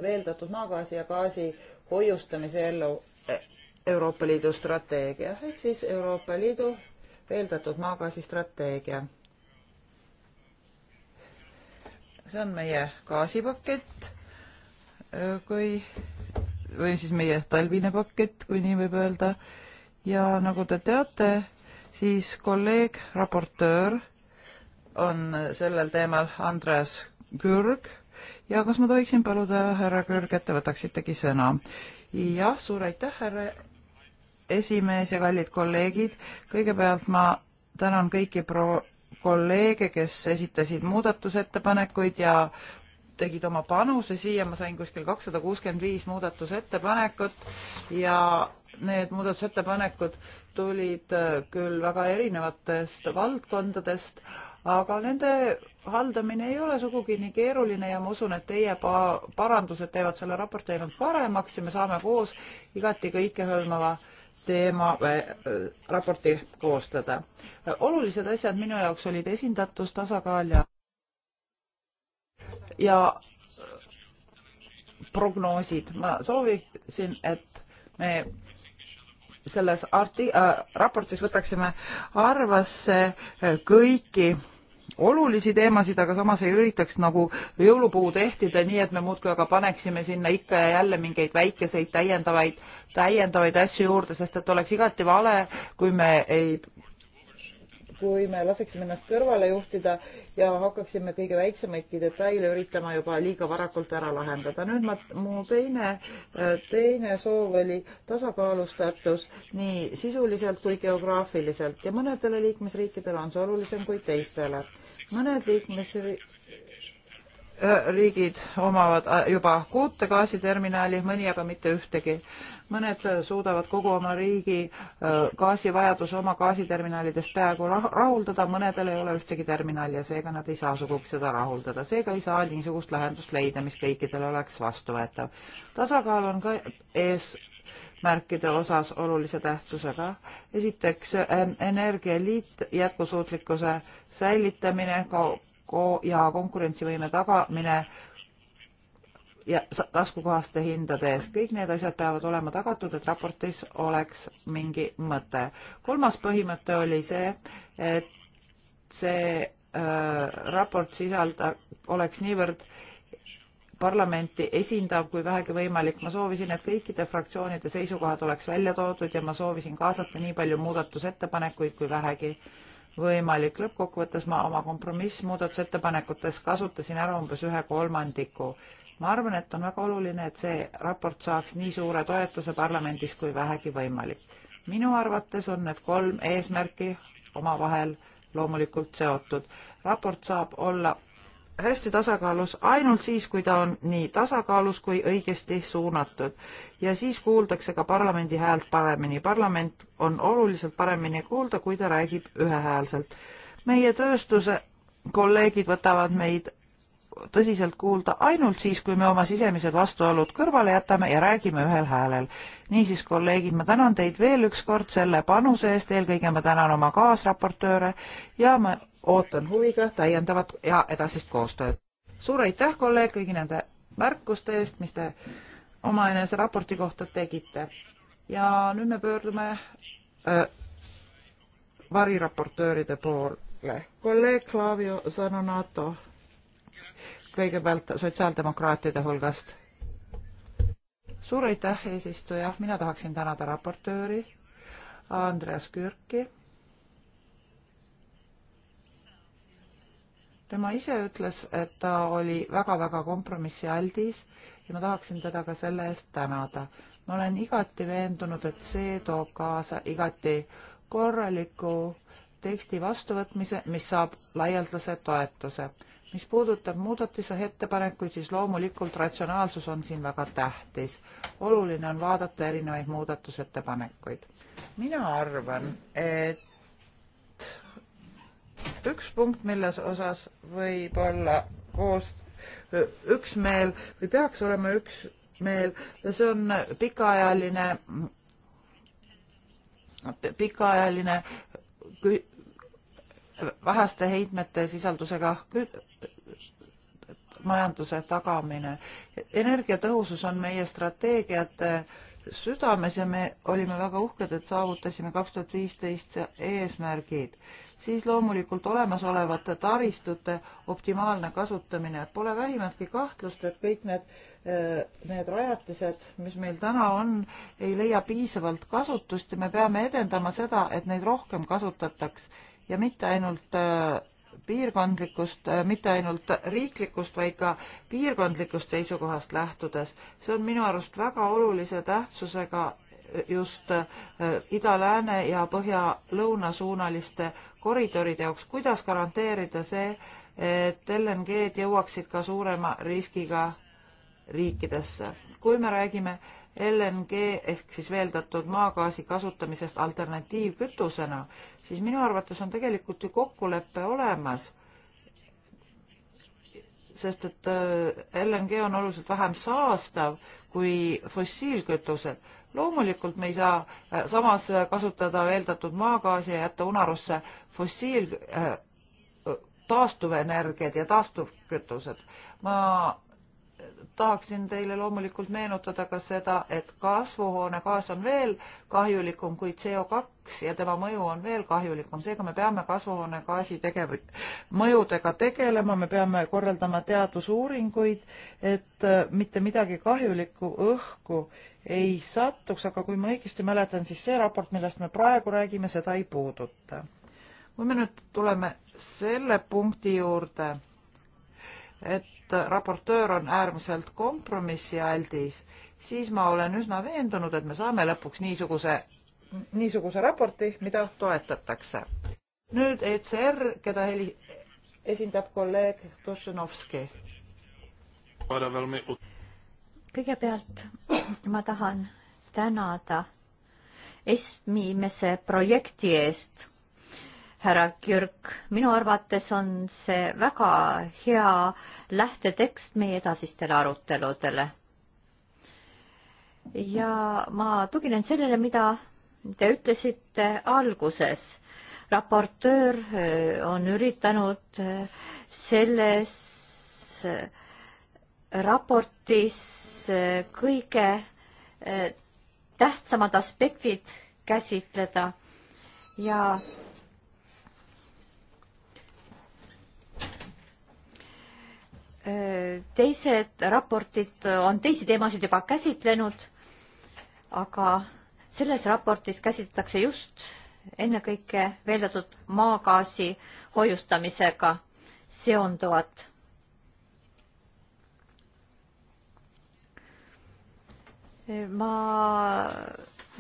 veeldatud maagaasi ja gaasi hoiustamise ellu e, Euroopa Liidu strateegia ehk siis Euroopa Liidu veeldatud maagaasi strateegia. see on meie gaasipakett, kui, või siis meie talvine pakett, kui nii võib öelda. ja nagu te teate, siis kolleeg, raportöör on sellel teemal Andreas Kürg ja kas ma tohiksin paluda, härra Kõrg, et te võtaksitegi sõna? jah, suur aitäh, härra esimees ja kallid kolleegid. kõigepealt ma tänan kõiki pro-, kolleege, kes esitasid muudatusettepanekuid ja tegid oma panuse siia, ma sain kuskil kakssada kuuskümmend viis muudatusettepanekut ja need muudatusettepanekud tulid äh, küll väga erinevatest valdkondadest, aga nende haldamine ei ole sugugi nii keeruline ja ma usun, et teie pa-, parandused teevad selle raporti ainult paremaks ja me saame koos igati kõikehõlmava teema äh,, äh raporti koostada. olulised asjad minu jaoks olid esindatus, tasakaal ja ja äh, prognoosid. ma sooviksin, et me selles arti- äh,, raportis võtaksime arvasse äh, kõiki äh, olulisi teemasid, aga samas ei üritaks nagu jõulupuu tehtida nii, et me muudkui aga paneksime sinna ikka ja jälle mingeid väikeseid täiendavaid, täiendavaid asju juurde, sest et oleks igati vale, kui me ei kui me laseksime ennast kõrvale juhtida ja hakkaksime kõige väiksemaidki detaile üritama juba liiga varakult ära lahendada. nüüd ma, mu teine, äh, teine soov oli tasakaalustatus nii sisuliselt kui geograafiliselt ja mõnedele liikmesriikidele on see olulisem kui teistele. mõned liikmesriigid riigid omavad äh, juba kuute gaasiterminali, mõni aga mitte ühtegi. mõned äh, suudavad kogu oma riigi äh, gaasivajaduse oma gaasiterminalidest peaaegu rahuldada, mõnedel ei ole ühtegi terminali ja seega nad ei saa sugugi seda rahuldada. seega ei saa niisugust lahendust leida, mis kõikidele oleks vastuvõetav. tasakaal on ka ees eesmärkide osas olulise tähtsusega. esiteks energialiit, jätkusuutlikkuse säilitamine ja konkurentsivõime tagamine ja taskukohaste hindade eest. kõik need asjad peavad olema tagatud, et raportis oleks mingi mõte. kolmas põhimõte oli see, et see äh, raport sisalda, oleks niivõrd äh, parlamenti esindab, kui vähegi võimalik. ma soovisin, et kõikide fraktsioonide seisukohad oleks välja toodud ja ma soovisin kaasata nii palju muudatusettepanekuid kui vähegi võimalik. lõppkokkuvõttes ma oma kompromissmuudatusettepanekutes kasutasin ära umbes ühe kolmandiku. ma arvan, et on väga oluline, et see raport saaks nii suure toetuse parlamendis kui vähegi võimalik. minu arvates on need kolm eesmärki omavahel loomulikult seotud. raport saab olla hästi tasakaalus ainult siis, kui ta on nii tasakaalus kui õigesti suunatud. ja siis kuuldakse ka parlamendi häält paremini. parlament on oluliselt paremini kuulda, kui ta räägib ühehäälselt. meie tööstuse kolleegid võtavad meid tõsiselt kuulda ainult siis, kui me oma sisemised vastuolud kõrvale jätame ja räägime ühel häälel. niisiis, kolleegid, ma tänan teid veel ükskord selle panuse eest, eelkõige ma tänan oma kaasraportööre ja ma ootan huviga täiendavat ja edasist koostööd. suur aitäh, kolleeg, kõigi nende märkuste eest, mis te omaenese raporti kohta tegite. ja nüüd me pöördume äh, variraportööride poole. kolleeg Flavio Zanonato kõigepealt sotsiaaldemokraatide hulgast. suur aitäh, eesistuja, mina tahaksin tänada raportööri Andreas Kürki tema ise ütles, et ta oli väga-väga kompromissialdis ja ma tahaksin teda ka selle eest tänada. ma olen igati veendunud, et see toob kaasa igati korraliku teksti vastuvõtmise, mis saab laialdase toetuse. mis puudutab muudatusettepanekuid, siis loomulikult ratsionaalsus on siin väga tähtis. oluline on vaadata erinevaid muudatusettepanekuid. mina arvan, et üks punkt, milles osas võib olla koos üksmeel või peaks olema üksmeel ja see on pikaajaline, pikaajaline väheste heitmete sisaldusega majanduse tagamine. energiatõhusus on meie strateegiate südames ja me olime väga uhked, et saavutasime kaks tuhat viisteist eesmärgid siis loomulikult olemasolevate taristute optimaalne kasutamine, et pole vähimatki kahtlust, et kõik need, eh, need rajatised, mis meil täna on, ei leia piisavalt kasutust ja me peame edendama seda, et neid rohkem kasutataks ja mitte ainult eh, piirkondlikust, eh, mitte ainult riiklikust, vaid ka piirkondlikust seisukohast lähtudes. see on minu arust väga olulise tähtsusega just äh, ida-lääne ja põhja-lõuna suunaliste koridoride jaoks, kuidas garanteerida see, et LNG-d jõuaksid ka suurema riskiga riikidesse. kui me räägime LNG ehk siis veeldatud maagaasi kasutamisest alternatiivkütusena, siis minu arvates on tegelikult ju kokkulepe olemas, sest et äh, LNG on oluliselt vähem saastav kui fossiilkütused loomulikult me ei saa äh, samas äh, kasutada veeldatud maagaasi ja jätta unarusse fossiil äh, taastuvenergiad ja taastuvkütused. ma tahaksin teile loomulikult meenutada ka seda, et kasvuhoonegaas on veel kahjulikum kui CO2 ja tema mõju on veel kahjulikum, seega me peame kasvuhoonegaasi tegev-, mõjudega tegelema, me peame korraldama teadusuuringuid, et äh, mitte midagi kahjulikku õhku ei satuks, aga kui ma õigesti mäletan, siis see raport, millest me praegu räägime, seda ei puuduta. kui me nüüd tuleme selle punkti juurde et raportöör on äärmiselt kompromissialdis, siis ma olen üsna veendunud, et me saame lõpuks niisuguse, niisuguse raporti, mida toetatakse. nüüd ECR, keda heli, esindab kolleeg Dušinovski. kõigepealt ma tahan tänada ESMI-mese projekti eest härra Kürk, minu arvates on see väga hea lähtetekst meie edasistele aruteludele. ja ma tuginen sellele, mida te ütlesite alguses. raportöör eh, on üritanud eh, selles eh, raportis kõige tähtsamad aspektid käsitleda ja teised raportid on teisi teemasid juba käsitlenud, aga selles raportis käsitletakse just ennekõike veeldatud maagaasi hoiustamisega seonduvat. ma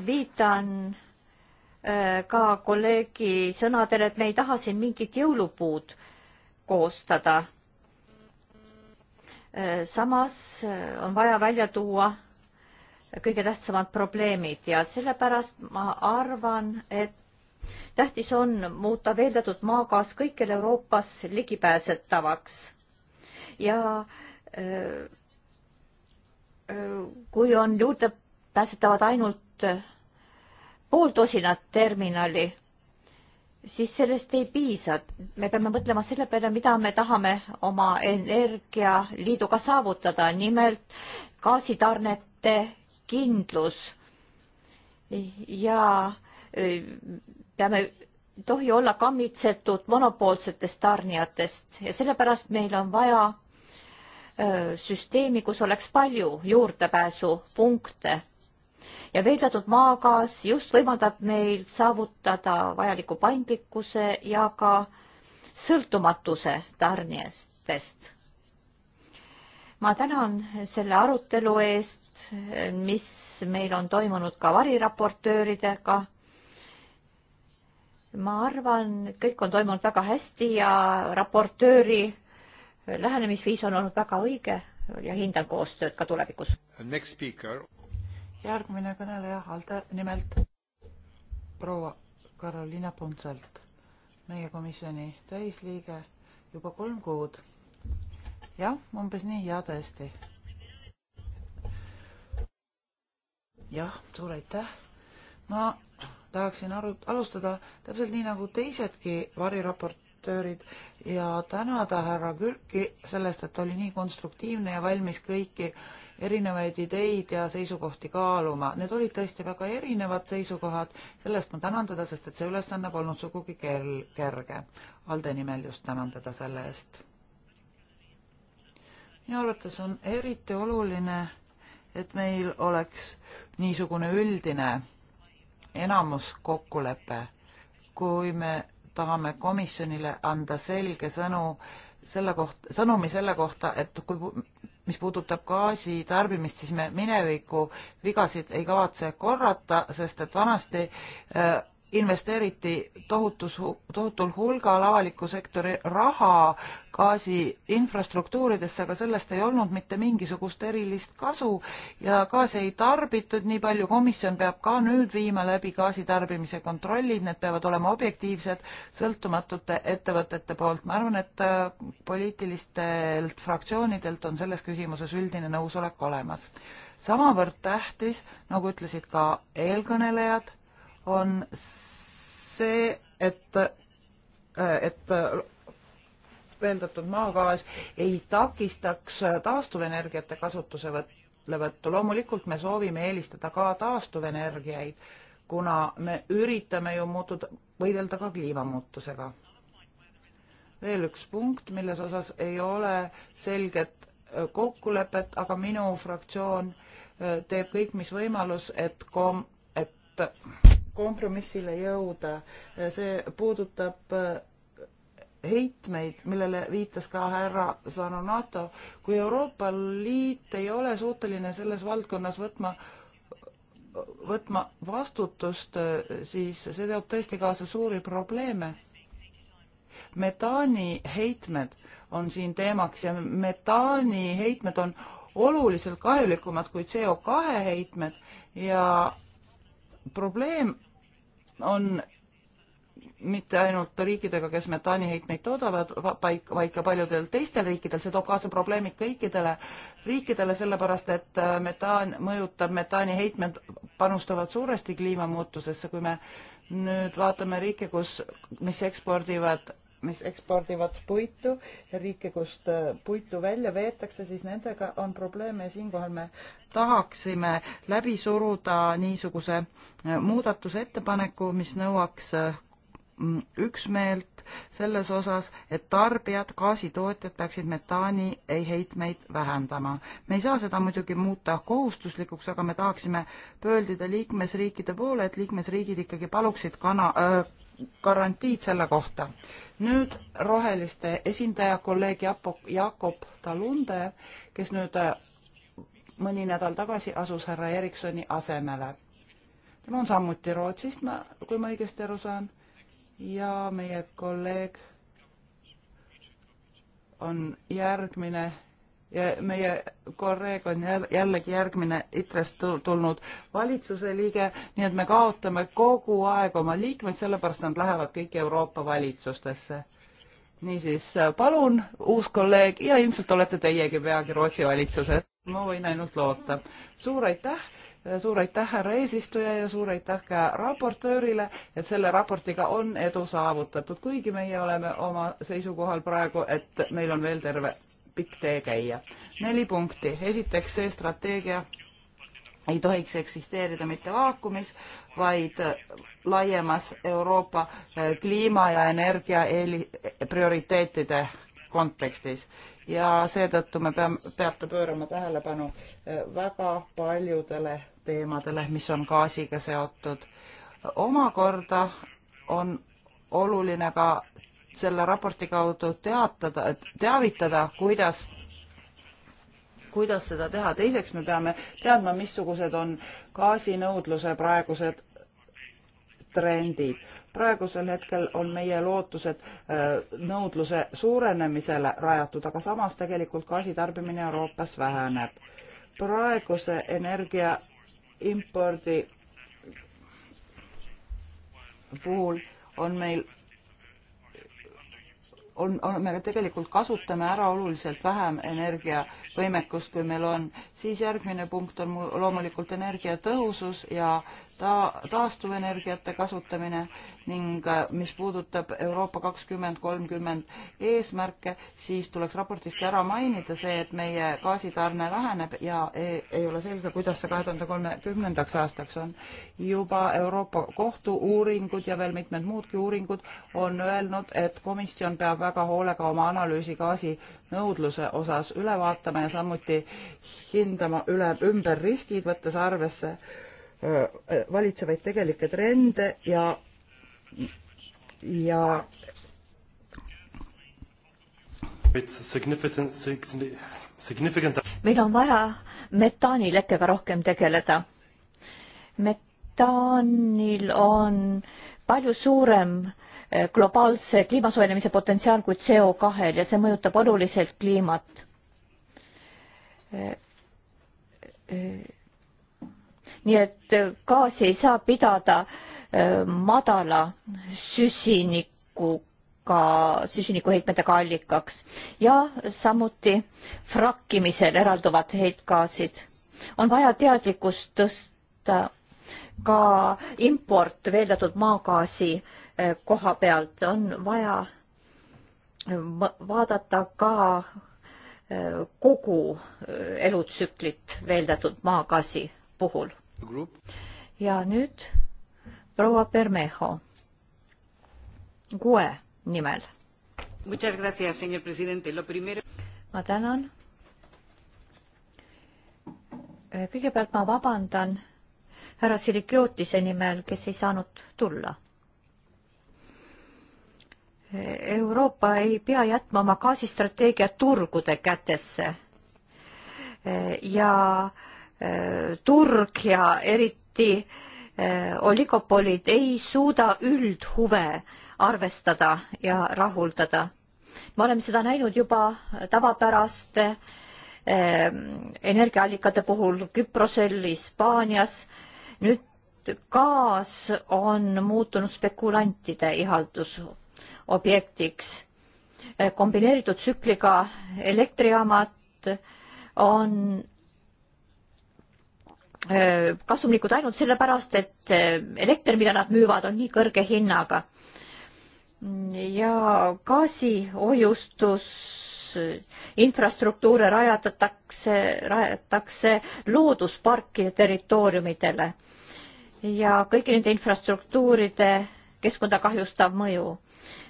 viitan äh, ka kolleegi sõnadele, et me ei taha siin mingit jõulupuud koostada Äh, samas äh, on vaja välja tuua kõige tähtsamad probleemid ja sellepärast ma arvan, et tähtis on muuta veeldatud maagaas kõikjal Euroopas ligipääsetavaks. ja äh, kui on juurdepääsetavad ainult pool tosinat terminali siis sellest ei piisa. me peame mõtlema selle peale, mida me tahame oma energialiiduga saavutada, nimelt gaasitarnete kindlus. ja e, peame, tohi olla kammitsetud monopoolsetest tarnijatest ja sellepärast meil on vaja e, süsteemi, kus oleks palju juurdepääsupunkte ja veeldatud maagaas just võimaldab meil saavutada vajaliku paindlikkuse ja ka sõltumatuse tarnijatest. ma tänan selle arutelu eest, mis meil on toimunud ka variraportööridega. ma arvan, kõik on toimunud väga hästi ja raportööri lähenemisviis on olnud väga õige ja hindan koostööd ka tulevikus järgmine kõneleja Alde nimelt proua Karoliina Puntselt, meie komisjoni täisliige juba kolm kuud. jah, umbes nii ja tõesti. jah, suur aitäh. ma tahaksin aru, alustada täpselt nii nagu teisedki variraporti raportöörid ja tänada härra Kürki sellest, et oli nii konstruktiivne ja valmis kõiki erinevaid ideid ja seisukohti kaaluma. Need olid tõesti väga erinevad seisukohad, sellest ma tänan teda, sest et see ülesanne polnud sugugi ker-, kerge. Alde nimel just tänan teda selle eest. minu arvates on eriti oluline, et meil oleks niisugune üldine enamuskokkulepe, kui me tahame komisjonile anda selge sõnu selle kohta, sõnumi selle kohta, et kui, mis puudutab gaasi tarbimist, siis me mineviku vigasid ei kavatse korrata, sest et vanasti äh, investeeriti tohutus, tohutul hulgal avaliku sektori raha gaasi infrastruktuuridesse, aga sellest ei olnud mitte mingisugust erilist kasu ja gaasi ei tarbitud nii palju. komisjon peab ka nüüd viima läbi gaasi tarbimise kontrollid, need peavad olema objektiivsed, sõltumatute ettevõtete poolt. ma arvan, et äh, poliitilistelt fraktsioonidelt on selles küsimuses üldine nõusolek olemas. samavõrd tähtis, nagu ütlesid ka eelkõnelejad on see, et, et veeldatud maagaas ei takistaks taastuvenergiate kasutuselevõttu. loomulikult me soovime eelistada ka taastuvenergiaid, kuna me üritame ju muutuda, võidelda ka kliimamuutusega. veel üks punkt, milles osas ei ole selget kokkulepet, aga minu fraktsioon teeb kõik, mis võimalus, et kom-, et kompromissile jõuda. see puudutab äh, heitmeid, millele viitas ka härra Sanonato. kui Euroopa Liit ei ole suuteline selles valdkonnas võtma võtma vastutust, siis see toob tõesti kaasa suuri probleeme. metaani heitmed on siin teemaks ja metaani heitmed on oluliselt kahjulikumad kui CO2 heitmed ja probleem on mitte ainult riikidega, kes metaaniheitmeid toodavad, vaid, vaid ka paljudel teistel riikidel, see toob kaasa probleemid kõikidele riikidele, sellepärast et äh, metaan mõjutab, metaaniheitmed panustavad suuresti kliimamuutusesse, kui me nüüd vaatame riike, kus, mis ekspordivad mis ekspordivad puitu ja riike, kust äh, puitu välja veetakse, siis nendega on probleeme ja siinkohal me tahaksime läbi suruda niisuguse äh, muudatusettepaneku, mis nõuaks äh, üksmeelt selles osas, et tarbijad, gaasitootjad peaksid metaani heitmeid vähendama. me ei saa seda muidugi muuta kohustuslikuks, aga me tahaksime pöördida liikmesriikide poole, et liikmesriigid ikkagi paluksid kana äh,, garantiid selle kohta. nüüd roheliste esindaja, kolleeg Jakob Talunde, kes nüüd äh, mõni nädal tagasi asus härra Ericssoni asemele. tema on samuti Rootsist, ma, kui ma õigesti aru saan, ja meie kolleeg on järgmine ja meie kolleeg on jällegi järgmine ITRE-st tulnud valitsuse liige, nii et me kaotame kogu aeg oma liikmeid, sellepärast nad lähevad kõik Euroopa valitsustesse. niisiis, palun, uus kolleeg ja ilmselt olete teiegi peagi Rootsi valitsuses, ma võin ainult loota. suur aitäh, suur aitäh, härra eesistuja ja suur aitäh ka raportöörile, et selle raportiga on edu saavutatud, kuigi meie oleme oma seisukohal praegu, et meil on veel terve pikk tee käia. neli punkti. esiteks, see strateegia ei tohiks eksisteerida mitte vaakumis, vaid laiemas Euroopa eh, kliima ja energia eeli-, prioriteetide kontekstis. ja seetõttu me peame, peab ta pöörama tähelepanu eh, väga paljudele teemadele, mis on gaasiga seotud. omakorda on oluline ka selle raporti kaudu teatada, teavitada, kuidas, kuidas seda teha. teiseks me peame teadma, missugused on gaasinõudluse praegused trendid. praegusel hetkel on meie lootused äh, nõudluse suurenemisele rajatud, aga samas tegelikult gaasi tarbimine Euroopas väheneb. praeguse energia impordi puhul on meil on, me tegelikult kasutame ära oluliselt vähem energiavõimekust, kui meil on, siis järgmine punkt on loomulikult energiatõhusus ja ta-, taastuvenergiate kasutamine ning äh, mis puudutab Euroopa kakskümmend kolmkümmend eesmärke, siis tuleks raportist ära mainida see, et meie gaasitarne väheneb ja ei, ei ole selge, kuidas see kahe tuhande kolmekümnendaks aastaks on. juba Euroopa Kohtu uuringud ja veel mitmed muudki uuringud on öelnud, et komisjon peab väga hoolega oma analüüsi gaasinõudluse osas üle vaatama ja samuti hindama üle, ümber riskid, võttes arvesse äh, valitsevaid tegelikke trende ja, ja meil on vaja metaanilekkega rohkem tegeleda. metaanil on palju suurem globaalse kliima soojenemise potentsiaal kui CO kahel ja see mõjutab oluliselt kliimat nii et äh, gaasi ei saa pidada äh, madala süsinikuga, süsinikuheitmetega allikaks ja samuti frakkimisel eralduvad heitgaasid. on vaja teadlikkust tõsta ka import veeldatud maagaasi äh, koha pealt on vaja vaadata ka kogu elutsüklit veeldatud maagaasi puhul ja nüüd proua Bermejo kuue nimel. Primero... ma tänan. Äh, kõigepealt ma vabandan härra Silikiotise nimel, kes ei saanud tulla. Äh, Euroopa ei pea jätma oma gaasistrateegiat turgude kätesse äh, ja äh, Äh, turg ja eriti äh, oligopolid ei suuda üldhuve arvestada ja rahuldada. me oleme seda näinud juba tavapäraste äh, energiaallikate puhul Küprosel, Hispaanias. nüüd gaas on muutunud spekulantide ihaldusobjektiks. kombineeritud tsükliga elektrijaamad on Äh, kasumlikud ainult sellepärast, et äh, elekter, mida nad müüvad, on nii kõrge hinnaga. ja gaasihoiustus äh, infrastruktuure rajatatakse, rajatakse loodusparkide territooriumidele ja kõigi nende infrastruktuuride keskkonda kahjustav mõju.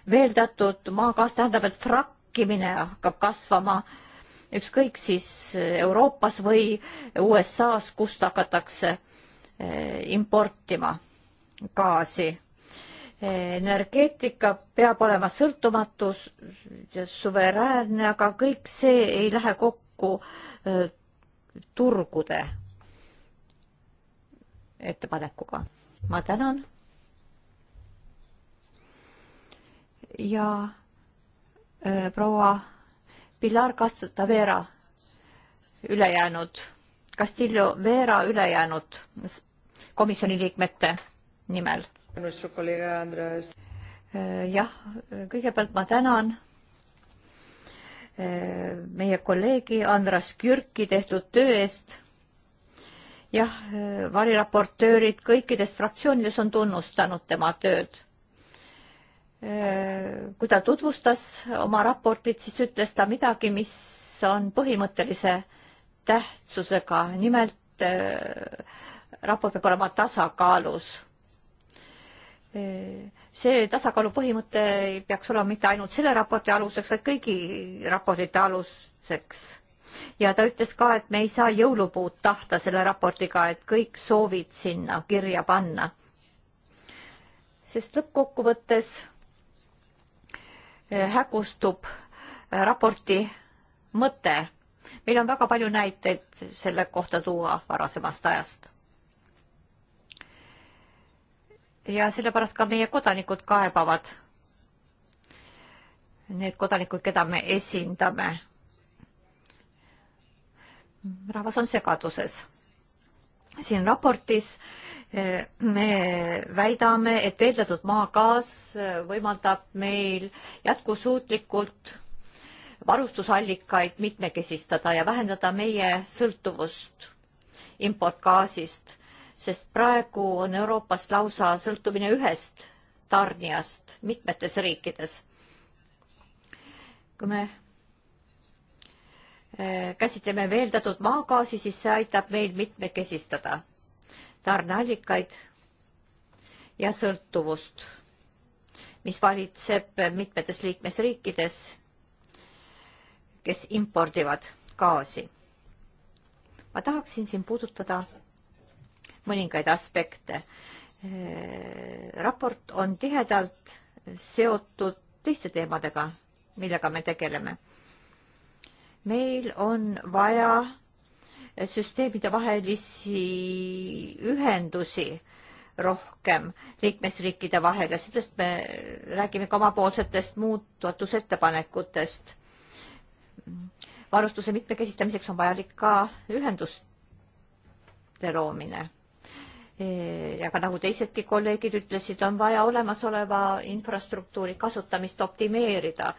veeldatud maagaas tähendab, et frakkimine hakkab kasvama äh, ükskõik siis Euroopas või USA-s, kust hakatakse eh, importima gaasi. Eh, energeetika peab olema sõltumatu ja suveräänne, aga kõik see ei lähe kokku eh, turgude ettepanekuga. ma tänan. ja proua Pilar Castuta Vera ülejäänud, Castillo Vera ülejäänud komisjoni liikmete nimel. Eh, jah, kõigepealt ma tänan eh, meie kolleegi Andras Kürki tehtud töö eest. jah, eh, variraportöörid kõikides fraktsioonides on tunnustanud tema tööd kui ta tutvustas oma raportit, siis ütles ta midagi, mis on põhimõttelise tähtsusega, nimelt äh, raport peab olema tasakaalus. Äh, see tasakaalu põhimõte ei peaks olema mitte ainult selle raporti aluseks, vaid kõigi raportite aluseks. ja ta ütles ka, et me ei saa jõulupuud tahta selle raportiga, et kõik soovid sinna kirja panna. sest lõppkokkuvõttes Eh, hägustub eh, raporti mõte. meil on väga palju näiteid selle kohta tuua varasemast ajast. ja sellepärast ka meie kodanikud kaebavad. Need kodanikud, keda me esindame. rahvas on segaduses. siin raportis äh, me väidame, et veeldatud maagaas võimaldab meil jätkusuutlikult varustusallikaid mitmekesistada ja vähendada meie sõltuvust importgaasist, sest praegu on Euroopas lausa sõltumine ühest tarnijast mitmetes riikides. kui me eh, käsitleme veeldatud maagaasi, siis see aitab meil mitmekesistada tarneallikaid ja sõltuvust, mis valitseb mitmetes liikmesriikides, kes impordivad gaasi. ma tahaksin siin puudutada mõningaid aspekte. raport on tihedalt seotud teiste teemadega, millega me tegeleme. meil on vaja süsteemide vahelisi ühendusi rohkem liikmesriikide vahel ja sellest me räägime ka omapoolsetest muudatusettepanekutest. varustuse mitmekesistamiseks on vajalik ka ühenduste loomine. ja ka nagu teisedki kolleegid ütlesid, on vaja olemasoleva infrastruktuuri kasutamist optimeerida,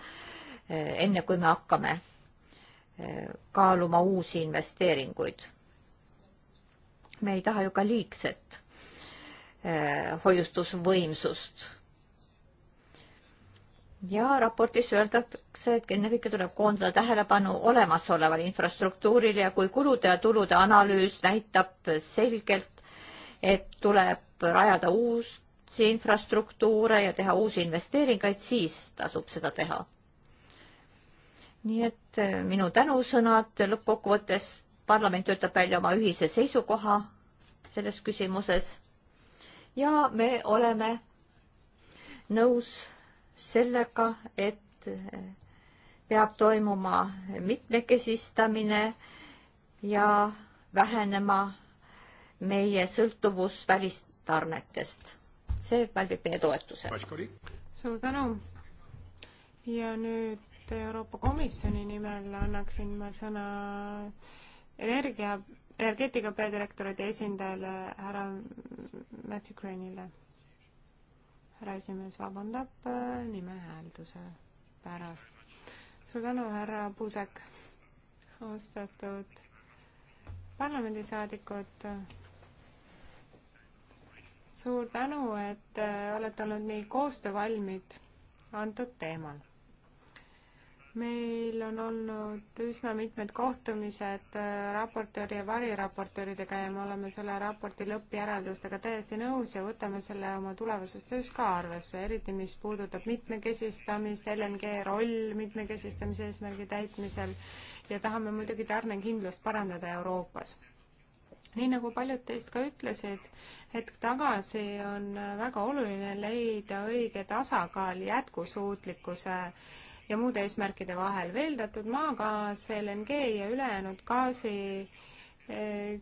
enne kui me hakkame kaaluma uusi investeeringuid. me ei taha ju ka liigset eh, hoiustusvõimsust. ja raportis öeldakse, et ennekõike tuleb koondada tähelepanu olemasolevale infrastruktuurile ja kui kulude ja tulude analüüs näitab selgelt, et tuleb rajada uusi infrastruktuure ja teha uusi investeeringuid, siis tasub seda teha nii et äh, minu tänusõnad lõppkokkuvõttes, parlament töötab välja oma ühise seisukoha selles küsimuses ja me oleme nõus sellega, et äh, peab toimuma mitmekesistamine ja vähenema meie sõltuvus välistarnetest. see pälvib meie toetuse. suur tänu. ja nüüd et Euroopa Komisjoni nimel annaksin ma sõna energia, energeetika peadirektorite esindajale härra Matthew Crane'ile. härra esimees vabandab äh, nimehäälduse pärast. suur tänu, härra Puusek. austatud parlamendisaadikud, suur tänu, et äh, olete olnud nii koostöövalmid antud teemal meil on olnud üsna mitmed kohtumised äh, raportööri ja variraportööridega ja me oleme selle raporti lõppjäreldustega täiesti nõus ja võtame selle oma tulevases töös ka arvesse, eriti mis puudutab mitmekesistamist, LNG roll mitmekesistamise eesmärgi täitmisel ja tahame muidugi tarnekindlust parandada Euroopas nii nagu paljud teist ka ütlesid, hetk tagasi on väga oluline leida õige tasakaal jätkusuutlikkuse äh, ja muude eesmärkide vahel. veeldatud maagaas, LNG ja ülejäänud gaasi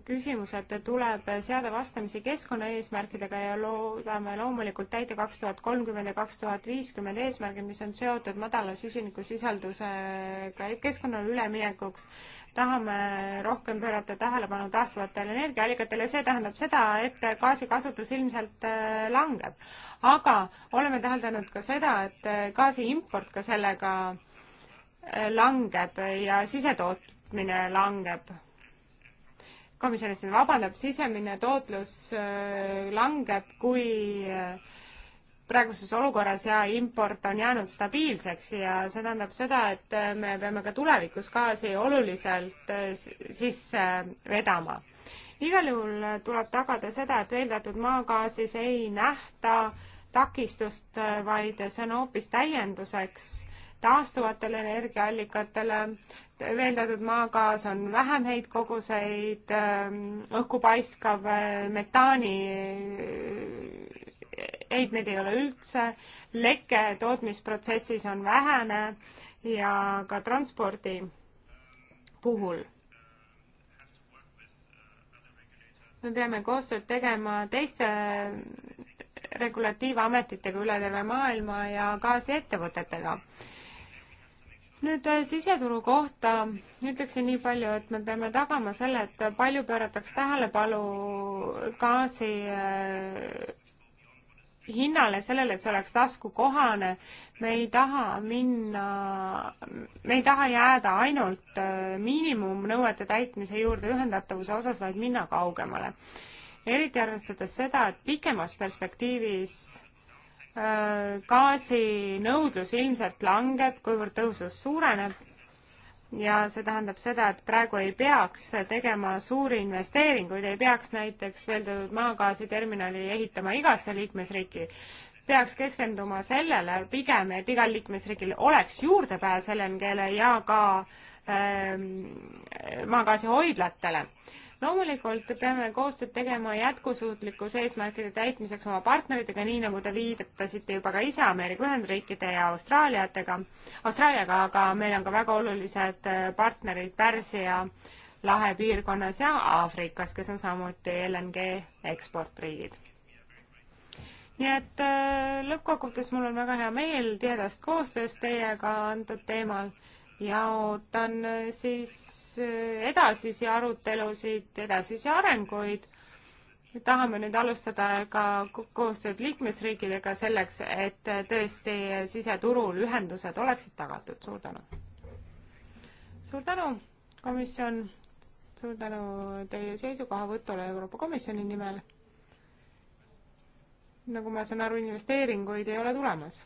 küsimused tuleb seada vastamisi keskkonnaeesmärkidega ja loodame loomulikult täita kaks tuhat kolmkümmend ja kaks tuhat viiskümmend eesmärgid, mis on seotud madala süsinikusisaldusega keskkonnale üleminekuks. tahame rohkem pöörata tähelepanu taastuvatele energiaallikatele, see tähendab seda, et gaasikasutus ilmselt äh, langeb. aga oleme täheldanud ka seda, et äh, gaasi import ka sellega äh, langeb ja sisetootmine langeb komisjonis siin vabandab, sisemine tootlus äh, langeb, kui äh, praeguses olukorras ja import on jäänud stabiilseks ja see tähendab seda, et äh, me peame ka tulevikus gaasi oluliselt sisse vedama. igal juhul tuleb tagada seda, et veeldatud maagaasis ei nähta takistust, vaid see on hoopis täienduseks taastuvatele energiaallikatele, veeldatud maagaas on vähem häid koguseid, ähm, õhku paiskav äh, metaani äh, heitmeid ei ole üldse, leke tootmisprotsessis on vähene ja ka transpordi puhul. me peame koostööd tegema teiste regulatiivametitega üle terve maailma ja gaasiettevõtetega nüüd äh, siseturu kohta ütleksin nii palju, et me peame tagama selle, et palju pöörataks tähelepanu gaasi äh, hinnale, sellele, et see oleks taskukohane. me ei taha minna, me ei taha jääda ainult äh, miinimumnõuete täitmise juurde ühendatavuse osas, vaid minna kaugemale. eriti arvestades seda, et pikemas perspektiivis gaasinõudlus ilmselt langeb, kuivõrd tõusus suureneb ja see tähendab seda, et praegu ei peaks tegema suuri investeeringuid, ei peaks näiteks veeldatud maagaasiterminali ehitama igasse liikmesriiki, peaks keskenduma sellele pigem, et igal liikmesriigil oleks juurdepääs LNG-le ja ka ähm, maagaasihoidlatele loomulikult peame koostööd tegema jätkusuutlikkuse eesmärkide täitmiseks oma partneritega, nii nagu te viidatasite juba ka ise Ameerika Ühendriikide ja Austraaliatega, Austraaliaga, aga meil on ka väga olulised äh, partnerid Pärsia lahe piirkonnas ja Aafrikas, kes on samuti LNG eksportriigid nii et äh, lõppkokkuvõttes mul on väga hea meel tihedast koostööst teiega antud teemal ja ootan äh, siis äh, edasisi arutelusid, edasisi arenguid. tahame nüüd alustada ka koostööd liikmesriikidega selleks, et äh, tõesti siseturul ühendused oleksid tagatud. suur tänu! suur tänu, komisjon, suur tänu teie seisukohavõtule Euroopa Komisjoni nimel. nagu ma saan aru, investeeringuid ei ole tulemas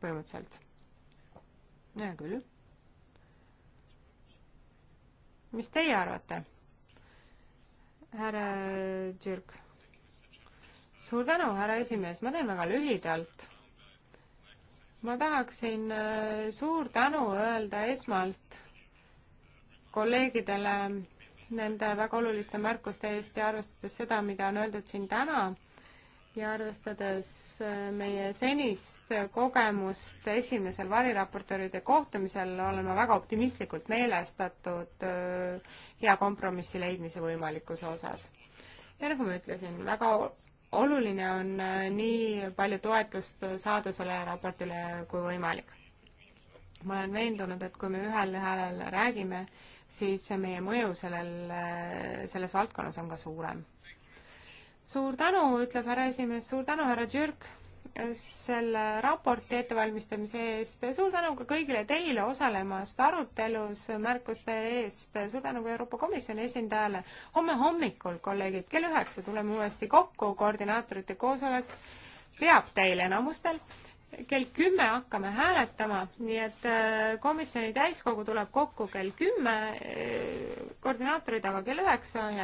põhimõtteliselt. hea küll mis teie arvate? härra Türk. suur tänu, härra esimees, ma teen väga lühidalt. ma tahaksin äh, suur tänu öelda esmalt kolleegidele nende väga oluliste märkuste eest ja arvestades seda, mida on öeldud siin täna ja arvestades äh, meie senist kogemust esimesel variraportööride kohtumisel, olen ma väga optimistlikult meelestatud äh, hea kompromissi leidmise võimalikkuse osas. ja nagu ma ütlesin, väga oluline on äh, nii palju toetust saada sellele raportile kui võimalik. ma olen veendunud, et kui me ühel häälel räägime, siis meie mõju sellel, selles valdkonnas on ka suurem suur tänu, ütleb härra esimees, suur tänu, härra Türk, selle raporti ettevalmistamise eest, suur tänu ka kõigile teile osalemast arutelus, märkuste eest, suur tänu ka Euroopa Komisjoni esindajale. homme hommikul, kolleegid, kell üheksa tuleme uuesti kokku, koordinaatorite koosolek peab teil enamustel kell kümme hakkame hääletama, nii et äh, komisjoni täiskogu tuleb kokku kell kümme, äh, koordinaatorid aga kell üheksa ja